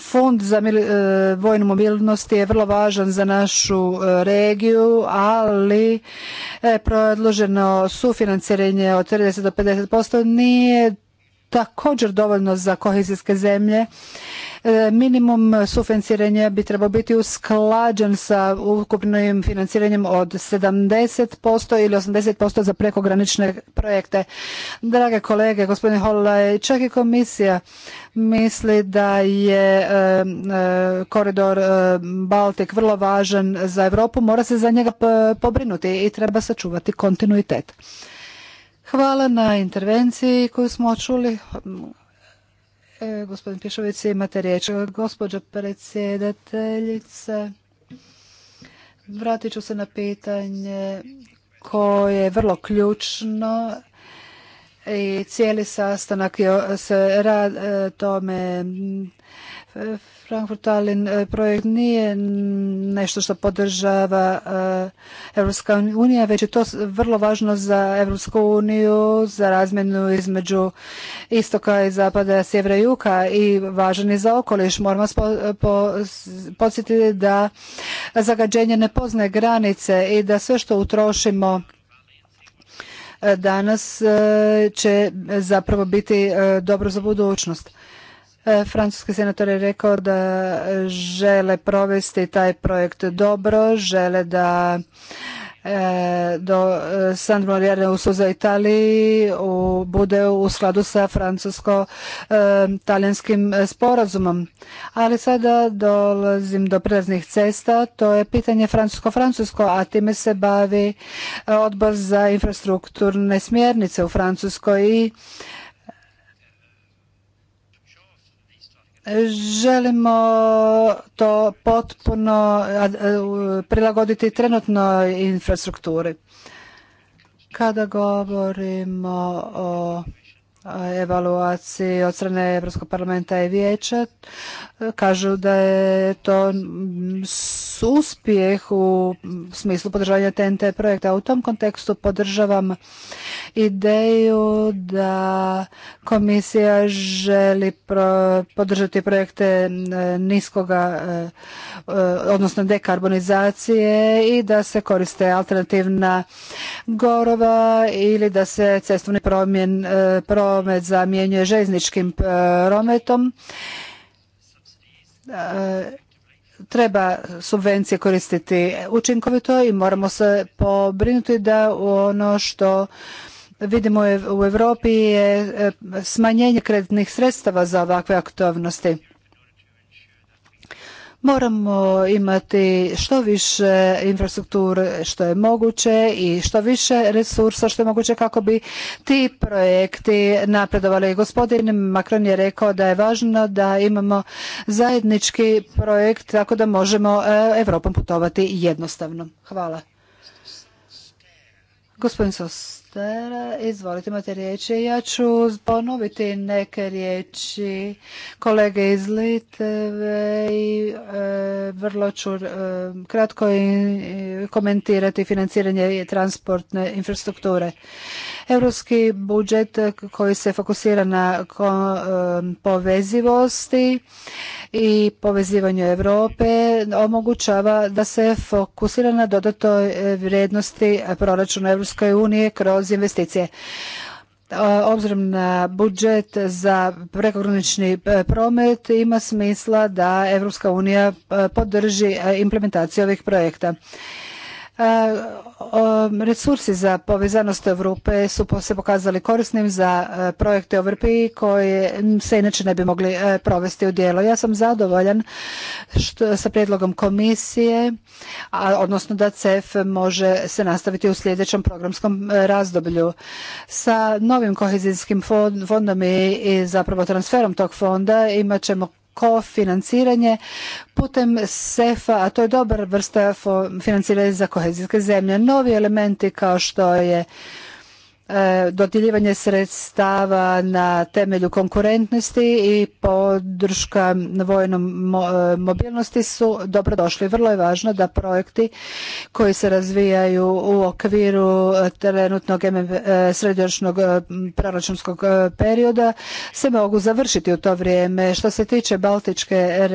Fond za e, vojnu mobilnost je vrlo važan za našu e, regiju, ali e, predloženo sufinanciranje od 30 do 50% nije također dovoljno za kohezijske zemlje. E, minimum sufinanciranja bi trebao biti usklađen sa ukupnim financiranjem od 70% ili 80% za prekogranične projekte. Drage kolege, gospodine Hollaj, čak i komisija misli da je e, e, koridor Baltik vrlo važan za Europu, mora se za njega pobrinuti i treba sačuvati kontinuitet. Hvala na intervenciji koju smo čuli. E, gospodin Pišović, imate riječ. Gospođo predsjedateljice, vratit ću se na pitanje koje je vrlo ključno i cijeli sastanak se rad e, tome Frankfurt Alin e, projekt nije nešto što podržava Europska unija, već je to vrlo važno za Europsku uniju, za razmjenu između istoka i zapada, sjevera i juka i važan je za okoliš. Moramo podsjetiti da zagađenje ne poznaje granice i da sve što utrošimo e, danas e, će zapravo biti dobro za budućnost. E, francuski senator je rekao da žele provesti taj projekt dobro, žele da e, do e, San u Suza Italiji bude u skladu sa francusko-talijanskim sporazumom. Ali sada dolazim do prilaznih cesta, to je pitanje francusko-francusko, a time se bavi odbor za infrastrukturne smjernice u Francuskoj i Želimo to potpuno prilagoditi trenutnoj infrastrukturi. Kada govorimo o evaluaciji od strane Europskog parlamenta i vijeća kažu da je to uspjeh u smislu podržavanja TNT projekta. U tom kontekstu podržavam ideju da komisija želi podržati projekte e, niskoga, e, e, odnosno dekarbonizacije i da se koriste alternativna gorova ili da se cestovni promjen pro promet zamjenjuje željezničkim e, prometom e, treba subvencije koristiti učinkovito i moramo se pobrinuti da ono što vidimo u Europi je e, smanjenje kreditnih sredstava za ovakve aktivnosti. Moramo imati što više infrastrukture što je moguće i što više resursa što je moguće kako bi ti projekti napredovali. Gospodin Macron je rekao da je važno da imamo zajednički projekt tako da možemo Europom putovati jednostavno. Hvala. Gospodin Sos izvolite imate riječi. Ja ću ponoviti neke riječi kolege iz Litve i e, vrlo ću e, kratko komentirati financiranje transportne infrastrukture. Europski budžet koji se fokusira na povezivosti i povezivanju Europe omogućava da se fokusira na dodatoj e, vrijednosti proračuna Europske unije kroz investicije e, obzirom na budžet za prekogranični e, promet ima smisla da Europska unija podrži implementaciju ovih projekta resursi za povezanost Europe su se pokazali korisnim za e, projekte ORP koje se inače ne bi mogli e, provesti u djelo. Ja sam zadovoljan što, sa predlogom komisije, a, odnosno da CEF može se nastaviti u sljedećem programskom e, razdoblju. Sa novim kohezijskim fondom i zapravo transferom tog fonda imat ćemo kofinanciranje putem SEFA, a to je dobra vrsta financiranja za kohezijske zemlje. Novi elementi kao što je E, dodjeljivanje sredstava na temelju konkurentnosti i podrška vojnom e, mobilnosti su dobrodošli. Vrlo je važno da projekti koji se razvijaju u okviru e, trenutnog srednjoročnog proračunskog perioda se mogu završiti u to vrijeme. Što se tiče Baltičke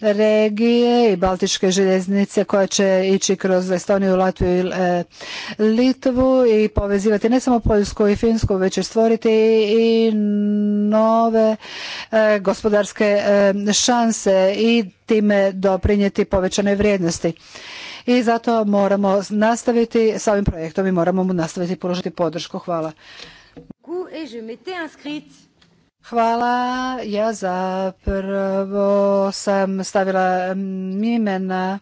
regije i Baltičke željeznice koja će ići kroz Estoniju, Latviju i Litvu i povezivati samo Poljsku i Finsku, već će stvoriti i nove e, gospodarske e, šanse i time doprinijeti povećane vrijednosti. I zato moramo nastaviti s ovim projektom i moramo mu nastaviti pružiti podršku. Hvala. E, Hvala. Ja zapravo sam stavila imena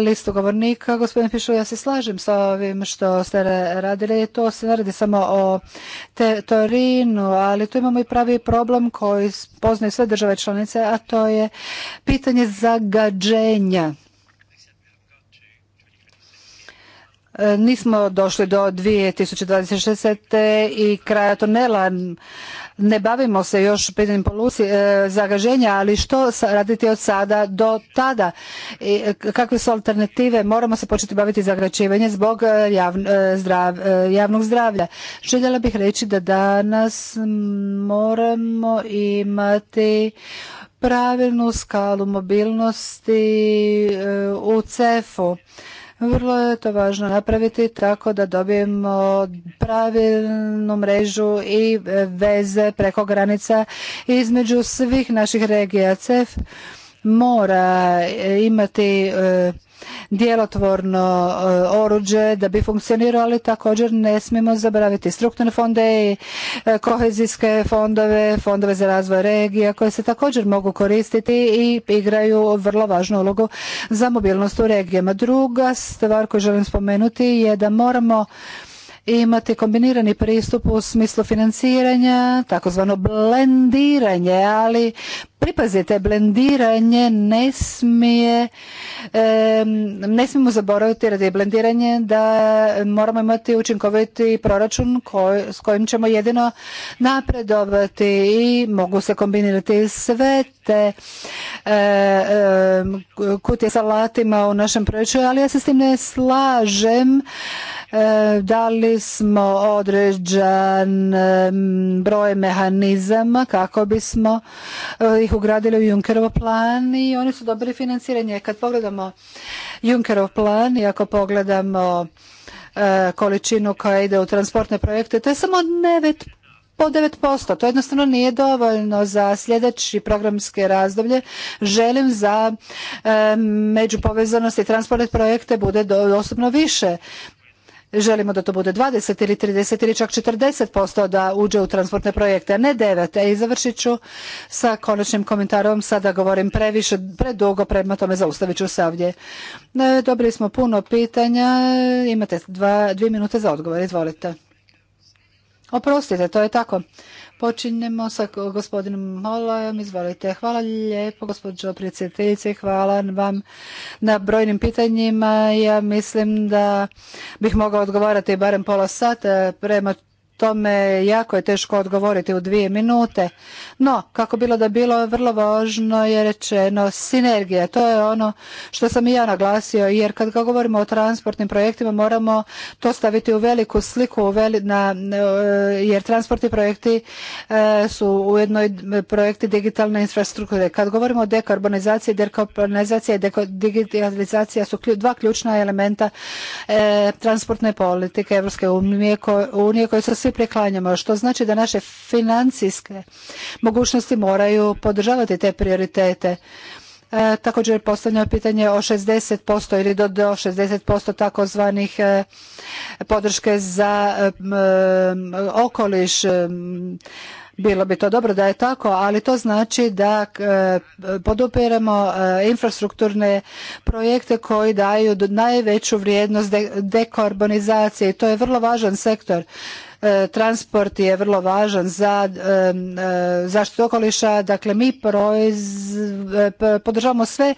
listu govornika. Gospodin Pišu, ja se slažem sa ovim što ste radili. To se ne radi samo o te, ali tu imamo i pravi problem koji poznaju sve države članice, a to je pitanje zagađenja E, nismo došli do 2026. i kraja tunela. Ne bavimo se još pitanjem e, zagaženja, ali što raditi od sada do tada? I e, kakve su alternative? Moramo se početi baviti zagađivanjem zbog javnog zdravlja. Željela bih reći da danas moramo imati pravilnu skalu mobilnosti u CEF-u. Vrlo je to važno napraviti tako da dobijemo pravilnu mrežu i veze preko granica između svih naših regija. CEF mora imati e, djelotvorno e, oruđe da bi funkcionirali, također ne smijemo zaboraviti strukturne fonde i e, kohezijske fondove, fondove za razvoj regija koje se također mogu koristiti i igraju vrlo važnu ulogu za mobilnost u regijama. Druga stvar koju želim spomenuti je da moramo imati kombinirani pristup u smislu financiranja, takozvano blendiranje, ali pripazite, blendiranje ne smije, ne smijemo zaboraviti radi blendiranje da moramo imati učinkoviti proračun s kojim ćemo jedino napredovati i mogu se kombinirati sve te e, e, kutije sa u našem proračunu, ali ja se s tim ne slažem E, dali smo određen e, broj mehanizama kako bismo e, ih ugradili u Junkerov plan i oni su dobili financiranje. Kad pogledamo Junkerov plan i ako pogledamo količinu koja ide u transportne projekte, to je samo 9 po 9%. To jednostavno nije dovoljno za sljedeći programske razdoblje. Želim za međupovezanost i transportne projekte bude dostupno više želimo da to bude 20 ili 30 ili čak 40% da uđe u transportne projekte, a ne 9. E, I završit ću sa konačnim komentarom. Sada govorim previše, predugo, prema tome zaustavit ću se ovdje. E, dobili smo puno pitanja. Imate dva, dvije minute za odgovor. Izvolite. Oprostite, to je tako. Počinjemo sa gospodinom Molojom. Izvolite. Hvala lijepo gospođo predsjedateljice. Hvala vam na brojnim pitanjima. Ja mislim da bih mogao odgovarati barem pola sata prema tome jako je teško odgovoriti u dvije minute. No, kako bilo da bilo, vrlo važno je rečeno sinergija. To je ono što sam i ja naglasio, jer kad govorimo o transportnim projektima moramo to staviti u veliku sliku, u na, e, jer transportni projekti e, su u jednoj projekti digitalne infrastrukture. Kad govorimo o dekarbonizaciji, dekarbonizacija i digitalizacija su klju, dva ključna elementa e, transportne politike Evropske unije, ko, unije koje svi preklanjamo, što znači da naše financijske mogućnosti moraju podržavati te prioritete. E, također postavljamo pitanje o 60% ili do, do 60% takozvanih e, podrške za e, okoliš. E, bilo bi to dobro da je tako, ali to znači da e, podupiremo infrastrukturne projekte koji daju najveću vrijednost dekarbonizacije. To je vrlo važan sektor. E, transport je vrlo važan za e, e, zaštitu okoliša. Dakle, mi podržavamo sve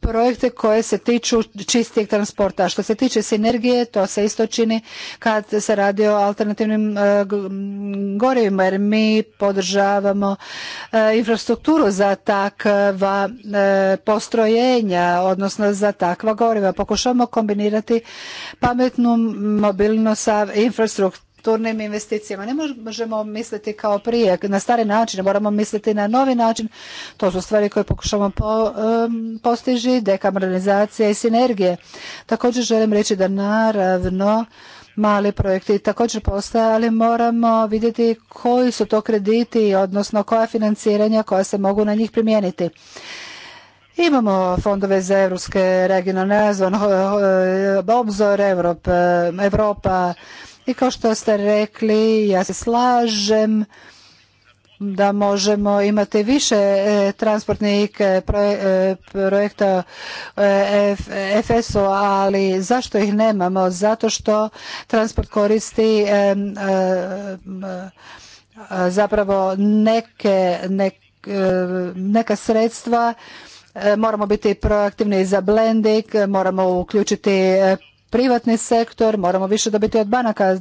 projekte koje se tiču čistijeg transporta. Što se tiče sinergije, to se isto čini kad se radi o alternativnim gorivima, jer mi podržavamo infrastrukturu za takva postrojenja, odnosno za takva goriva. Pokušavamo kombinirati pametnu mobilnost sa infrastrukturom strukturnim investicijama. Ne možemo misliti kao prije, na stari način, moramo misliti na novi način. To su stvari koje pokušamo po, um, postiži, i sinergije. Također želim reći da naravno mali projekti također postoje, ali moramo vidjeti koji su to krediti, odnosno koja financiranja koja se mogu na njih primijeniti. Imamo fondove za evropske regionalne razvoj, obzor Evropa, Evropa i kao što ste rekli, ja se slažem da možemo imati više e, transportnih e, e, projekta FSO, ali zašto ih nemamo? Zato što transport koristi zapravo neke, neka sredstva moramo biti proaktivni za blending, moramo uključiti privatni sektor, moramo više dobiti od banaka.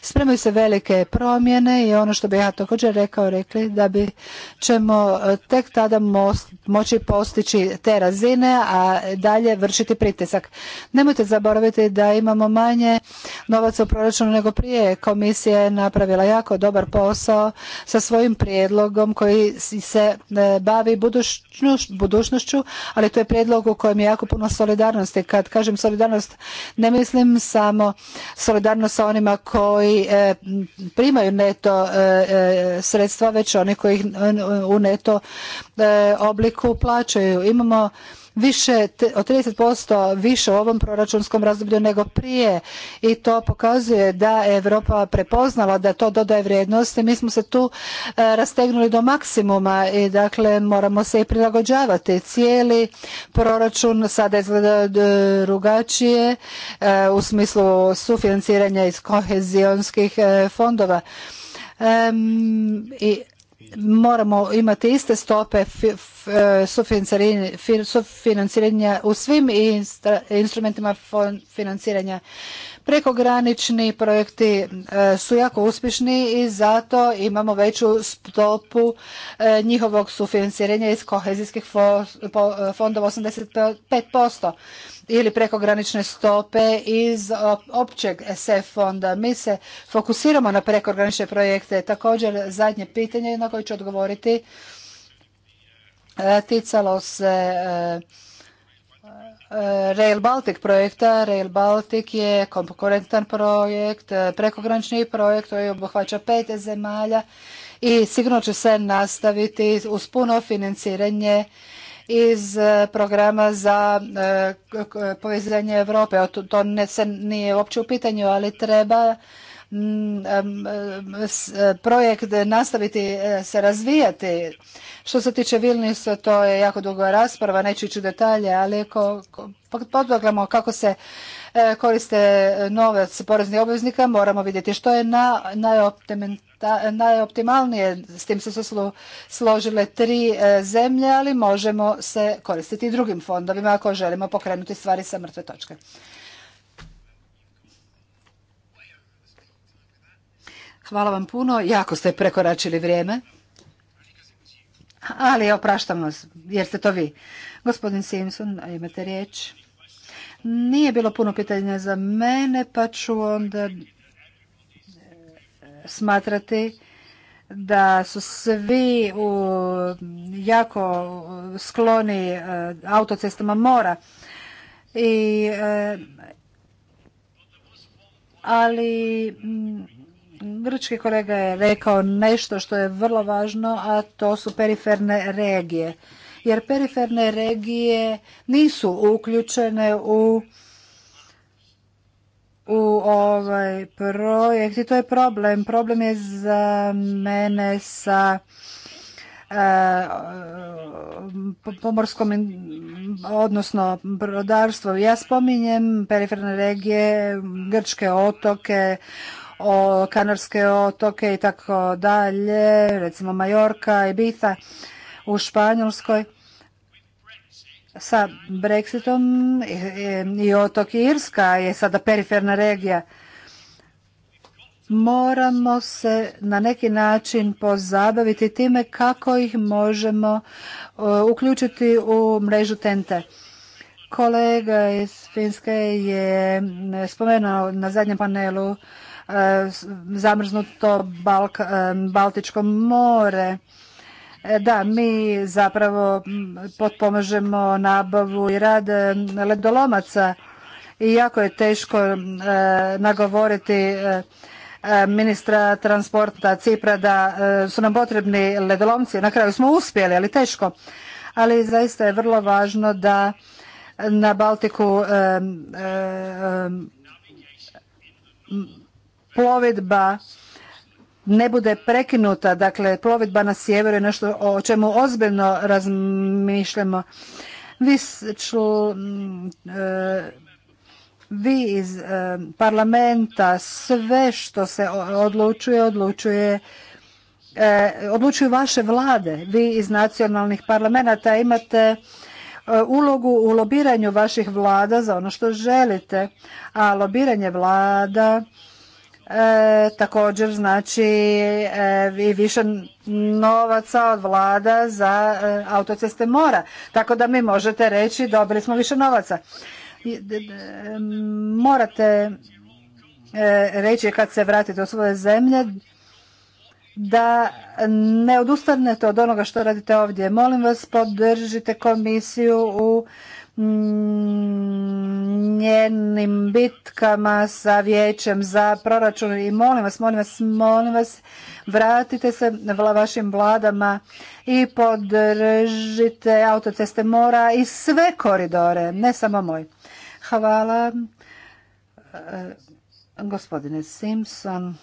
Spremaju se velike promjene i ono što bi ja također rekao, rekli da bi ćemo eh, tek tada moći postići te razine, a dalje vršiti pritisak. Nemojte zaboraviti da imamo manje novaca u proračunu nego prije. Komisija je napravila jako dobar posao sa svojim prijedlogom koji se eh, bavi budućnošću, ali to je prijedlog u kojem je jako puno solidarnosti. Kad kažem solidarnost, ne mislim samo solidarno sa onima koji e, primaju neto e, e, sredstva, već oni koji ih u neto obliku plaćaju. Imamo više od 30% više u ovom proračunskom razdoblju nego prije i to pokazuje da je Europa prepoznala da to dodaje vrijednosti. mi smo se tu e, rastegnuli do maksimuma i dakle moramo se i prilagođavati. Cijeli proračun sada izgleda e, drugačije e, u smislu sufinanciranja iz kohezijonskih fondova. i moramo imati iste stope e, sufinanciranja u svim instrumentima financiranja Prekogranični projekti e, su jako uspješni i zato imamo veću stopu e, njihovog sufinanciranja iz kohezijskih e, fondova 85% ili prekogranične stope iz općeg SF fonda. Mi se fokusiramo na prekogranične projekte. Također zadnje pitanje na koje ću odgovoriti ticalo se E, Rail Baltic projekta. Rail Baltic je konkurentan projekt, e, prekogranični projekt koji obuhvaća pet zemalja i sigurno će se nastaviti uz puno financiranje iz e, programa za povezanje Europe. To ne, se nije uopće u pitanju, ali treba E, projekt nastaviti e, se razvijati. Što se tiče Vilniusa, to je jako dugo rasprava, neću ići u detalje, ali ako kako se e, koriste novac poreznih obveznika, moramo vidjeti što je najoptimalnije. S tim su se složile tri zemlje, ali možemo se koristiti i drugim fondovima ako želimo pokrenuti stvari sa mrtve točke. Hvala vam puno. Jako ste prekoračili vrijeme. Ali opraštam vas, jer ste to vi. Gospodin Simpson, imate riječ. Nije bilo puno pitanja za mene, pa ću onda e, smatrati da su svi u jako skloni e, autocestama mora. I, e, ali grčki kolega je rekao nešto što je vrlo važno, a to su periferne regije. Jer periferne regije nisu uključene u u ovaj projekt i to je problem. Problem je za mene sa e, pomorskom odnosno brodarstvom. Ja spominjem periferne regije, grčke otoke, o Kanarske otoke i tako dalje, recimo Majorka i Bita u Španjolskoj sa Brexitom i otok Irska je sada periferna regija. Moramo se na neki način pozabaviti time kako ih možemo e, uključiti u mrežu tente. Kolega iz Finske je spomenuo na zadnjem panelu E, zamrznuto Balk, e, Baltičko more. E, da, mi zapravo potpomažemo nabavu i rad ledolomaca i jako je teško nagovoriti ministra transporta Cipra da su nam potrebni ledolomci. Na kraju smo uspjeli, ali teško. Ali zaista je vrlo važno da na Baltiku plovidba ne bude prekinuta, dakle plovidba na sjeveru je nešto o čemu ozbiljno razmišljamo. Vi, e, vi iz e, parlamenta sve što se odlučuje, odlučuje e, odlučuju vaše vlade. Vi iz nacionalnih parlamenta imate ulogu u lobiranju vaših vlada za ono što želite, a lobiranje vlada E, također znači e, i više novaca od vlada za e, autoceste mora. Tako da mi možete reći dobili smo više novaca. Morate reći kad se vratite u svoje zemlje da ne odustanete od onoga što radite ovdje. Molim vas podržite komisiju u njenim bitkama sa vijećem za proračun i molim vas, molim vas, molim vas vratite se vašim vladama i podržite autoceste mora i sve koridore, ne samo moj. Hvala e, gospodine Simpson.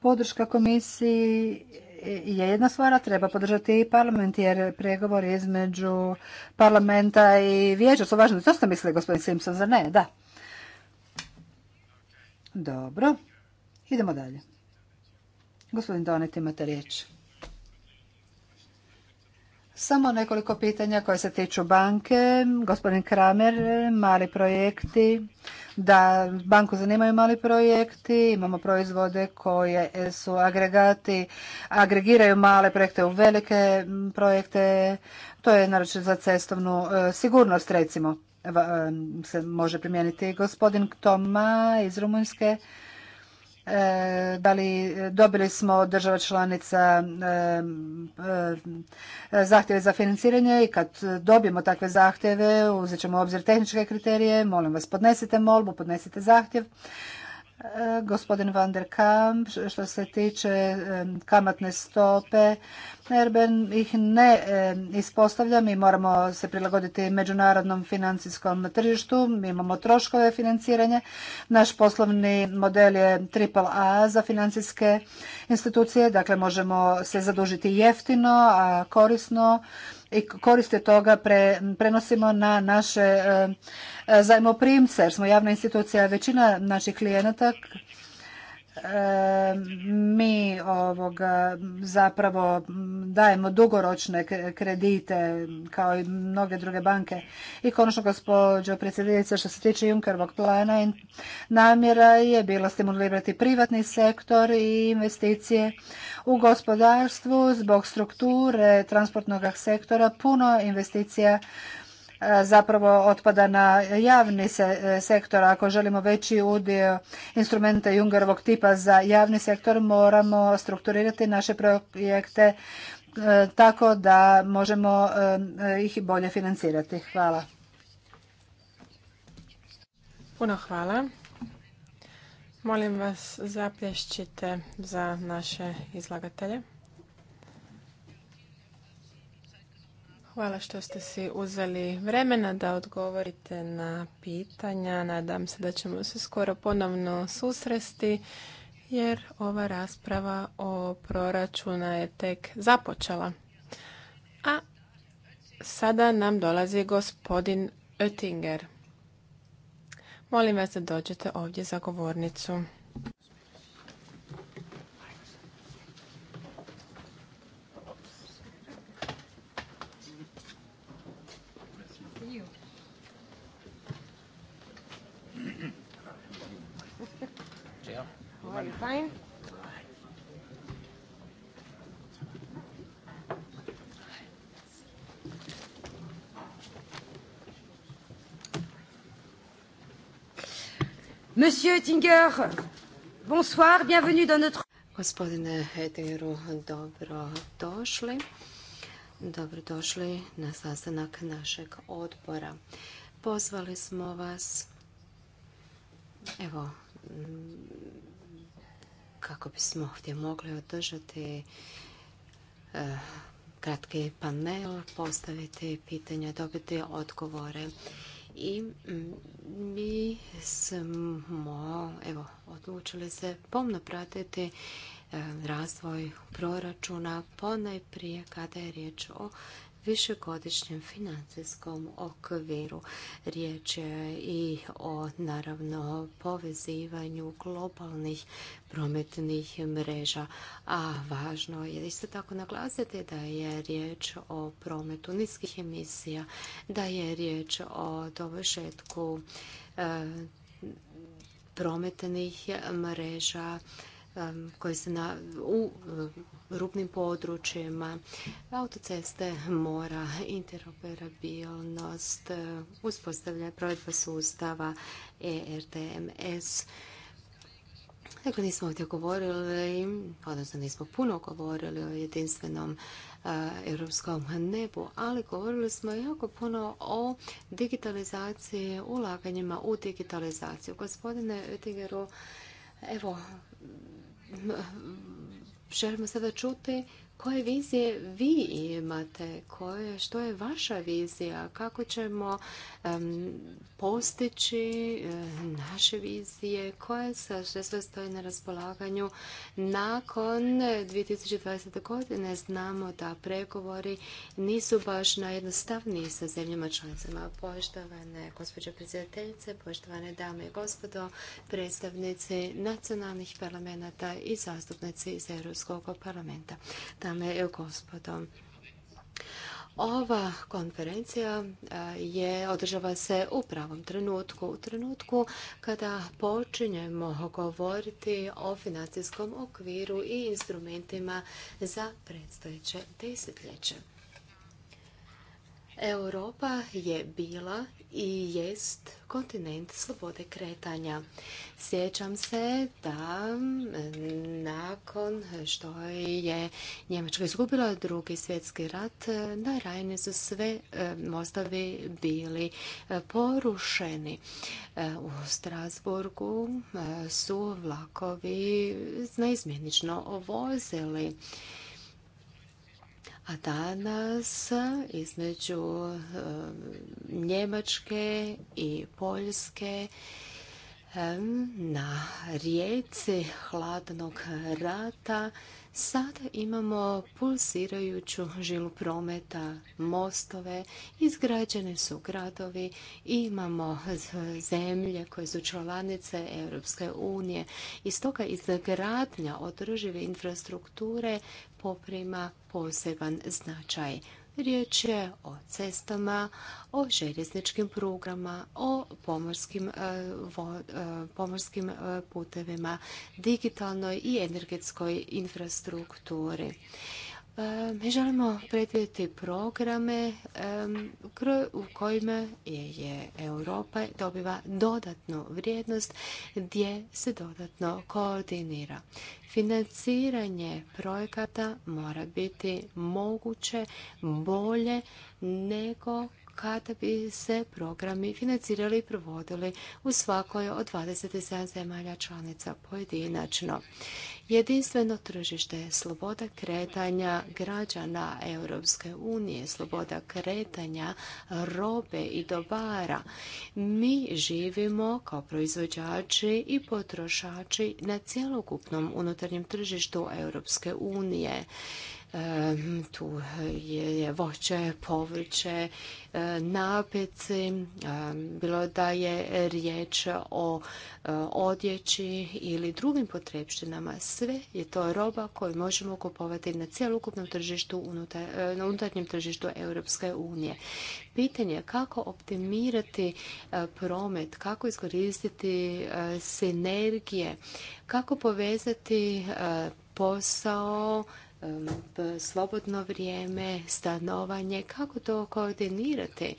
Podrška komisiji je jedna stvar, treba podržati i parlament, jer pregovor između parlamenta i vijeća su važni. To ste mislili, gospodin Simpson, zar ne? Da. Dobro. Idemo dalje. Gospodin Donet, imate riječ. Samo nekoliko pitanja koje se tiču banke. Gospodin Kramer, mali projekti. Da, banku zanimaju mali projekti. Imamo proizvode koje su agregati, agregiraju male projekte u velike projekte. To je naročito za cestovnu e, sigurnost, recimo, e, se može primijeniti. Gospodin Toma iz Rumunjske E, da li dobili smo od država članica e, e, zahtjeve za financiranje i kad dobijemo takve zahtjeve uzet ćemo u obzir tehničke kriterije, molim vas podnesite molbu, podnesite zahtjev gospodin Van der Kamp što se tiče kamatne stope. Erben ih ne ispostavlja, mi moramo se prilagoditi međunarodnom financijskom tržištu, mi imamo troškove financiranja, naš poslovni model je triple A za financijske institucije, dakle možemo se zadužiti jeftino, a korisno i koriste toga pre, prenosimo na naše e, e, zajmoprimce jer smo javna institucija. Većina naših klijenata mi ovoga zapravo dajemo dugoročne kredite kao i mnoge druge banke. I konačno gospođo predsjednice što se tiče Junkerovog plana namjera je bila stimulirati privatni sektor i investicije u gospodarstvu zbog strukture transportnog sektora puno investicija zapravo otpada na javni sektor. Ako želimo veći udio instrumenta Jungerovog tipa za javni sektor, moramo strukturirati naše projekte e, tako da možemo e, ih bolje financirati. Hvala. Puno hvala. Molim vas zaplješćite za naše izlagatelje. Hvala što ste si uzeli vremena da odgovorite na pitanja. Nadam se da ćemo se skoro ponovno susresti jer ova rasprava o proračuna je tek započela. A sada nam dolazi gospodin Oettinger. Molim vas da dođete ovdje za govornicu. Fine. Monsieur Tinger, bonsoir, bienvenue dans notre... Gospodine dobro došli. Dobro došli na sastanak našeg odbora. Pozvali smo vas, evo, kako bismo ovdje mogli održati e, kratki panel, postaviti pitanja, dobiti odgovore. I mm, mi smo evo, odlučili se pomno pratiti e, razvoj proračuna ponajprije kada je riječ o višegodišnjem financijskom okviru. Riječ je i o naravno povezivanju globalnih prometnih mreža, a važno je isto tako naglasiti da je riječ o prometu niskih emisija, da je riječ o dovršetku e, prometnih mreža Um, koji se na, u uh, rubnim područjima, autoceste, mora, interoperabilnost, uh, uspostavlja provedba sustava ERTMS. Dakle, nismo ovdje govorili, odnosno nismo puno govorili o jedinstvenom uh, europskom nebu, ali govorili smo jako puno o digitalizaciji, ulaganjima u digitalizaciju. Gospodine Oettingeru, evo, želimo sada čuti koje vizije vi imate, koje, što je vaša vizija, kako ćemo postići e, naše vizije, koje se sve stoji na raspolaganju nakon 2020. godine. Znamo da pregovori nisu baš najjednostavniji sa zemljama članicama. Poštovane gospođe predsjedateljice, poštovane dame i gospodo, predstavnici nacionalnih parlamenta i zastupnici iz Europskog parlamenta dame i Ova konferencija e, je održava se u pravom trenutku, u trenutku kada počinjemo govoriti o financijskom okviru i instrumentima za predstojeće desetljeće. Europa je bila i jest kontinent slobode kretanja. Sjećam se da nakon što je Njemačka izgubila drugi svjetski rat, na Rajne su sve e, mostovi bili e, porušeni. E, u Strasburgu su vlakovi neizmjenično vozili. A danas između Njemačke i Poljske na rijeci hladnog rata sada imamo pulsirajuću žilu prometa, mostove, izgrađene su gradovi, imamo zemlje koje su članice Europske unije. I stoga izgradnja održive infrastrukture poprima poseban značaj. Riječ je o cestama, o željezničkim prugama, o pomorskim, e, e, pomorskim e, putevima, digitalnoj i energetskoj infrastrukturi. Mi želimo predvidjeti programe u kojima je Europa dobiva dodatnu vrijednost gdje se dodatno koordinira. Financiranje projekata mora biti moguće bolje nego kada bi se programi financirali i provodili u svakoj od 27 zemalja članica pojedinačno. Jedinstveno tržište je sloboda kretanja građana Europske unije, sloboda kretanja robe i dobara. Mi živimo kao proizvođači i potrošači na cjelokupnom unutarnjem tržištu Europske unije Ehm, tu je voće, povrće, e, napeci, ehm, bilo da je riječ o e, odjeći ili drugim potrebštinama. Sve je to roba koju možemo kupovati na cijelokupnom tržištu, e, na unutarnjem tržištu Europske unije. Pitanje je kako optimirati promet, kako iskoristiti sinergije, kako povezati posao Um, slobodno vrijeme, stanovanje, kako to koordinirati,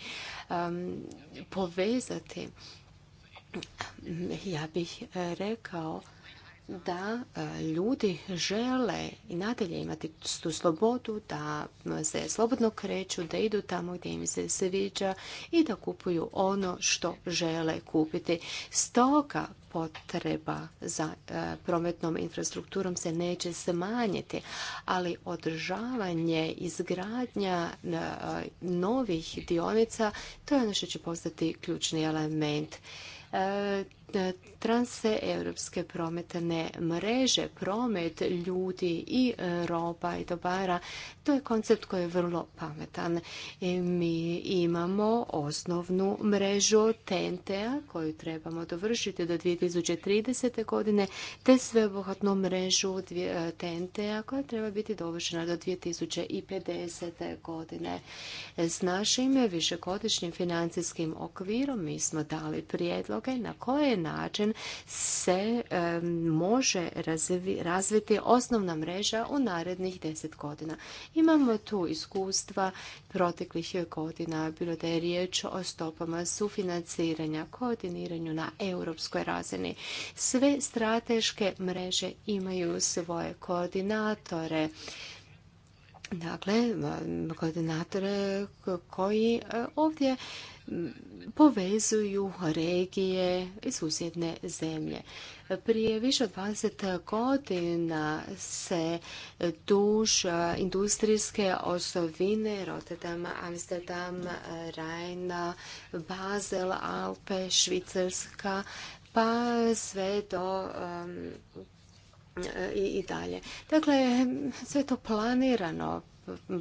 um, povezati. Ja bih eh, rekao da e, ljudi žele i nadalje imati tu slobodu, da se slobodno kreću, da idu tamo gdje im se sviđa i da kupuju ono što žele kupiti. Stoga potreba za e, prometnom infrastrukturom se neće smanjiti, ali održavanje, izgradnja e, novih dionica, to je ono što će postati ključni element E, transeuropske prometne mreže, promet ljudi i e, roba i dobara, to je koncept koji je vrlo pametan. E, mi imamo osnovnu mrežu TNT-a koju trebamo dovršiti do 2030. godine, te sveobuhvatnu mrežu TNT-a koja treba biti dovršena do 2050. godine. S našim višegodišnjim financijskim okvirom mi smo dali prijedloge na koje način se može razviti osnovna mreža u narednih deset godina. Imamo tu iskustva proteklih godina, bilo da je riječ o stopama sufinanciranja, koordiniranju na europskoj razini. Sve strateške mreže imaju svoje koordinatore. Dakle, koordinatore koji e, ovdje povezuju regije i susjedne zemlje. Prije više od 20 godina se duž industrijske osovine Rotterdam, Amsterdam, Rajna, Basel, Alpe, Švicarska, pa sve do um, i, i dalje. Dakle, sve to planirano,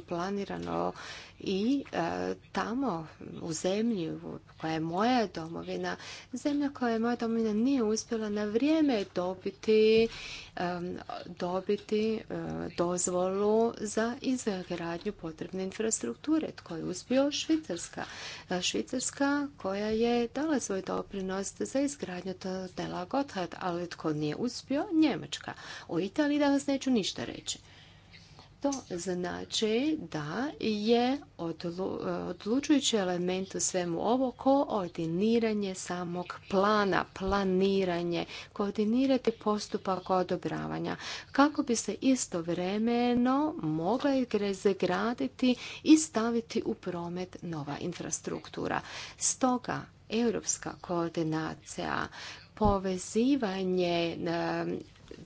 planirano i e, tamo u zemlji koja je moja domovina, zemlja koja je moja domovina nije uspjela na vrijeme dobiti, e, dobiti e, dozvolu za izgradnju potrebne infrastrukture. Tko je uspio? Švicarska. Švicarska koja je dala svoj doprinos za izgradnju dela Gotthard, ali tko nije uspio? Njemačka. U Italiji danas neću ništa reći. To znači da je odlučujući element u svemu ovo koordiniranje samog plana, planiranje, koordinirati postupak odobravanja kako bi se istovremeno mogla izgraditi i staviti u promet nova infrastruktura. Stoga, europska koordinacija povezivanje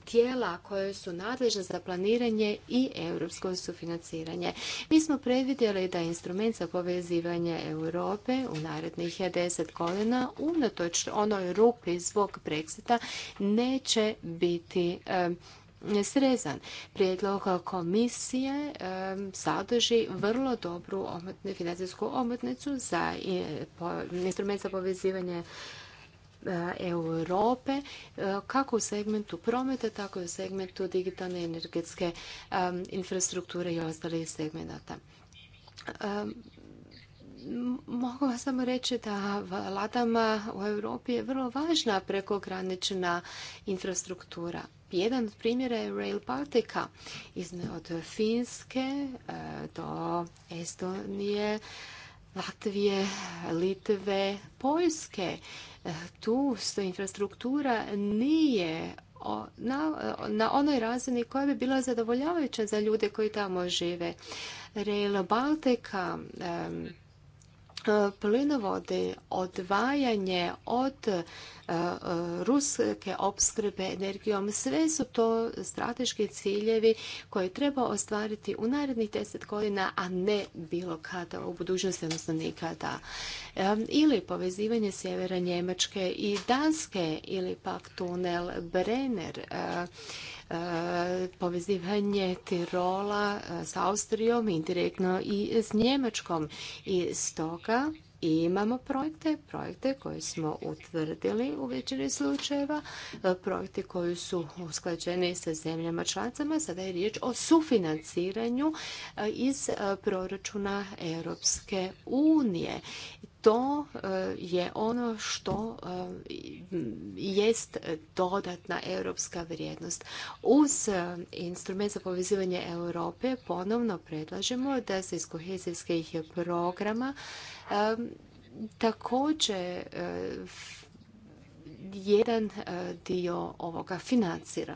tijela koje su nadležne za planiranje i europsko sufinanciranje. Mi smo predvidjeli da instrument za povezivanje Europe u narednih 10 godina unatoč onoj rupi zbog Brexita neće biti srezan. Prijedlog komisije sadrži vrlo dobru financijsku omotnicu za e, instrument za povezivanje Eh, Europe, eh, kako u segmentu prometa, tako i u segmentu digitalne energetske infrastrukture i ostalih segmenata. Mogu vam samo reći da vladama u Europi je vrlo važna prekogranična infrastruktura. Jedan od primjera je Rail Baltica od Finske eh, do Estonije, Latvije, Litve, Poljske. Eh, tu infrastruktura nije na, na onoj razini koja bi bila zadovoljavajuća za ljude koji tamo žive. Rail Baltica, plinovode, odvajanje od e, e, ruske opskrbe energijom, sve su to strateški ciljevi koje treba ostvariti u narednih deset godina, a ne bilo kada u budućnosti, odnosno nikada. E, ili povezivanje sjevera Njemačke i Danske, ili pak tunel Brenner, povezivanje Tirola e, s Austrijom indirektno i s Njemačkom. I stoga imamo projekte, projekte koje smo utvrdili u većini slučajeva, e, projekte koji su usklađeni sa zemljama članicama. Sada je riječ o sufinanciranju e, iz proračuna Europske unije to e, je ono što e, jest dodatna europska vrijednost. Uz e, instrument za povezivanje Europe ponovno predlažemo da se iz kohezijskih programa također jedan dio ovoga financira.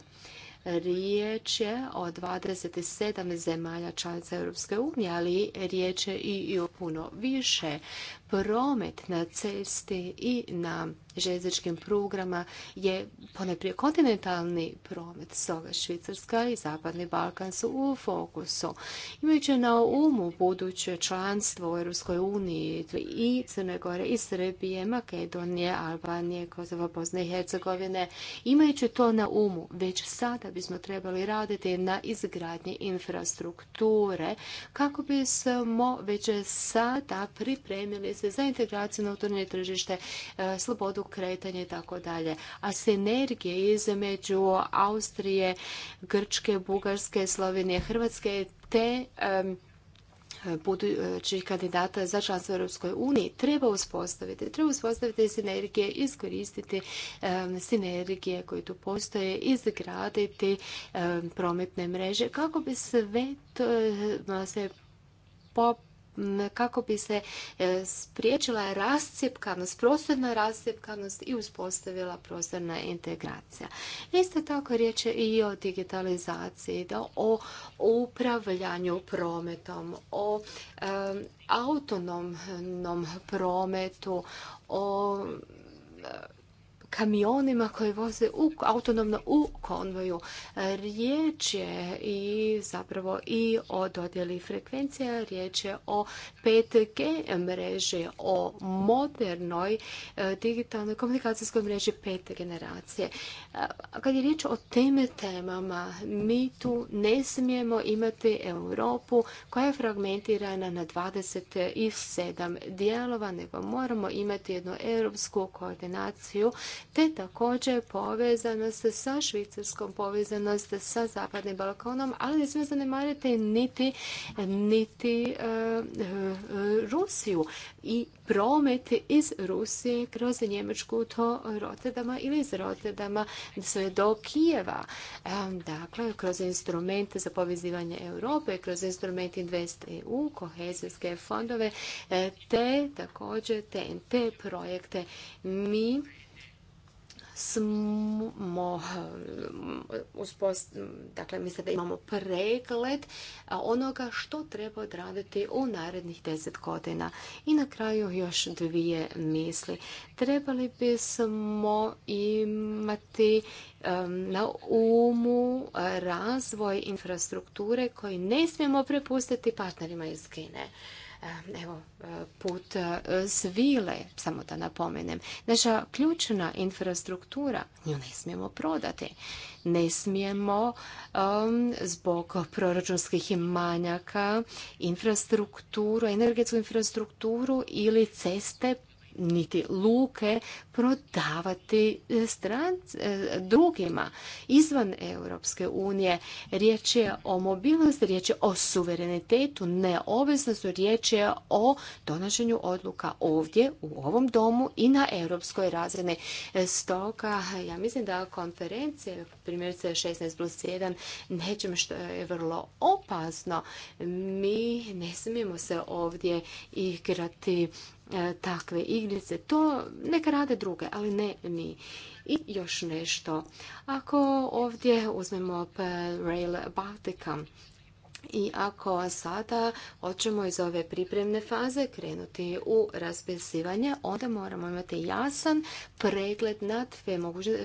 Riječ je o 27 zemalja članica Europske unije, ali riječ je i o puno više promet na cesti i na željezničkim prugama je poneprije kontinentalni promet. Stoga Švicarska i Zapadni Balkan su u fokusu. Imajući na umu buduće članstvo u Europskoj uniji i Crne Gore i Srbije, Makedonije, Albanije, Kosova, Bosne i Hercegovine, imajući to na umu, već sada bismo trebali raditi na izgradnji infrastrukture kako bismo već sada pripremili za integraciju na unutarnje tržište, e, slobodu kretanja i tako dalje. A sinergije između Austrije, Grčke, Bugarske, Slovenije, Hrvatske te budućih kandidata za članstvo u Europskoj uniji treba uspostaviti. Treba uspostaviti sinergije, iskoristiti sinergije koje tu postoje, izgraditi prometne mreže kako bi sve to, um, se kako bi se e, spriječila rascjepkanost, prostorna rascjepkanost i uspostavila prostorna integracija. Isto tako riječ je i o digitalizaciji, da o upravljanju prometom, o e, autonomnom prometu, o kamionima koji voze u, autonomno u konvoju. Riječ je i zapravo i o dodjeli frekvencija, riječ je o 5G mreži, o modernoj e, digitalnoj komunikacijskoj mreži pete generacije. E, kad je riječ o teme temama, mi tu ne smijemo imati Europu koja je fragmentirana na 27 dijelova, nego moramo imati jednu europsku koordinaciju te također povezanost sa Švicarskom, povezanost sa Zapadnim balkonom, ali ne smije niti, niti eh, Rusiju i promet iz Rusije kroz Njemačku to Rotterdama ili iz Rotterdama sve do Kijeva. dakle, kroz instrumente za povezivanje Europe, kroz instrument Invest EU, kohezijske fondove, eh, te također TNT projekte. Mi smo eh, uspost, dakle mislim da imamo pregled eh, onoga što treba odraditi u narednih deset godina. I na kraju još dvije misli. Trebali bismo imati na umu razvoj infrastrukture koji ne smijemo prepustiti partnerima iz Kine. Ehm, evo, eh, put eh, svile, samo da napomenem. Naša ključna infrastruktura, nju ne smijemo prodati. Ne smijemo ehm, zbog proračunskih manjaka infrastrukturu, energetsku infrastrukturu ili ceste niti luke prodavati e, stranc, e, drugima izvan Europske unije. Riječ je o mobilnosti, riječ je o suverenitetu, neovisnosti, riječ je o donošenju odluka ovdje u ovom domu i na europskoj razini. E, stoga ja mislim da konferencije, primjerice 16 plus 1, nečem što je vrlo opasno. Mi ne smijemo se ovdje igrati E, takve igrice. To neka rade druge, ali ne mi. I još nešto. Ako ovdje uzmemo Rail Baltica, i ako sada hoćemo iz ove pripremne faze krenuti u raspisivanje, onda moramo imati jasan pregled nad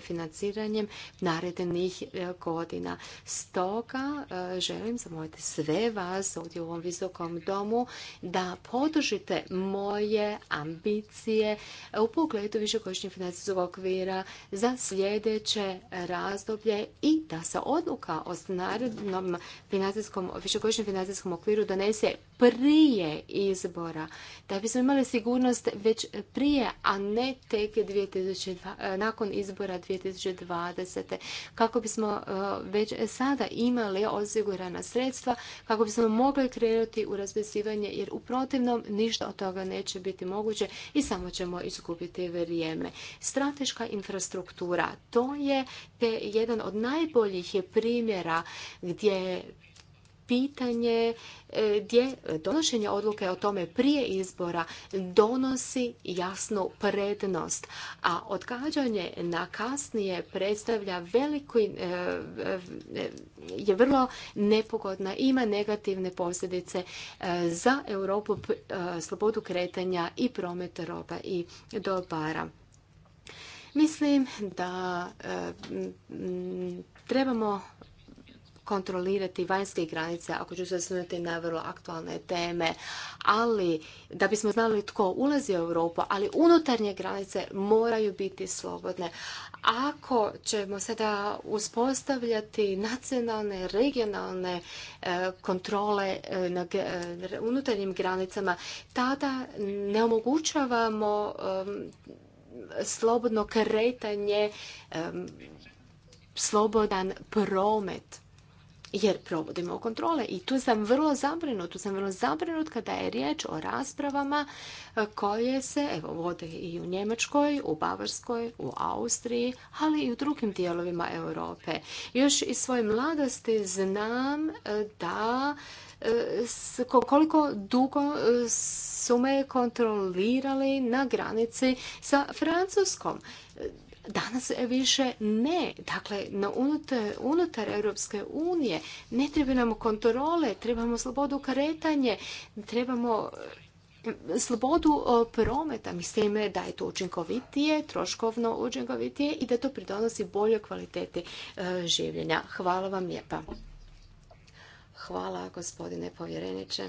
financiranjem narednih e, godina. Stoga e, želim zamoliti sve vas ovdje u ovom visokom domu da podržite moje ambicije e, u pogledu višegodišnjeg financijskog okvira za sljedeće razdoblje i da se odluka o narednom financijskom višegodišnjem financijskom okviru donese prije izbora, da bismo imali sigurnost već prije, a ne tek e, nakon izbora 2020. kako bismo e, već sada imali osigurana sredstva, kako bismo mogli krenuti u razpisivanje jer u protivnom ništa od toga neće biti moguće i samo ćemo izgubiti vrijeme. Strateška infrastruktura, to je jedan od najboljih primjera gdje pitanje e, gdje donošenje odluke o tome prije izbora donosi jasnu prednost, a odgađanje na kasnije predstavlja veliku, e, e, je vrlo nepogodna, ima negativne posljedice za Europu, slobodu kretanja i promet roba i dobara. Mislim da trebamo kontrolirati vanjske granice, ako ću se osvrnuti na vrlo aktualne teme, ali da bismo znali tko ulazi u Europu, ali unutarnje granice moraju biti slobodne. Ako ćemo sada uspostavljati nacionalne, regionalne e, kontrole e, na e, unutarnjim granicama, tada ne omogućavamo slobodno kretanje slobodan promet jer provodimo kontrole. I tu sam vrlo zabrinut, tu sam vrlo zabrinut kada je riječ o raspravama e, koje se evo, vode i u Njemačkoj, u Bavarskoj, u Austriji, ali i u drugim dijelovima Europe. Još iz svoje mladosti znam e, da e, koliko dugo su me kontrolirali na granici sa Francuskom Danas e, više ne. Dakle, na unutar, unutar Europske unije ne treba nam kontrole, trebamo slobodu kretanje, trebamo e, slobodu prometa. Mislim da je to učinkovitije, troškovno učinkovitije i da to pridonosi boljoj kvaliteti e, življenja. Hvala vam lijepa. Hvala gospodine povjereniče.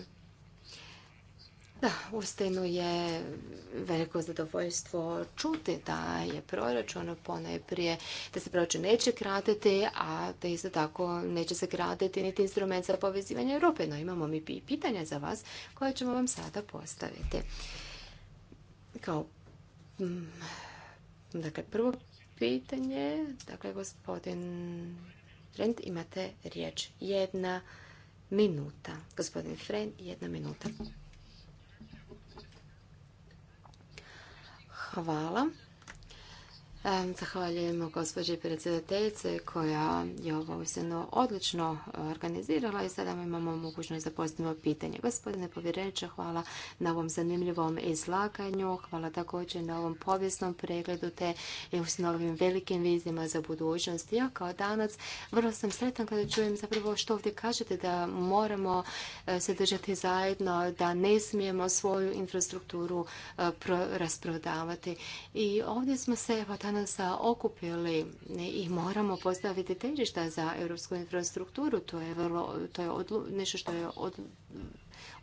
Da, uistinu je veliko zadovoljstvo čuti da je proračun ponajprije da se proračun neće kratiti, a da isto tako neće se kratiti niti instrument za povezivanje Europe. No imamo mi pitanja za vas koje ćemo vam sada postaviti. Kao, mm, dakle, prvo pitanje, dakle, gospodin Trent, imate riječ. Jedna minuta. Gospodin Fren, jedna minuta. Hvala. E, zahvaljujemo gospođi predsjedateljice koja je ovo uistinu odlično e, organizirala i sada imamo mogućnost da postavimo pitanje. Gospodine povjereniče, hvala na ovom zanimljivom izlaganju, hvala također na ovom povijesnom pregledu te i ovim velikim vizijama za budućnost. Ja kao danas vrlo sam sretan kada čujem zapravo što ovdje kažete da moramo e, se držati zajedno, da ne smijemo svoju infrastrukturu rasprodavati. I ovdje smo se evo danas nas okupili i moramo postaviti težišta za europsku infrastrukturu. To je, to je odlu, nešto što je od,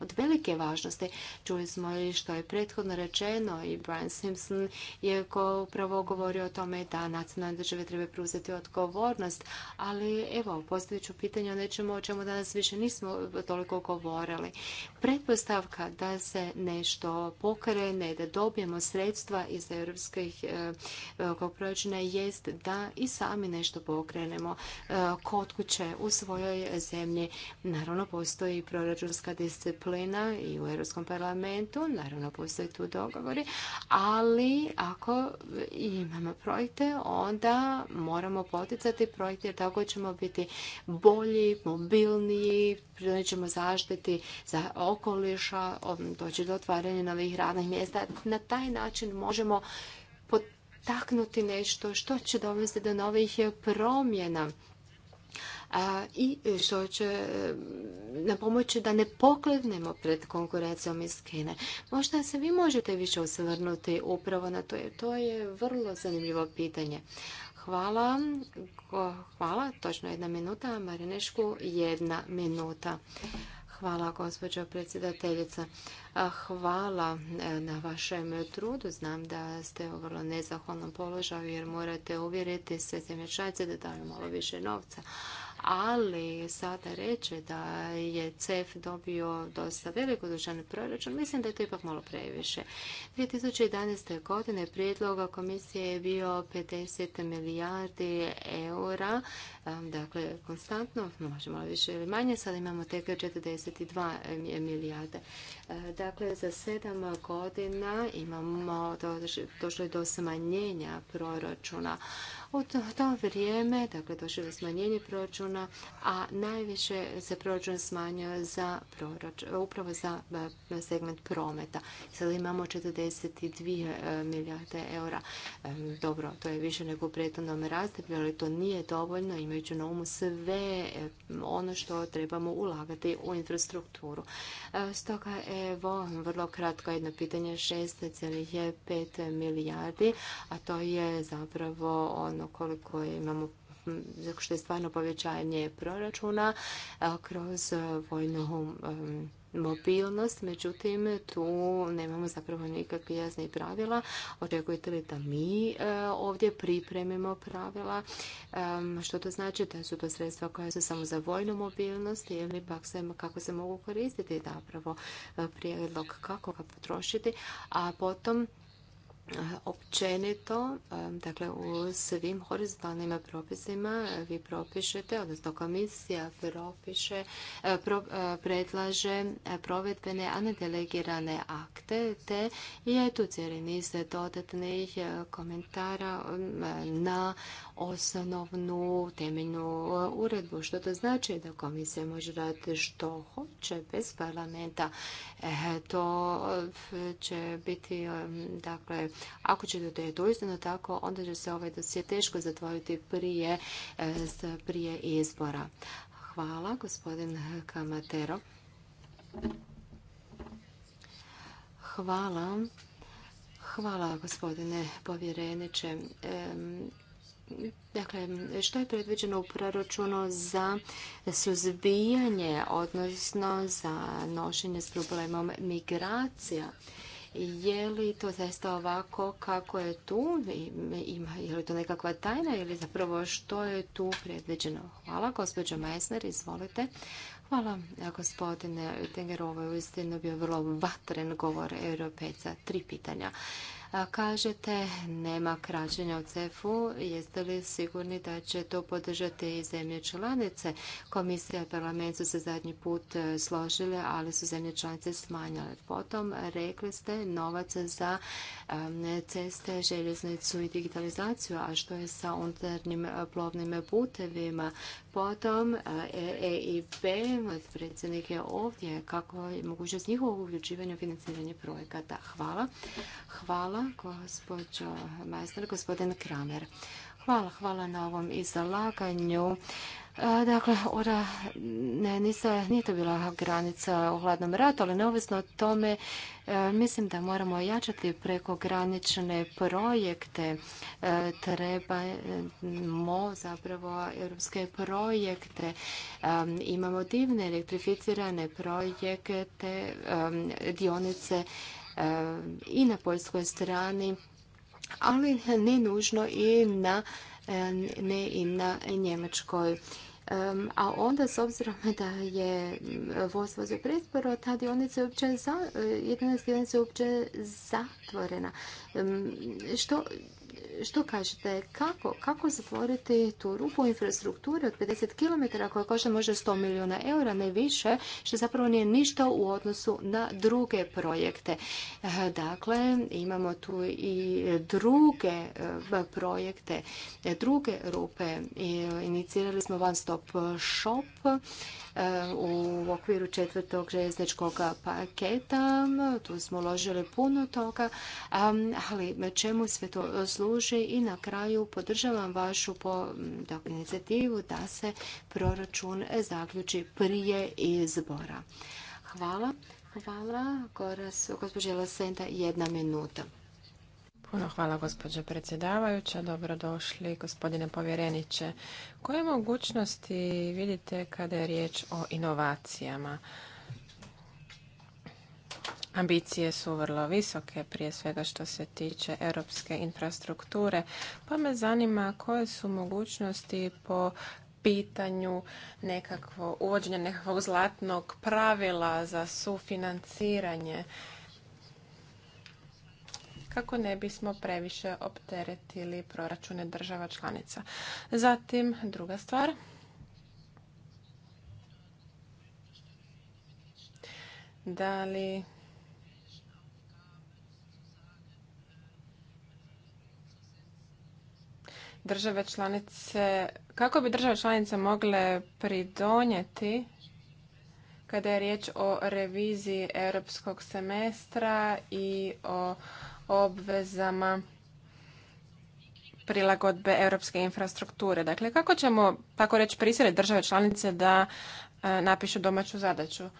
od velike važnosti. Čuli smo i što je prethodno rečeno i Brian Simpson je ko upravo govorio o tome da nacionalne države treba preuzeti odgovornost, ali evo, postavit ću pitanje o nečemu o čemu danas više nismo toliko govorili. Pretpostavka da se nešto pokrene, da dobijemo sredstva iz europskih e, proračuna jest da i sami nešto pokrenemo e, kod kuće u svojoj zemlji. Naravno, postoji proračunska disciplina i u Europskom parlamentu, naravno postoje tu dogovori, ali ako imamo projekte, onda moramo poticati projekte jer tako ćemo biti bolji, mobilniji, ćemo zaštiti za okoliša, um, doći do otvaranja novih radnih mjesta. Na taj način možemo potaknuti nešto što će dovesti do novih promjena i e, što će e, nam pomoći da ne poklevnemo pred konkurencijom iz Kine. Možda se vi možete više osvrnuti upravo na to. To je vrlo zanimljivo pitanje. Hvala. Hvala. Točno jedna minuta. Marinešku jedna minuta. Hvala, gospođo predsjedateljica. Hvala e, na vašem trudu. Znam da ste u vrlo nezahvalnom položaju jer morate uvjeriti sve zemlječajce da daju malo više novca ali sada reći da je CEF dobio dosta veliko državni proračun, mislim da je to ipak malo previše. 2011. godine prijedloga komisije je bio 50 milijardi eura, dakle konstantno, možemo više ili manje, sad imamo tek 42 milijarde. E, dakle, za sedam godina imamo, došlo je do smanjenja proračuna. U to, vrijeme, dakle, došlo je smanjenje proračuna, a najviše se proračun smanjio za proračun, upravo za e, segment prometa. Sada imamo 42 e, milijarde eura. E, dobro, to je više nego u prethodnom razdoblju, ali to nije dovoljno imajući na umu sve ono što trebamo ulagati u infrastrukturu. Stoga, evo, vrlo kratko jedno pitanje, 6,5 milijardi, a to je zapravo on ukoliko koliko imamo zato što je stvarno povećanje proračuna kroz e, vojnu e, mobilnost, međutim tu nemamo zapravo nikakve jasne pravila. Očekujete li da mi e, ovdje pripremimo pravila? Što to znači? Da su to sredstva koja su samo za vojnu mobilnost ili pak kako se mogu koristiti zapravo prijedlog, kako ga potrošiti, a potom općenito, dakle u svim horizontalnim propisima eh, vi propišete, odnosno komisija propiše, eh, eh, predlaže provedbene, a ne delegirane akte, te je tu cijeli niz dodatnih komentara na osnovnu temeljnu uredbu, što to znači da komisija može raditi što hoće bez parlamenta. to će biti, dakle, ako će to je doista tako, onda će se ovaj dosje teško zatvoriti prije, e, prije izbora. Hvala, gospodin Kamatero. Hvala. Hvala, gospodine povjereniče. Dakle, što je predviđeno u proračunu za suzbijanje, odnosno za nošenje s problemom migracija? Je li to zaista ovako kako je tu? Ima, je li to nekakva tajna ili zapravo što je tu predviđeno? Hvala, gospođo Majsner, izvolite. Hvala, gospodine Tengerovo, je uistinu bio vrlo vatren govor europejca. Tri pitanja. Kažete, nema kraćenja u CEF-u. Jeste li sigurni da će to podržati i zemlje članice? Komisija i parlament su se zadnji put e, složile, ali su zemlje članice smanjale. Potom rekli ste novac za ceste, željeznicu i digitalizaciju. A što je sa unutarnjim e, plovnim putevima? Potom EIB, e predsjednik je ovdje, kako je mogućnost njihovog uključivanja u financiranje projekata. Hvala. Hvala, gospođo Majstor, gospodin Kramer. Hvala, hvala na ovom izlaganju. Dakle, ora, ne, nije to bila granica u hladnom ratu, ali neovisno o tome, e, mislim da moramo preko granične projekte. E, Trebamo zapravo europske projekte. E, imamo divne elektrificirane projekte, dionice i na poljskoj strani, ali ne nužno i na ne i na njemačkoj a onda s obzirom da je mm, voz vozio presporo, ta dionica je uopće za, 11 e, dionica je uopće zatvorena. Što što kažete, kako, kako zatvoriti tu rupu infrastrukture od 50 km koja košta možda 100 milijuna eura, ne više, što zapravo nije ništa u odnosu na druge projekte. Eh, dakle, imamo tu i druge eh, projekte, eh, druge rupe. Inicirali smo One Stop Shop u okviru četvrtog željezničkog paketa. Tu smo uložili puno toga, ali čemu sve to služi? i na kraju podržavam vašu inicijativu da se proračun zaključi prije izbora. Hvala. Hvala. Gospođa Lasenta, jedna minuta. Puno hvala gospođo predsjedavajuća, dobrodošli gospodine povjereniče. Koje mogućnosti vidite kada je riječ o inovacijama? Ambicije su vrlo visoke, prije svega što se tiče europske infrastrukture, pa me zanima koje su mogućnosti po pitanju nekakvo, uvođenja nekakvog zlatnog pravila za sufinanciranje kako ne bismo previše opteretili proračune država članica. Zatim, druga stvar. Da li države članice, kako bi države članice mogle pridonijeti kada je riječ o reviziji europskog semestra i o obvezama prilagodbe europske infrastrukture. Dakle, kako ćemo, tako reći, prisiliti države članice da e, napišu domaću zadaću?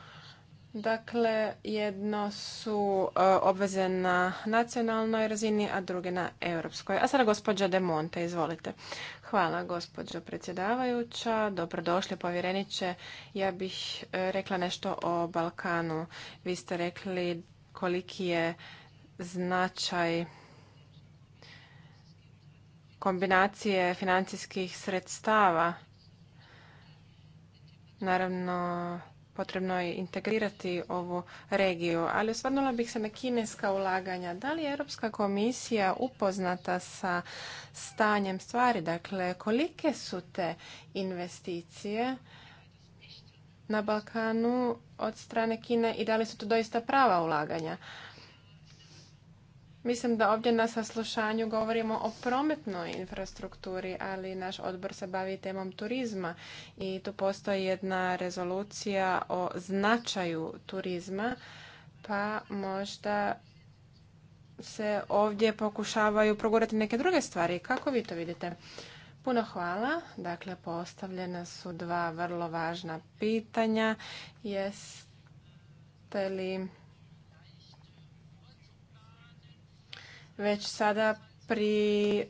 Dakle, jedno su e, obveze na nacionalnoj razini, a druge na europskoj. A sada gospođa De Monte, izvolite. Hvala gospođo predsjedavajuća, dobrodošli povjereniče. Ja bih e, rekla nešto o Balkanu. Vi ste rekli koliki je značaj kombinacije financijskih sredstava. Naravno, potrebno je integrirati ovu regiju, ali osvrnula bih se na kineska ulaganja. Da li je Europska komisija upoznata sa stanjem stvari? Dakle, kolike su te investicije na Balkanu od strane Kine i da li su to doista prava ulaganja? Mislim da ovdje na saslušanju govorimo o prometnoj infrastrukturi, ali naš odbor se bavi temom turizma i tu postoji jedna rezolucija o značaju turizma, pa možda se ovdje pokušavaju progurati neke druge stvari. Kako vi to vidite? Puno hvala. Dakle, postavljena su dva vrlo važna pitanja. Jeste li već sada pri e,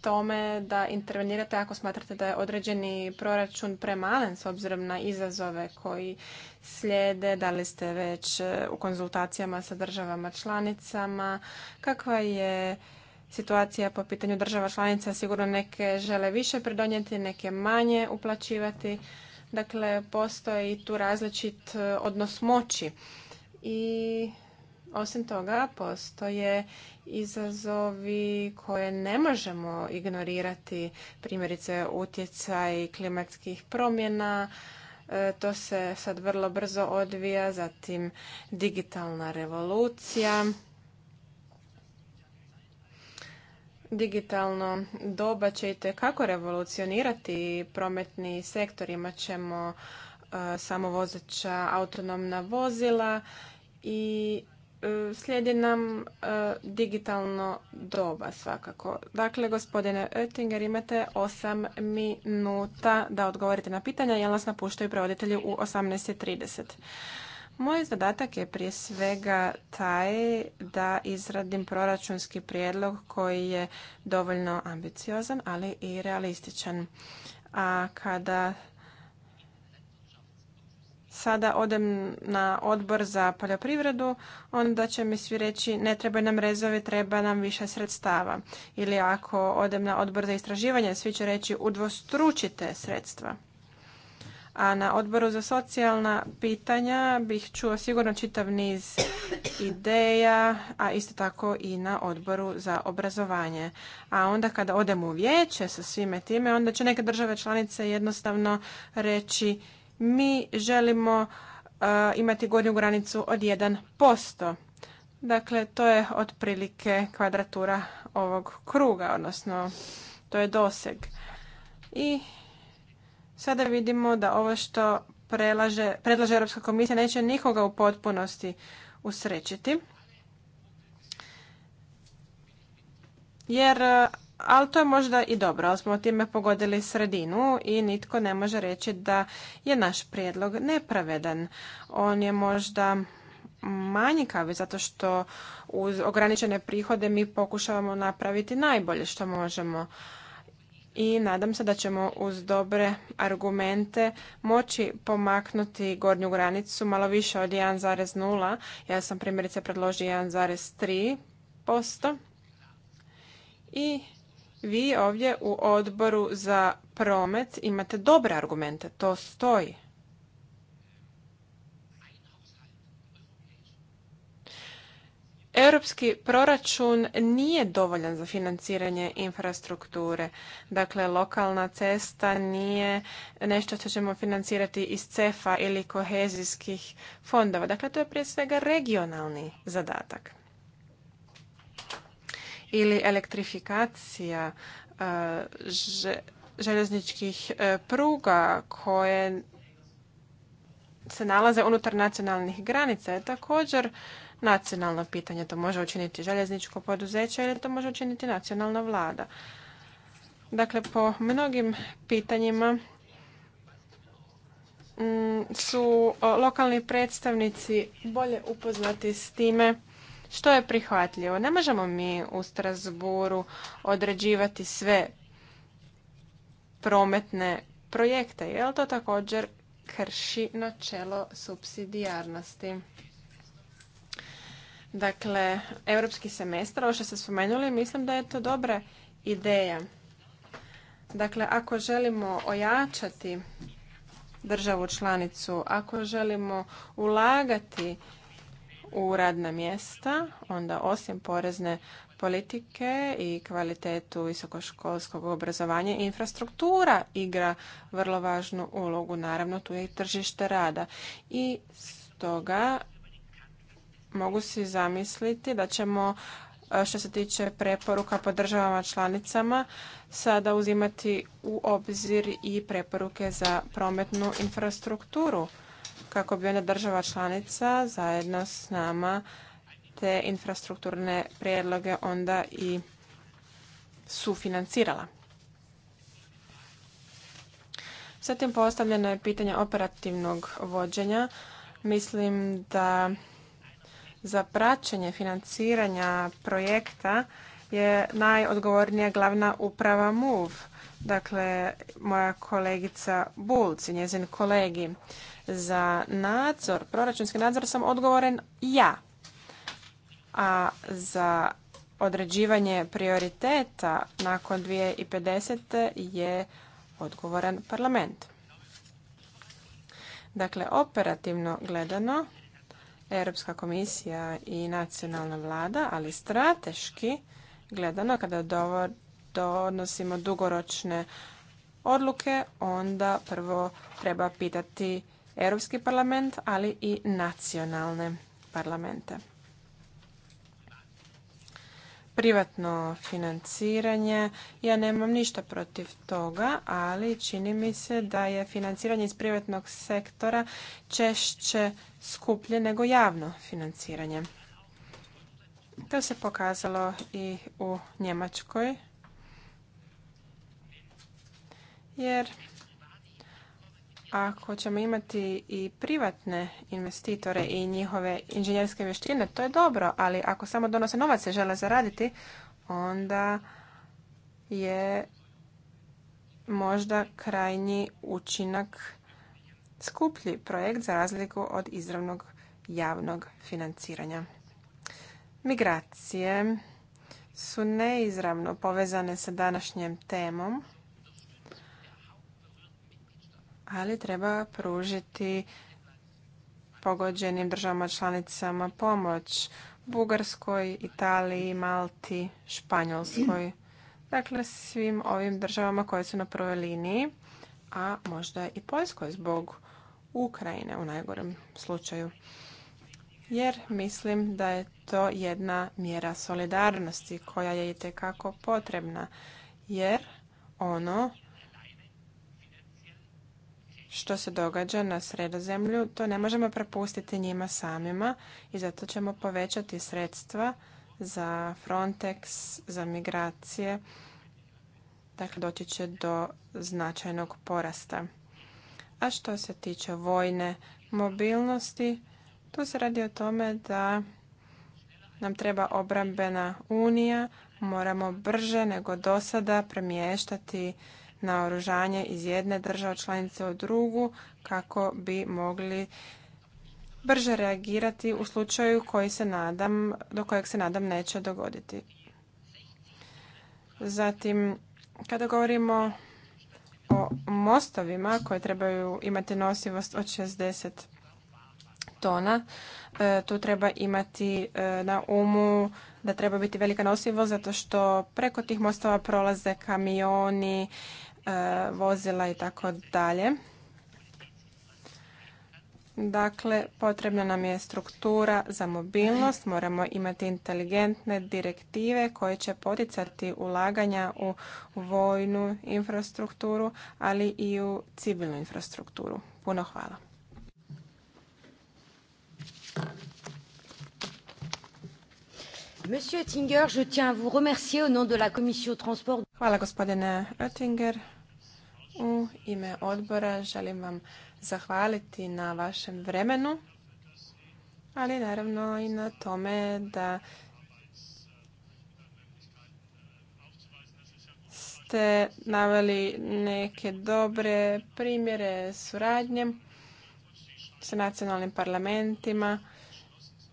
tome da intervenirate ako smatrate da je određeni proračun premalen s obzirom na izazove koji slijede, da li ste već e, u konzultacijama sa državama članicama, kakva je situacija po pitanju država članica, sigurno neke žele više pridonijeti, neke manje uplaćivati, dakle postoji tu različit e, odnos moći i osim toga, postoje izazovi koje ne možemo ignorirati, primjerice utjecaj klimatskih promjena, e, to se sad vrlo brzo odvija, zatim digitalna revolucija, digitalno doba će i kako revolucionirati prometni sektor, imat ćemo e, samovozeća autonomna vozila i E, slijedi nam e, digitalno doba svakako. Dakle, gospodine Oettinger, imate 8 minuta da odgovorite na pitanja, jer nas napuštaju prevoditelji u 18.30. Moj zadatak je prije svega taj da izradim proračunski prijedlog koji je dovoljno ambiciozan, ali i realističan. A kada sada odem na odbor za poljoprivredu, onda će mi svi reći ne trebaju nam rezovi, treba nam više sredstava. Ili ako odem na odbor za istraživanje, svi će reći udvostručite sredstva. A na odboru za socijalna pitanja bih čuo sigurno čitav niz ideja, a isto tako i na odboru za obrazovanje. A onda kada odem u vijeće sa svime time, onda će neke države članice jednostavno reći mi želimo e, imati gornju granicu od 1%. Dakle, to je otprilike kvadratura ovog kruga, odnosno to je doseg. I sada vidimo da ovo što predlaže Europska komisija neće nikoga u potpunosti usrećiti. Jer ali to je možda i dobro, ali smo time pogodili sredinu i nitko ne može reći da je naš prijedlog nepravedan. On je možda manjkavi zato što uz ograničene prihode mi pokušavamo napraviti najbolje što možemo. I nadam se da ćemo uz dobre argumente moći pomaknuti gornju granicu malo više od 1,0. Ja sam primjerice predložio 1,3%. I vi ovdje u odboru za promet imate dobre argumente, to stoji. Europski proračun nije dovoljan za financiranje infrastrukture. Dakle, lokalna cesta nije nešto što ćemo financirati iz CEFA ili kohezijskih fondova. Dakle, to je prije svega regionalni zadatak ili elektrifikacija e, željezničkih e, pruga koje se nalaze unutar nacionalnih granica je također nacionalno pitanje. To može učiniti željezničko poduzeće ili to može učiniti nacionalna vlada. Dakle, po mnogim pitanjima mm, su e, lokalni predstavnici bolje upoznati s time što je prihvatljivo. Ne možemo mi u Strasburu određivati sve prometne projekte, Jel to također krši načelo subsidijarnosti. Dakle, europski semestar, ovo što ste spomenuli, mislim da je to dobra ideja. Dakle, ako želimo ojačati državu članicu, ako želimo ulagati u radna mjesta, onda osim porezne politike i kvalitetu visokoškolskog obrazovanja infrastruktura igra vrlo važnu ulogu. Naravno, tu je i tržište rada. I stoga mogu si zamisliti da ćemo e, što se tiče preporuka po državama članicama sada uzimati u obzir i preporuke za prometnu infrastrukturu kako bi onda država članica zajedno s nama te infrastrukturne prijedloge onda i sufinancirala. Zatim postavljeno je pitanje operativnog vođenja. Mislim da za praćenje financiranja projekta je najodgovornija glavna uprava MOVE, dakle moja kolegica Bulc i njezin kolegi. Za nadzor, proračunski nadzor sam odgovoren ja. A za određivanje prioriteta nakon 2050. je odgovoran parlament. Dakle, operativno gledano, Europska komisija i nacionalna vlada, ali strateški gledano, kada donosimo dugoročne odluke, onda prvo treba pitati Europski parlament, ali i nacionalne parlamente. Privatno financiranje, ja nemam ništa protiv toga, ali čini mi se da je financiranje iz privatnog sektora češće skuplje nego javno financiranje. To se pokazalo i u Njemačkoj, jer ako ćemo imati i privatne investitore i njihove inženjerske vještine, to je dobro, ali ako samo donose novac i žele zaraditi, onda je možda krajnji učinak skuplji projekt za razliku od izravnog javnog financiranja. Migracije su neizravno povezane sa današnjem temom ali treba pružiti pogođenim državama članicama pomoć Bugarskoj, Italiji, Malti, Španjolskoj. Dakle, svim ovim državama koje su na prvoj liniji, a možda i Poljskoj zbog Ukrajine u najgorem slučaju. Jer mislim da je to jedna mjera solidarnosti koja je itekako potrebna. Jer ono što se događa na sredozemlju, to ne možemo prepustiti njima samima i zato ćemo povećati sredstva za Frontex, za migracije. Dakle, doći će do značajnog porasta. A što se tiče vojne mobilnosti, tu se radi o tome da nam treba obrambena unija, moramo brže nego do sada premještati naoružanje iz jedne države članice u drugu kako bi mogli brže reagirati u slučaju koji se nadam, do kojeg se nadam neće dogoditi. Zatim, kada govorimo o mostovima koje trebaju imati nosivost od 60 tona, e, tu treba imati e, na umu da treba biti velika nosivost zato što preko tih mostova prolaze kamioni Eh, vozila i tako dalje. Dakle, potrebna nam je struktura za mobilnost, moramo imati inteligentne direktive koje će poticati ulaganja u vojnu infrastrukturu, ali i u civilnu infrastrukturu. Puno hvala. Monsieur Oettinger, je Hvala gospodine Oettinger. U ime odbora želim vam zahvaliti na vašem vremenu, ali naravno i na tome da ste naveli neke dobre primjere suradnje sa nacionalnim parlamentima.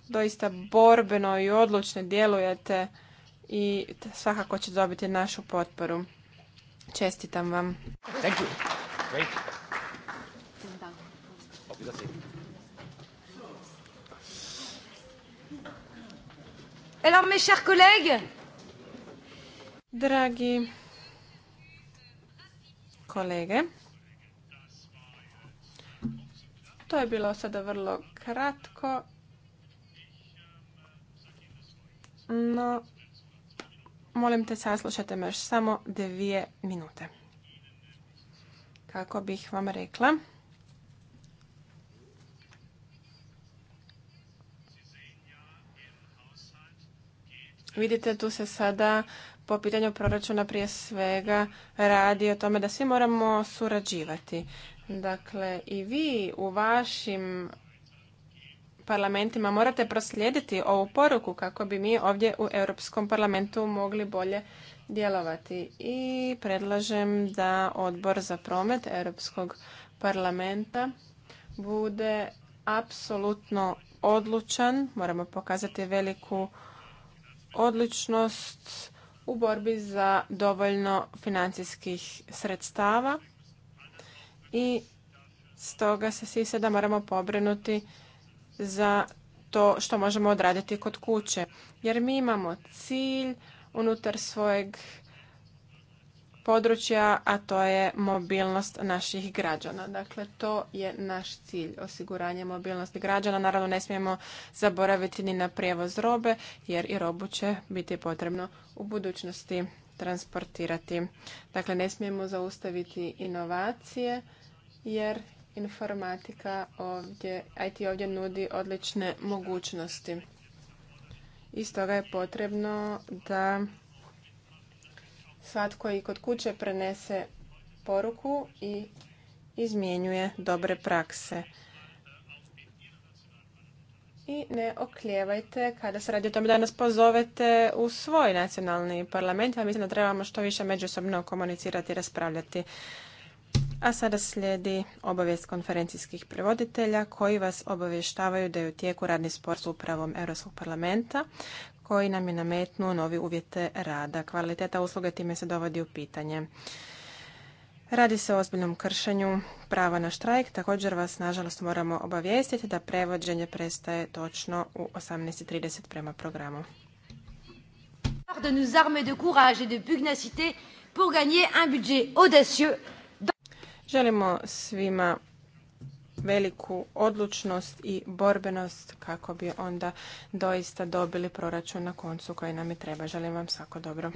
Doista borbeno i odlučno djelujete i svakako će dobiti našu potporu. Čestitam vam. Thank you. Great. Alors, mes chers collègues, dragi kolege, to je bilo sada vrlo kratko, no Molim te saslušajte me još samo dvije minute. Kako bih vam rekla, Vidite, tu se sada po pitanju proračuna prije svega radi o tome da svi moramo surađivati. Dakle, i vi u vašim parlamentima morate proslijediti ovu poruku kako bi mi ovdje u Europskom parlamentu mogli bolje djelovati. I predlažem da odbor za promet Europskog parlamenta bude apsolutno odlučan. Moramo pokazati veliku odličnost u borbi za dovoljno financijskih sredstava i stoga se svi sada moramo pobrinuti za to što možemo odraditi kod kuće. Jer mi imamo cilj unutar svojeg područja, a to je mobilnost naših građana. Dakle, to je naš cilj, osiguranje mobilnosti građana. Naravno, ne smijemo zaboraviti ni na prijevoz robe, jer i robu će biti potrebno u budućnosti transportirati. Dakle, ne smijemo zaustaviti inovacije, jer informatika ovdje, IT ovdje nudi odlične mogućnosti. Iz toga je potrebno da svatko i kod kuće prenese poruku i izmjenjuje dobre prakse. I ne okljevajte kada se radi o tome da nas pozovete u svoj nacionalni parlament, a mislim da trebamo što više međusobno komunicirati i raspravljati. A sada slijedi obavijest konferencijskih prevoditelja koji vas obavještavaju da je u tijeku radni spor s upravom Europskog parlamenta koji nam je nametnuo novi uvjete rada. Kvaliteta usluge time se dovodi u pitanje. Radi se o ozbiljnom kršenju prava na štrajk. Također vas, nažalost, moramo obavijestiti da prevođenje prestaje točno u 18.30 prema programu. de de courage et de pour gagner un budget audacieux Želimo svima veliku odlučnost i borbenost kako bi onda doista dobili proračun na koncu koji nam je treba. Želim vam svako dobro.